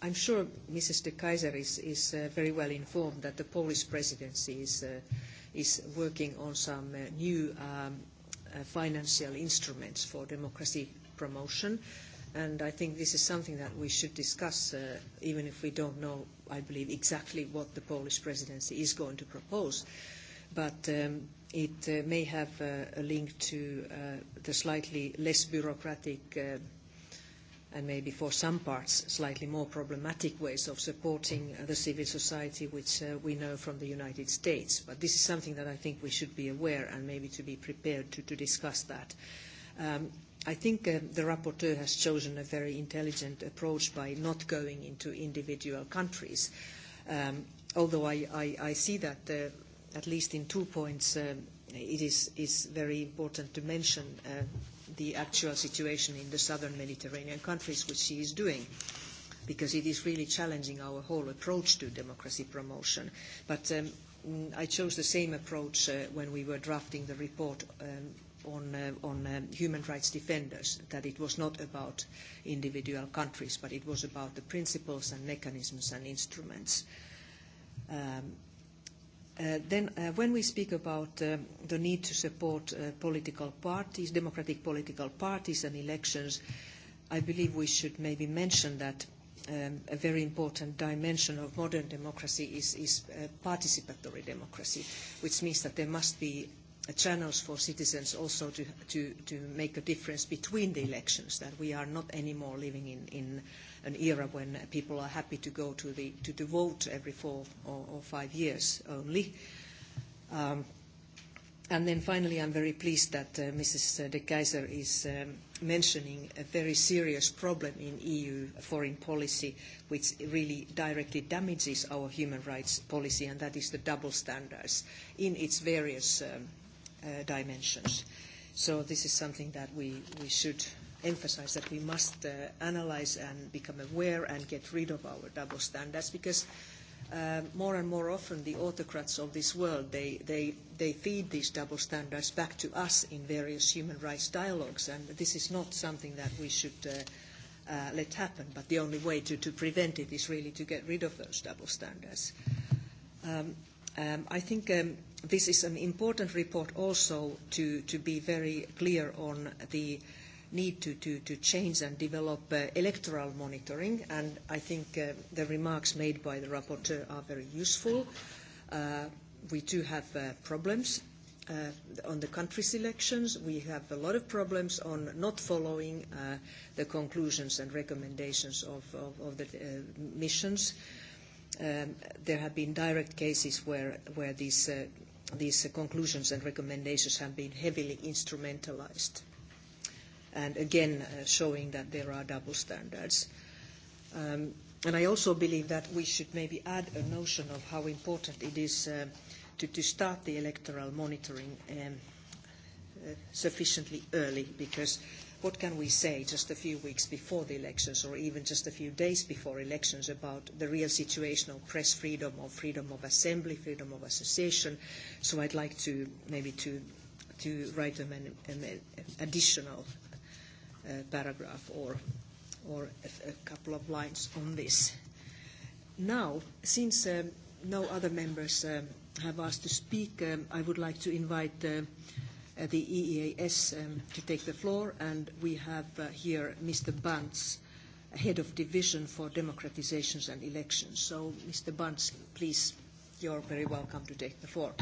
I'm sure Mrs. de Kaiser is very well informed that the Polish presidency is working on some new financial instruments for democracy promotion, and I think this is something that we should discuss, even if we don't know, I believe, exactly what the Polish presidency is going to propose. But it may have a link to the slightly less bureaucratic and maybe for some parts slightly more problematic ways of supporting the civil society, which we know from the United States. But this is something that I think we should be aware and maybe to be prepared to discuss that. I think the rapporteur has chosen a very intelligent approach by not going into individual countries, although I see that at least in two points it is very important to mention the actual situation in the southern Mediterranean countries, which she is doing, because it is really challenging our whole approach to democracy promotion. But I chose the same approach when we were drafting the report on human rights defenders, that it was not about individual countries, but it was about the principles and mechanisms and instruments. Then when we speak about the need to support political parties, democratic political parties and elections, I believe we should maybe mention that a very important dimension of modern democracy is participatory democracy, which means that there must be channels for citizens also to make a difference between the elections, that we are not anymore living in an era when people are happy to go to the to vote every four or five years only. And then finally, I'm very pleased that Mrs. De Keyser is mentioning a very serious problem in EU foreign policy, which really directly damages our human rights policy, and that is the double standards in its various dimensions. So this is something that we should emphasize that we must analyze and become aware and get rid of our double standards because more and more often the autocrats of this world, they, they, they feed these double standards back to us in various human rights dialogues and this is not something that we should let happen but the only way to, prevent it is really to get rid of those double standards. I think this is an important report also to, to be very clear on the need to to change and develop electoral monitoring and I think the remarks made by the rapporteur are very useful. We do have problems on the country selections. We have a lot of problems on not following the conclusions and recommendations of the missions. There have been direct cases where these conclusions and recommendations have been heavily instrumentalized and again showing that there are double standards. And I also believe that we should maybe add a notion of how important it is to start the electoral monitoring sufficiently early, because what can we say just a few weeks before the elections or even just a few days before elections about the real situation of press freedom or freedom of assembly, freedom of association. So I'd like to maybe to write an additional paragraph or or a couple of lines on this. Now, since no other members have asked to speak, I would like to invite the EEAS to take the floor, and we have here Mr. Bantz, Head of Division for Democratizations and Elections. So, Mr. Bunts, please, you're very welcome to take the floor.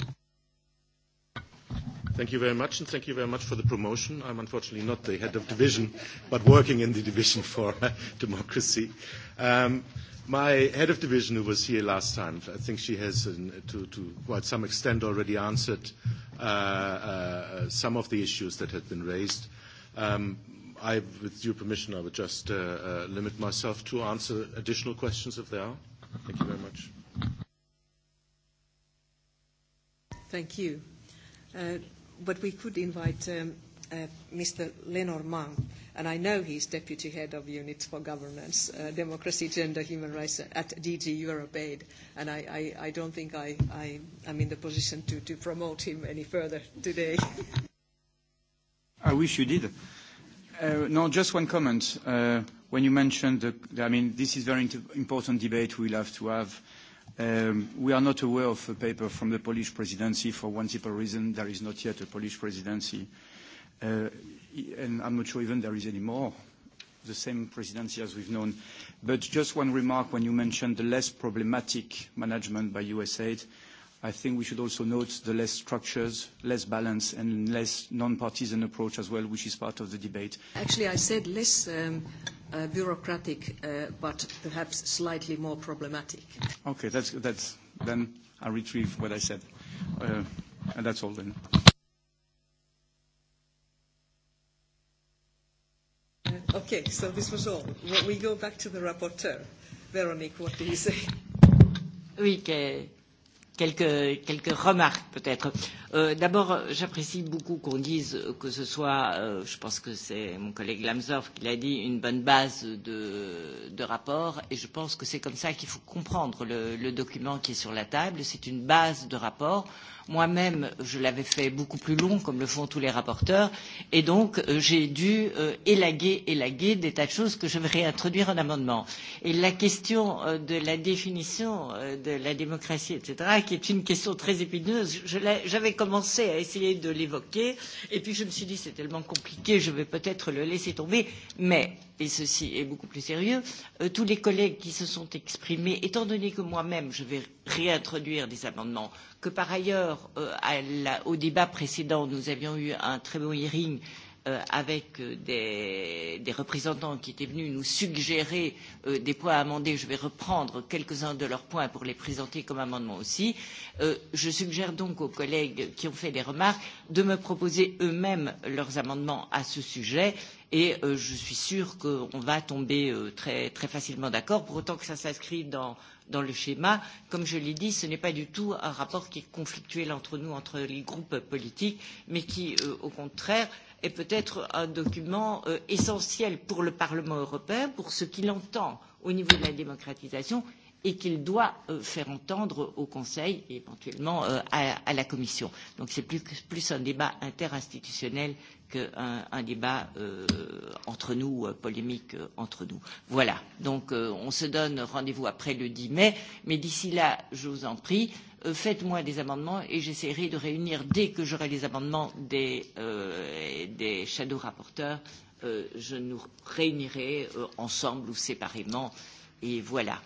Thank you very much, and thank you very much for the promotion. I'm unfortunately not the head of division, but working in the division for democracy. My head of division, who was here last time, I think she has, to to quite some extent, already answered some of the issues that had been raised. I, with your permission, I would just limit myself to answer additional questions if there are. Thank you very much. Thank you but we could invite Mr. Lenormand, and I know he is Deputy Head of Unit for Governance, Democracy, Gender, Human Rights at DG Europe Aid, and I don't think I am in the position to promote him any further today. I wish you did. No, just one comment. When you mentioned, I mean, this is a very important debate will have to have We are not aware of a paper from the Polish presidency. For one simple reason, there is not yet a Polish presidency. And I'm not sure even there is any more, the same presidency as we've known. But just one remark when you mentioned the less problematic management by USAID. I think we should also note the less structures, less balance, and less non-partisan approach as well, which is part of the debate. Actually, I said less bureaucratic, but perhaps slightly more problematic. Okay, that's then I retrieve what I said, and that's all then. Okay, so this was all. We go back to the rapporteur. Véronique, what do you say? Oui, quelques quelques remarques peut-être D'abord, j'apprécie beaucoup qu'on dise que ce soit, je pense que c'est mon collègue Lamsdorff qui l'a dit, une bonne base de rapport. Et je pense que c'est comme ça qu'il faut comprendre le document qui est sur la table. C'est une base de rapport. Moi-même, je l'avais fait beaucoup plus long, comme le font tous les rapporteurs. Et donc, j'ai dû élaguer, élaguer des tas de choses que je vais réintroduire en amendement. Et la question de la définition de la démocratie, etc., qui est une question très épineuse, j'avais commencé à essayer de l'évoquer et puis je me suis dit c'est tellement compliqué je vais peut être le laisser tomber mais et ceci est beaucoup plus sérieux tous les collègues qui se sont exprimés étant donné que moi même je vais réintroduire des amendements que par ailleurs au débat précédent nous avions eu un très bon hearing avec des représentants qui étaient venus nous suggérer des points à amender. Je vais reprendre quelques-uns de leurs points pour les présenter comme amendements aussi. Je suggère donc aux collègues qui ont fait des remarques de me proposer eux-mêmes leurs amendements à ce sujet et je suis sûre qu'on va tomber très facilement d'accord, pour autant que cela s'inscrit dans le schéma. Comme je l'ai dit, ce n'est pas du tout un rapport qui est conflictuel entre nous, entre les groupes politiques, mais qui, au contraire, est peut-être un document essentiel pour le Parlement européen, pour ce qu'il entend au niveau de la démocratisation et qu'il doit faire entendre au Conseil et éventuellement à la Commission. Donc c'est plus un débat interinstitutionnel un débat entre nous, polémique entre nous. Voilà. Donc, on se donne rendez-vous après le 10 mai. Mais d'ici là, je vous en prie, faites-moi des amendements et j'essaierai de réunir, dès que j'aurai les amendements des shadow rapporteurs, je nous réunirai ensemble ou séparément. Et voilà.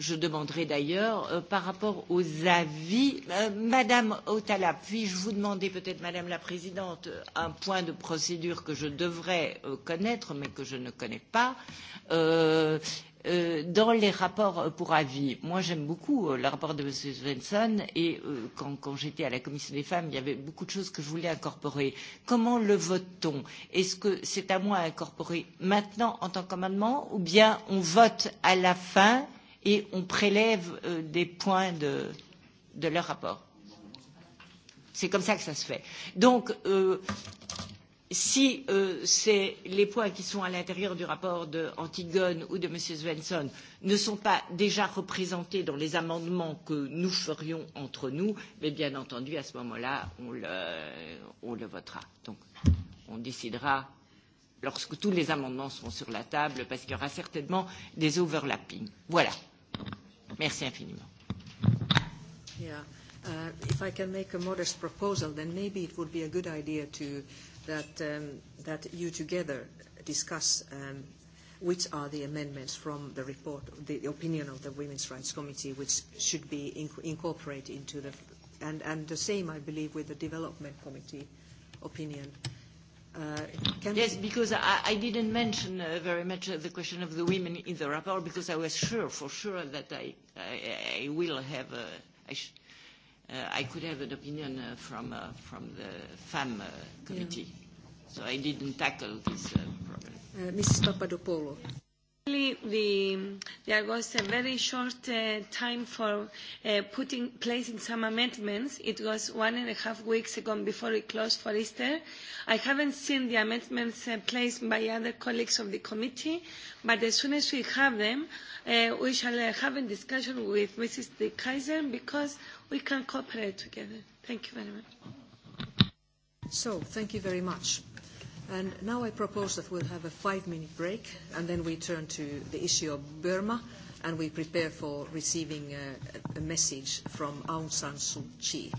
Je demanderai d'ailleurs, par rapport aux avis, Madame Otala, puis-je vous demander peut-être, Madame la Présidente, un point de procédure que je devrais connaître, mais que je ne connais pas Dans les rapports pour avis, moi j'aime beaucoup le rapport de M. Svensson et quand j'étais à la Commission des femmes, il y avait beaucoup de choses que je voulais incorporer. Comment le vote-t-on Est-ce que c'est à moi à maintenant en tant qu'amendement ou bien on vote à la fin et on prélève des points de leur rapport C'est comme ça que ça se fait. Donc si les points qui sont à l'intérieur du rapport de Antigone ou de M. Svensson ne sont pas déjà représentés dans les amendements que nous ferions entre nous, mais bien entendu, à ce moment-là, on le votera. Donc, on décidera lorsque tous les amendements seront sur la table, parce qu'il y aura certainement des overlappings. Voilà. Merci infiniment that you together discuss which are the amendments from the report, the opinion of the Women's Rights Committee, which should be incorporated into the, and the same, I believe, with the Development Committee opinion. Yes, because I didn't mention very much the question of the women in the rapport, because I was sure, for sure, that I will have I could have an opinion from from the FAM committee. So I didn't tackle this problem. Mrs. Papadopoulou. There was a very short time for putting placing some amendments. It was one and a half weeks ago before we closed for Easter. I haven't seen the amendments placed by other colleagues of the committee, but as soon as we have them, we shall have a discussion with Mrs. De Kaiser because we can cooperate together. Thank you very much. So, thank you very much. And now I propose that we'll have a five-minute break, and then we turn to the issue of Burma, and we prepare for receiving a message from Aung San Suu Kyi.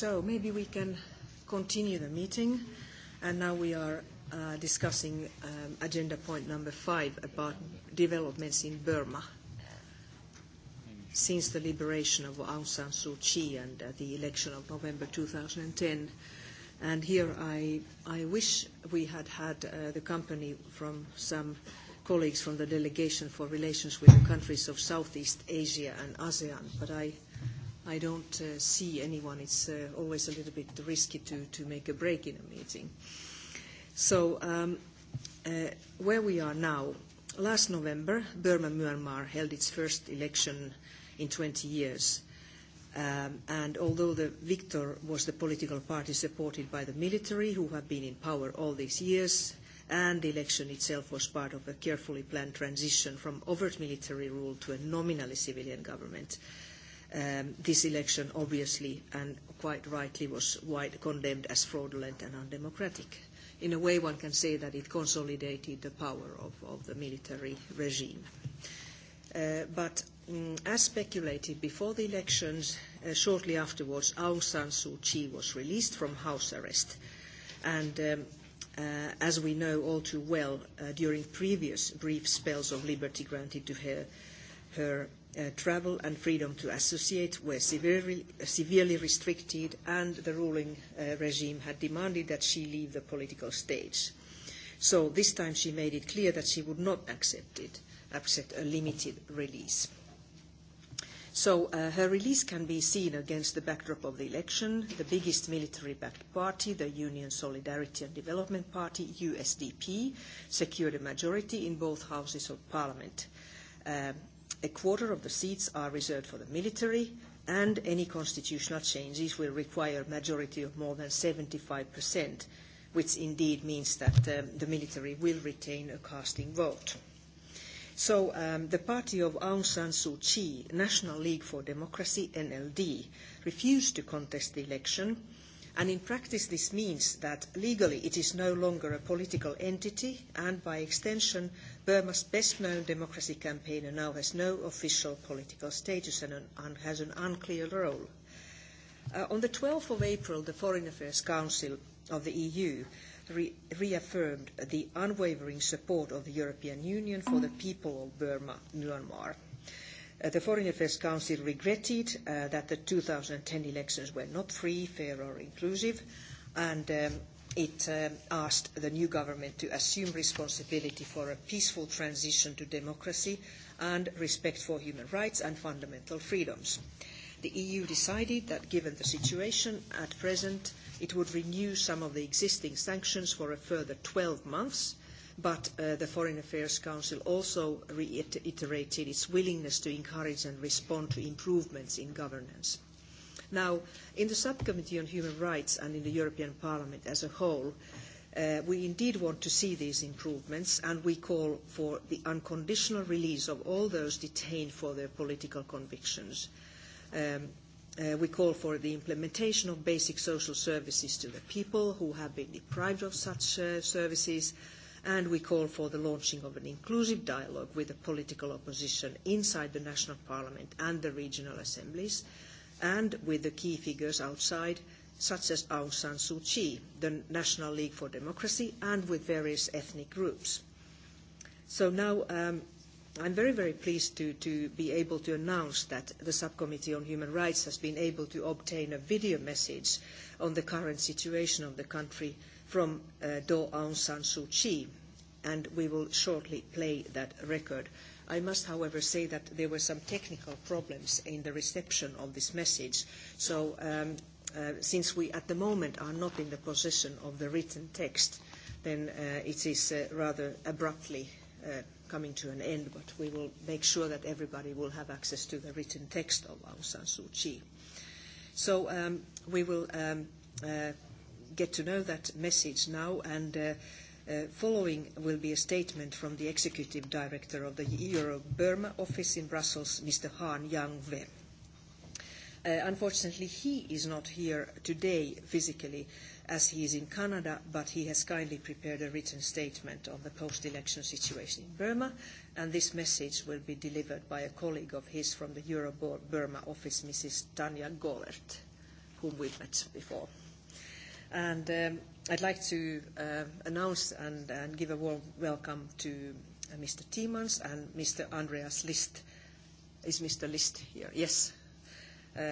So maybe we can continue the meeting. And now we are discussing agenda point number five about developments in Burma since the liberation of Aung San Suu Kyi and the election of November 2010. And here I wish we had had the company from some colleagues from the Delegation for Relations with the Countries of Southeast Asia and ASEAN, but I I don't see anyone. It's always a little bit risky to to make a break in a meeting. So where we are now. Last November, Burma Myanmar held its first election in 20 years. And although the victor was the political party supported by the military, who have been in power all these years, and the election itself was part of a carefully planned transition from overt military rule to a nominally civilian government, This election obviously and quite rightly was condemned as fraudulent and undemocratic. In a way one can say that it consolidated the power of the military regime. But as speculated before the elections, shortly afterwards Aung San Suu Kyi was released from house arrest. And as we know all too well, during previous brief spells of liberty granted to her, her travel and freedom to associate were severely restricted and the ruling regime had demanded that she leave the political stage. So this time she made it clear that she would not accept it, accept a limited release. So her release can be seen against the backdrop of the election, the biggest military-backed party, the Union Solidarity and Development Party, USDP, secured a majority in both houses of parliament a quarter of the seats are reserved for the military, and any constitutional changes will require a majority of more than 75%, which indeed means that the military will retain a casting vote. So the party of Aung San Suu Kyi, National League for Democracy, NLD, refused to contest the election, and in practice this means that legally it is no longer a political entity, and by extension Burma's best-known democracy campaigner now has no official political status and has an unclear role. On the 12th of April, the Foreign Affairs Council of the EU reaffirmed the unwavering support of the European Union for the people of Burma, Myanmar. The Foreign Affairs Council regretted that the 2010 elections were not free, fair or inclusive, and it asked the new government to assume responsibility for a peaceful transition to democracy and respect for human rights and fundamental freedoms. The EU decided that given the situation at present, it would renew some of the existing sanctions for a further 12 months, but the Foreign Affairs Council also reiterated its willingness to encourage and respond to improvements in governance. Now, in the Subcommittee on Human Rights and in the European Parliament as a whole, we indeed want to see these improvements and we call for the unconditional release of all those detained for their political convictions. We call for the implementation of basic social services to the people who have been deprived of such services, and we call for the launching of an inclusive dialogue with the political opposition inside the national parliament and the regional assemblies and with the key figures outside, such as Aung San Suu Kyi, the National League for Democracy, and with various ethnic groups. So now I'm very, very pleased to be able to announce that the Subcommittee on Human Rights has been able to obtain a video message on the current situation of the country from Do Aung San Suu Kyi, and we will shortly play that record I must, however, say that there were some technical problems in the reception of this message. So since we at the moment are not in the possession of the written text, then it is rather abruptly coming to an end, but we will make sure that everybody will have access to the written text of Aung San Suu Kyi. So we will get to know that message now, and Following will be a statement from the Executive Director of the Euro-Burma Office in Brussels, Mr. Han Yang-we. Unfortunately, he is not here today physically as he is in Canada, but he has kindly prepared a written statement on the post-election situation in Burma, and this message will be delivered by a colleague of his from the Euro-Burma office, Mrs. Tanya Gollert, whom we met before. And I'd like to announce and give a warm welcome to Mr. Tiemans and Mr. Andreas List. Is Mr. List here? Yes,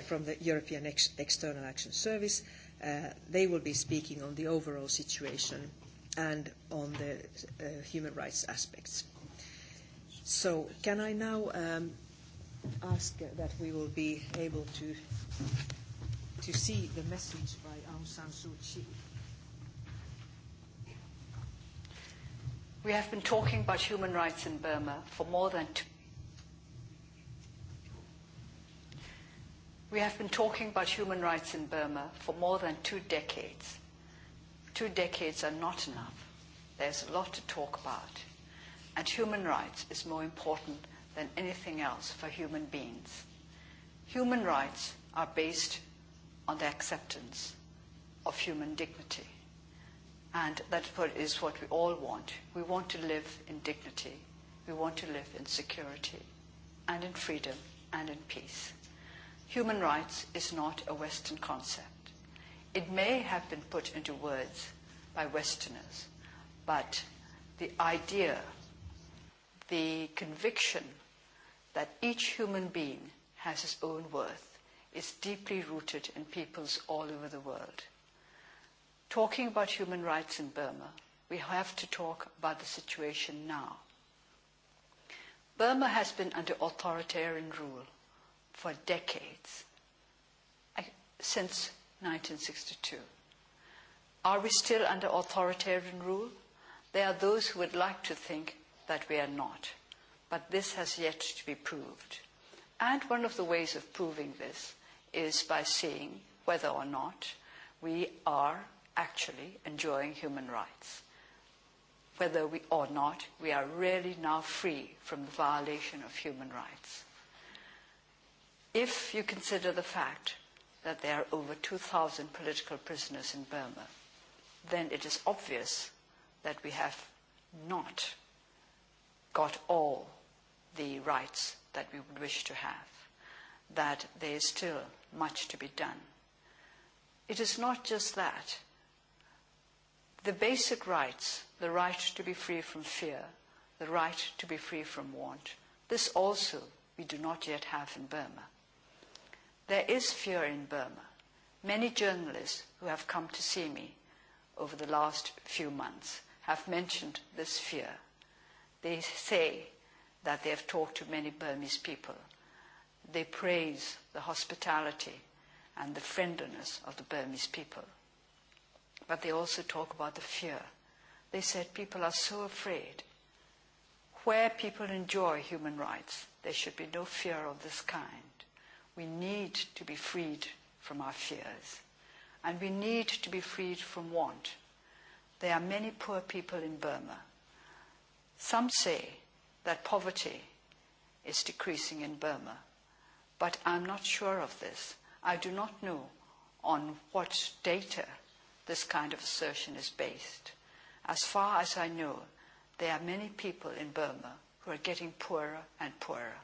from the European External Action Service. They will be speaking on the overall situation and on the human rights aspects. So can I now ask that we will be able to to see the message by Aung San Suu Kyi. We have been talking about human rights in Burma for more than two We have been talking about human rights in Burma for more than two decades. Two decades are not enough. There's a lot to talk about. And human rights is more important than anything else for human beings. Human rights are based on the acceptance of human dignity. And that is what we all want. We want to live in dignity. We want to live in security and in freedom and in peace. Human rights is not a Western concept. It may have been put into words by Westerners, but the idea, the conviction that each human being has his own worth is deeply rooted in peoples all over the world. Talking about human rights in Burma, we have to talk about the situation now. Burma has been under authoritarian rule for decades, since 1962. Are we still under authoritarian rule? There are those who would like to think that we are not, but this has yet to be proved. And one of the ways of proving this is by seeing whether or not we are actually enjoying human rights, whether we or not we are really now free from the violation of human rights. If you consider the fact that there are over 2,000 political prisoners in Burma, then it is obvious that we have not got all the rights that we would wish to have, that there is still much to be done. It is not just that. The basic rights, the right to be free from fear, the right to be free from want, this also we do not yet have in Burma. There is fear in Burma. Many journalists who have come to see me over the last few months have mentioned this fear. They say that they have talked to many Burmese people they praise the hospitality and the friendliness of the Burmese people. But they also talk about the fear. They said people are so afraid. Where people enjoy human rights, there should be no fear of this kind. We need to be freed from our fears. And we need to be freed from want. There are many poor people in Burma. Some say that poverty is decreasing in Burma but I'm not sure of this. I do not know on what data this kind of assertion is based. As far as I know, there are many people in Burma who are getting poorer and poorer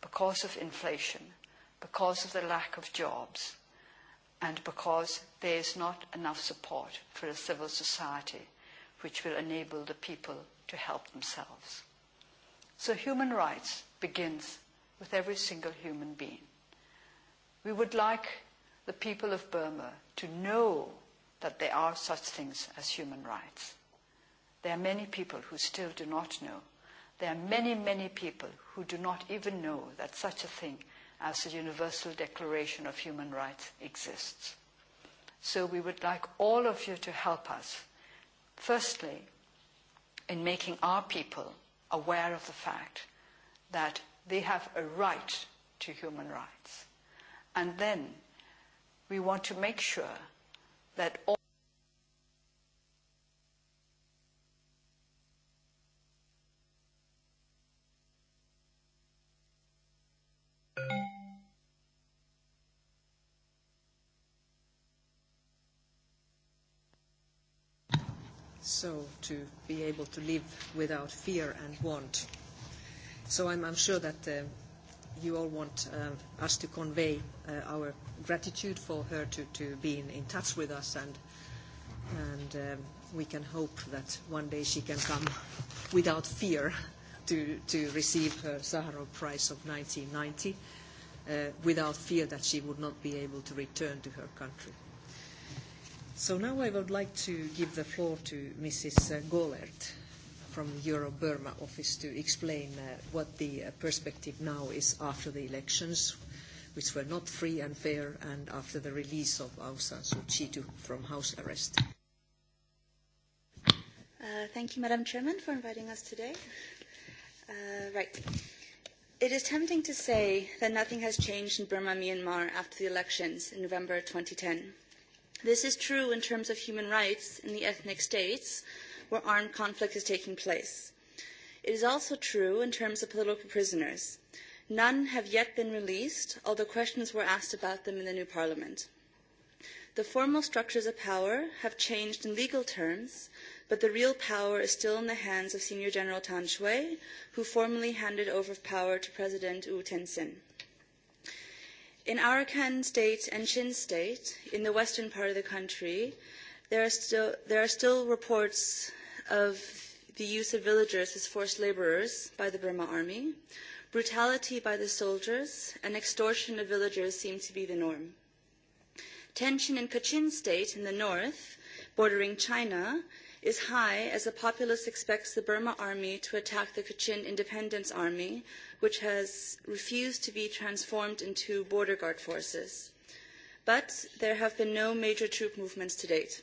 because of inflation, because of the lack of jobs, and because there is not enough support for a civil society which will enable the people to help themselves. So human rights begins with every single human being. We would like the people of Burma to know that there are such things as human rights. There are many people who still do not know. There are many, many people who do not even know that such a thing as the Universal Declaration of Human Rights exists. So we would like all of you to help us, firstly, in making our people aware of the fact that They have a right to human rights. And then we want to make sure that all so to be able to live without fear and want. So I'm sure that you all want us to convey our gratitude for her to be in touch with us and we can hope that one day she can come without fear to receive her Sakharov Prize of 1990 without fear that she would not be able to return to her country. So now I would like to give the floor to Mrs. Gollert from the Euro-Burma office to explain what the perspective now is after the elections, which were not free and fair, and after the release of Aung San Suu Kyi from house arrest. Thank you, Madam Chairman, for inviting us today. Right. It is tempting to say that nothing has changed in Burma, Myanmar after the elections in November 2010. This is true in terms of human rights in the ethnic states, where armed conflict is taking place. It is also true in terms of political prisoners. None have yet been released, although questions were asked about them in the new parliament. The formal structures of power have changed in legal terms, but the real power is still in the hands of Senior General Tan Shui, who formally handed over power to President Wu Tensin. In Arakan State and Chin State, in the western part of the country, There are still reports of the use of villagers as forced laborers by the Burma army. Brutality by the soldiers and extortion of villagers seem to be the norm. Tension in Kachin state in the north, bordering China, is high as the populace expects the Burma army to attack the Kachin Independence Army, which has refused to be transformed into border guard forces. But there have been no major troop movements to date.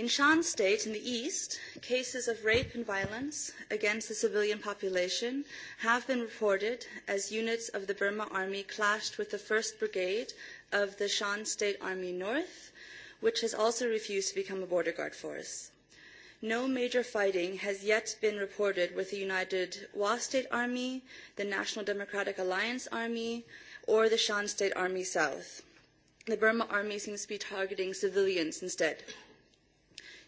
In Shan State, in the east, cases of rape and violence against the civilian population have been reported as units of the Burma Army clashed with the first Brigade of the Shan State Army North, which has also refused to become a border guard force. No major fighting has yet been reported with the United Wa State Army, the National Democratic Alliance Army, or the Shan State Army South. The Burma Army seems to be targeting civilians instead.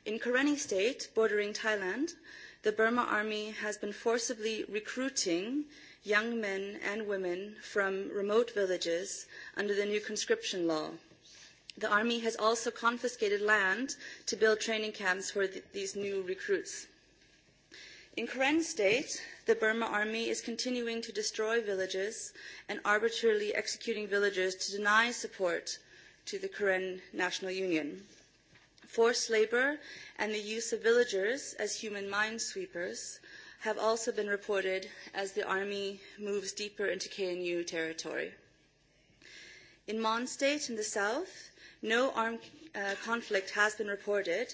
In Karenni State, bordering Thailand, the Burma Army has been forcibly recruiting young men and women from remote villages under the new conscription law. The Army has also confiscated land to build training camps for these new recruits. In Karen State, the Burma Army is continuing to destroy villages and arbitrarily executing villagers to deny support to the Karen National Union. Forced labor and the use of villagers as human minesweepers have also been reported as the army moves deeper into KNU territory. In Mon State in the south, no armed conflict has been reported,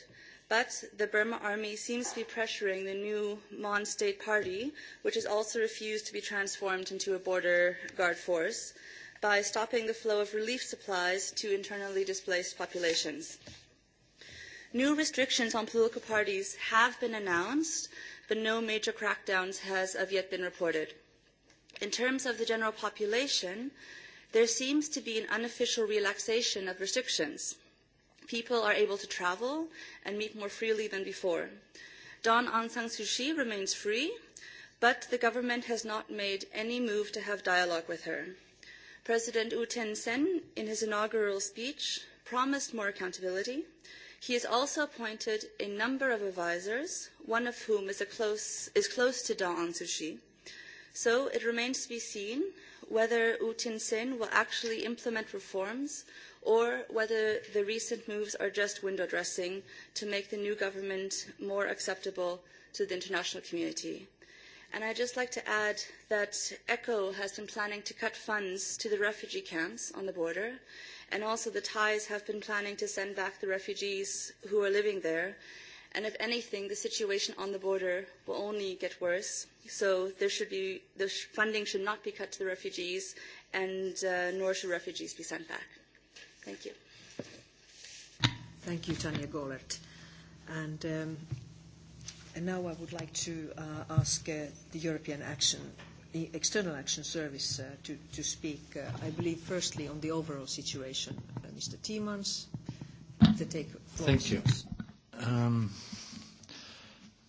but the Burma army seems to be pressuring the new Mon State party, which has also refused to be transformed into a border guard force, by stopping the flow of relief supplies to internally displaced populations. New restrictions on political parties have been announced, but no major crackdowns has of yet been reported. In terms of the general population, there seems to be an unofficial relaxation of restrictions. People are able to travel and meet more freely than before. Don Aung San Suu Kyi remains free, but the government has not made any move to have dialogue with her. President U Tin Sen, in his inaugural speech, promised more accountability He has also appointed a number of advisers, one of whom is close to Da Aung Suu Kyi. So it remains to be seen whether U Tin Sin will actually implement reforms or whether the recent moves are just window dressing to make the new government more acceptable to the international community. And I'd just like to add that ECHO has been planning to cut funds to the refugee camps on the border and also the Thais have been planning to send back the refugees who are living there. And if anything, the situation on the border will only get worse. So there should be, the funding should not be cut to the refugees, and nor should refugees be sent back. Thank you. Thank you, Tanya Gollert. And now I would like to ask the European Action the External Action Service to speak, I believe, firstly on the overall situation. Mr. Tiemans, the take floor. Thank you.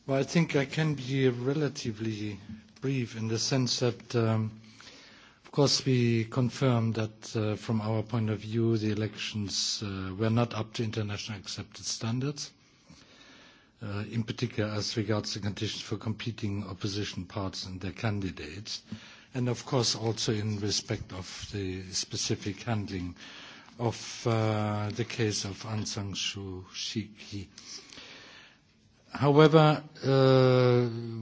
Well, I think I can be relatively brief in the sense that, of course, we confirm that from our point of view, the elections were not up to international accepted standards in particular as regards the conditions for competing opposition parties and their candidates, and of course also in respect of the specific handling of the case of Aung San Suu Kyi. However,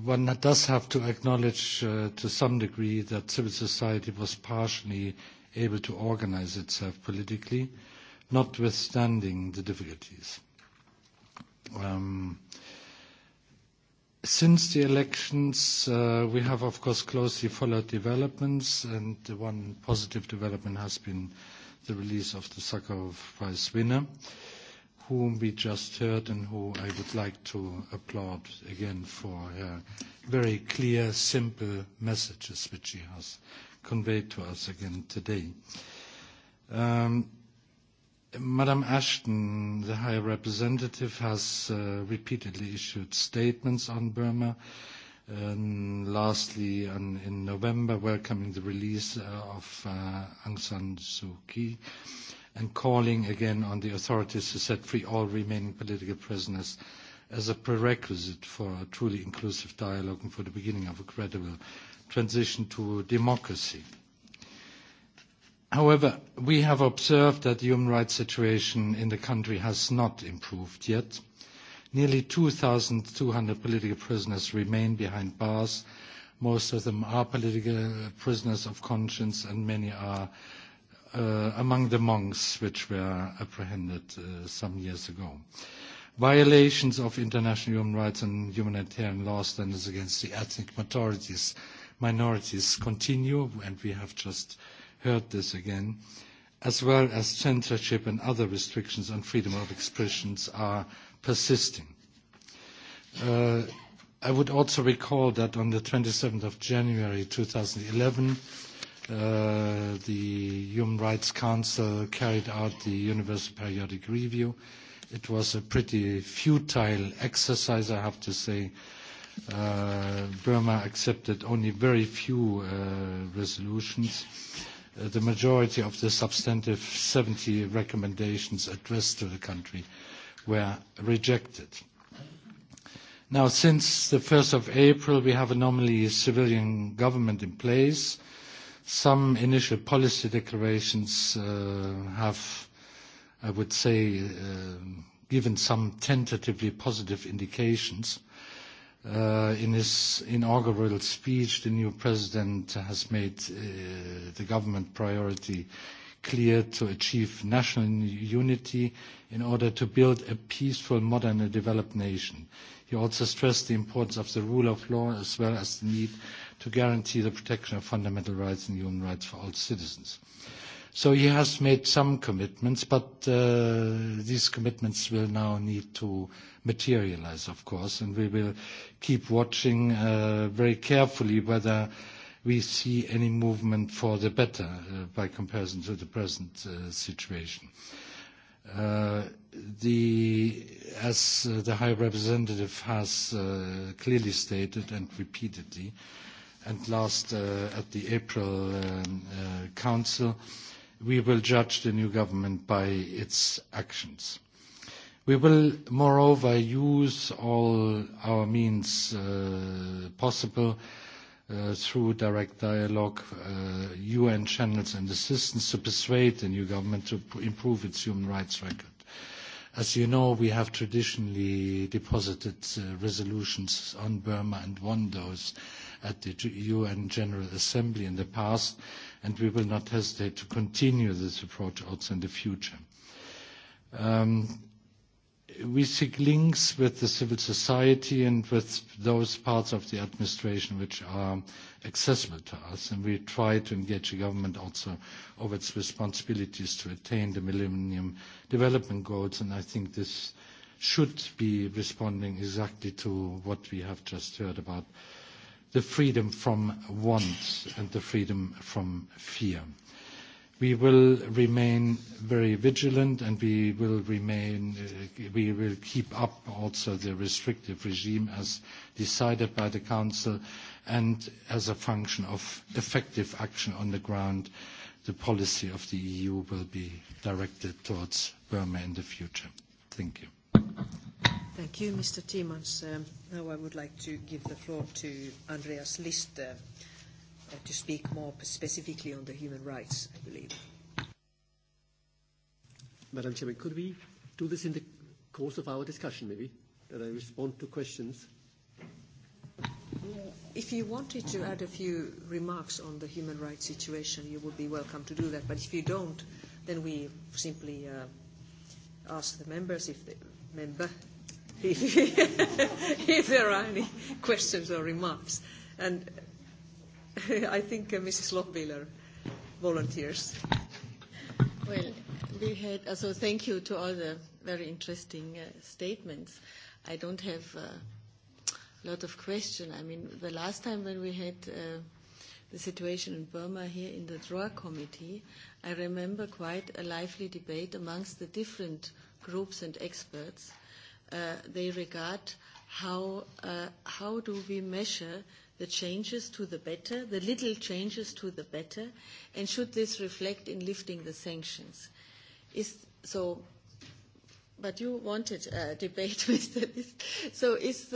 one does have to acknowledge to some degree that civil society was partially able to organize itself politically, notwithstanding the difficulties. Since the elections, we have, of course, closely followed developments, and one positive development has been the release of the Sakharov Prize winner, whom we just heard and who I would like to applaud again for her very clear, simple messages which she has conveyed to us again today. Madam Ashton, the High Representative, has repeatedly issued statements on Burma. Lastly, in November, welcoming the release of Aung San Suu Kyi and calling again on the authorities to set free all remaining political prisoners as a prerequisite for a truly inclusive dialogue and for the beginning of a credible transition to democracy. However, we have observed that the human rights situation in the country has not improved yet. Nearly 2,200 political prisoners remain behind bars. Most of them are political prisoners of conscience, and many are among the monks which were apprehended some years ago. Violations of international human rights and humanitarian law standards against the ethnic minorities continue, and we have just heard this again, as well as censorship and other restrictions on freedom of expressions are persisting. I would also recall that on the 27th of January 2011, the Human Rights Council carried out the Universal Periodic Review. It was a pretty futile exercise, I have to say. Burma accepted only very few resolutions the majority of the substantive 70 recommendations addressed to the country were rejected. Now, since the 1st of April, we have a nominally civilian government in place. Some initial policy declarations have, I would say, given some tentatively positive indications. In his inaugural speech, the new president has made the government priority clear to achieve national unity in order to build a peaceful, modern and developed nation. He also stressed the importance of the rule of law as well as the need to guarantee the protection of fundamental rights and human rights for all citizens. So he has made some commitments, but these commitments will now need to materialize, of course, and we will keep watching very carefully whether we see any movement for the better by comparison to the present situation. As the High Representative has clearly stated and repeatedly, and last at the April Council, we will judge the new government by its actions. We will, moreover, use all our means possible through direct dialogue, UN channels and assistance to persuade the new government to improve its human rights record. As you know, we have traditionally deposited resolutions on Burma and won those at the UN General Assembly in the past, and we will not hesitate to continue this approach also in the future. We seek links with the civil society and with those parts of the administration which are accessible to us, and we try to engage the government also over its responsibilities to attain the Millennium Development Goals, and I think this should be responding exactly to what we have just heard about the freedom from want and the freedom from fear. We will remain very vigilant and we will remain, we will keep up also the restrictive regime as decided by the Council and as a function of effective action on the ground, the policy of the EU will be directed towards Burma in the future. Thank you. Thank you, Mr. Timans. Now I would like to give the floor to Andreas List to speak more specifically on the human rights, I believe. Madam Chairman, could we do this in the course of our discussion, maybe, that I respond to questions? If you wanted to add a few remarks on the human rights situation, you would be welcome to do that. But if you don't, then we simply ask the members if the member if there are any questions or remarks. And I think Mrs. Lochbihler volunteers. Well, we had, also thank you to all the very interesting statements. I don't have a lot of questions. I mean, the last time when we had the situation in Burma here in the Draw committee, I remember quite a lively debate amongst the different groups and experts they regard how how do we measure the changes to the better, the little changes to the better, and should this reflect in lifting the sanctions? Is so. But you wanted a debate Mr. this. So is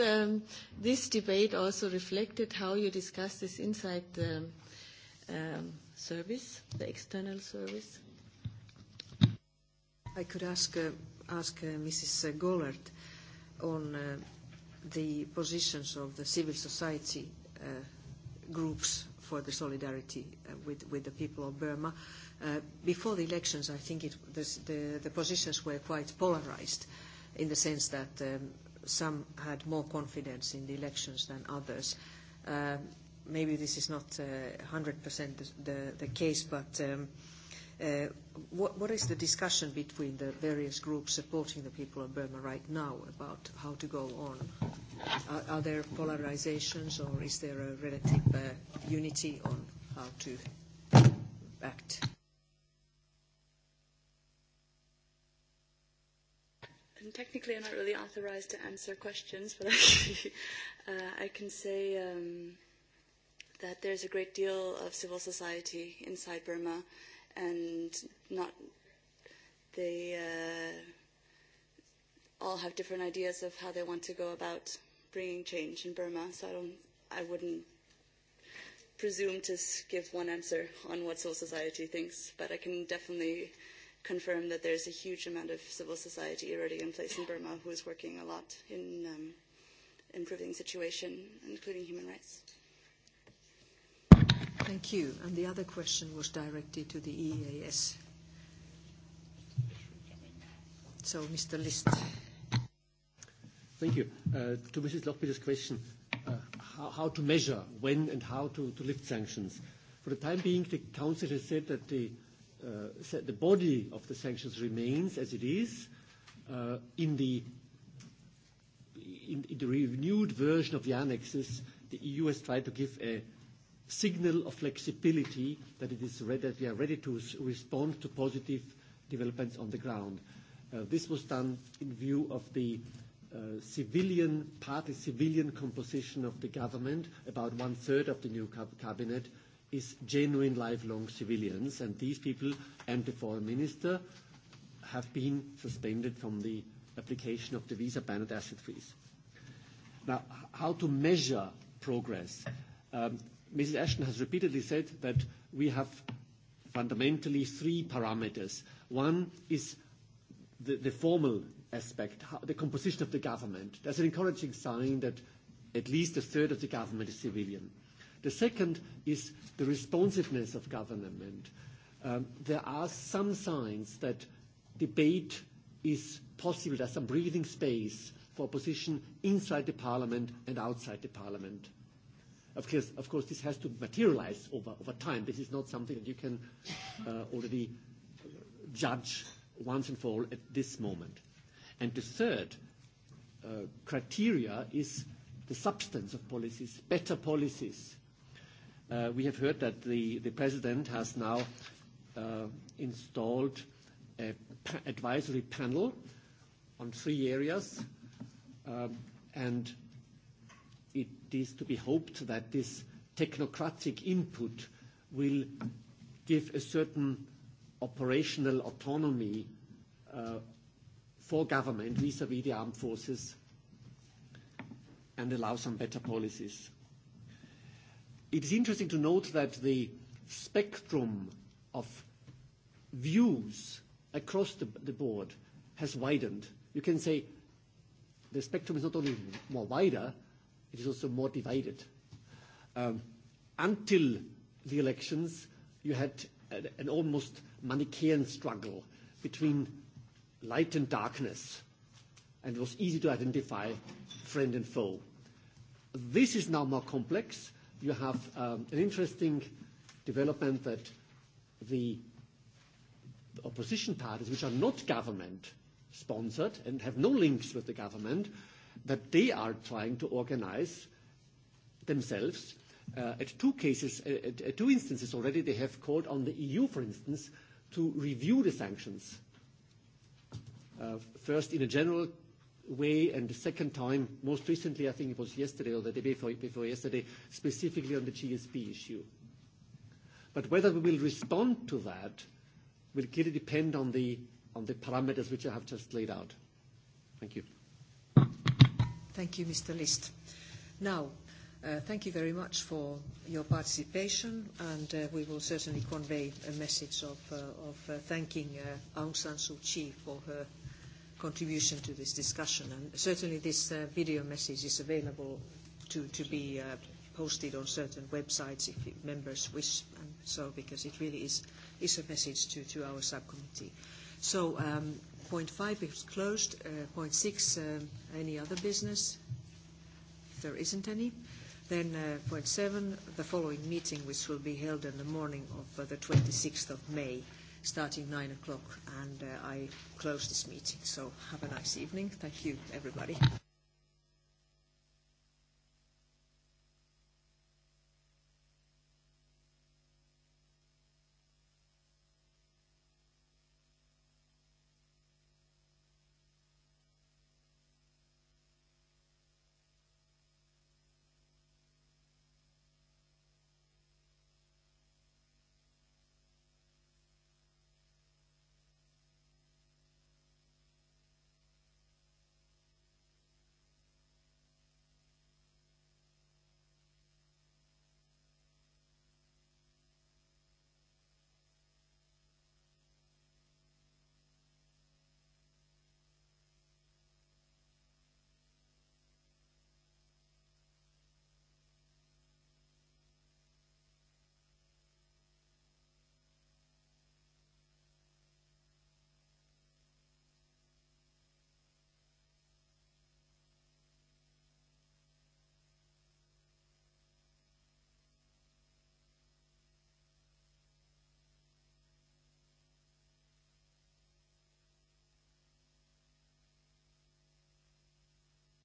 this debate also reflected how you discuss this inside the service, the external service? I could ask ask Mrs. Gollert on the positions of the civil society groups for the solidarity with the people of Burma. Before the elections, I think the positions were quite polarized in the sense that some had more confidence in the elections than others. Maybe this is not 100% the case, but What is the discussion between the various groups supporting the people of Burma right now about how to go on? Are there polarizations or is there a relative unity on how to act? technically I'm not really authorized to answer questions, but I can say that there's a great deal of civil society inside Burma and not they all have different ideas of how they want to go about bringing change in Burma. So I don't, I wouldn't presume to give one answer on what civil society thinks, but I can definitely confirm that there's a huge amount of civil society already in place in Burma who is working a lot in improving the situation, including human rights. Thank you. And the other question was directed to the EAS. So, Mr. List. Thank you. To Mrs. Lochbihler's question, how to measure when and how to lift sanctions. For the time being, the Council has said that the body of the sanctions remains as it is. In the renewed version of the annexes, the EU has tried to give a signal of flexibility that it is ready, that we are ready to respond to positive developments on the ground. This was done in view of the civilian, partly civilian composition of the government. About one-third of the new cabinet is genuine lifelong civilians, and these people and the foreign minister have been suspended from the application of the visa ban asset freeze. Now, how to measure progress? Mrs. Ashton has repeatedly said that we have fundamentally three parameters. One is the formal aspect, the composition of the government. That's an encouraging sign that at least a third of the government is civilian. The second is the responsiveness of government. There are some signs that debate is possible. There's some breathing space for opposition inside the parliament and outside the parliament. Of course, of course, this has to materialize over over time. This is not something that you can already judge once and for all at this moment. And the third criteria is the substance of policies, better policies. We have heard that the the president has now installed an advisory panel on three areas, and it is to be hoped that this technocratic input will give a certain operational autonomy for government vis-à-vis the armed forces and allow some better policies. It is interesting to note that the spectrum of views across the board has widened. You can say the spectrum is not only more wider, It is also more divided. Until the elections, you had an almost Manichaean struggle between light and darkness, and it was easy to identify friend and foe. This is now more complex. You have an interesting development that the opposition parties, which are not government-sponsored and have no links with the government, that they are trying to organize themselves. At two cases, at two instances already, they have called on the EU, for instance, to review the sanctions. First in a general way, and the second time, most recently, I think it was yesterday or the day before yesterday, specifically on the GSP issue. But whether we will respond to that will clearly depend on the on the parameters which I have just laid out. Thank you. Thank you, Mr. List. Now, thank you very much for your participation, and we will certainly convey a message of thanking Aung San Suu Kyi for her contribution to this discussion. And certainly this video message is available to be posted on certain websites if members wish, and so because it really is a message to our subcommittee. So Point is closed. Point any other business? If there isn't any, then point seven, the following meeting, which will be held in the morning of the 26th of May, starting nine o'clock, and I close this meeting. So have a nice evening. Thank you, everybody.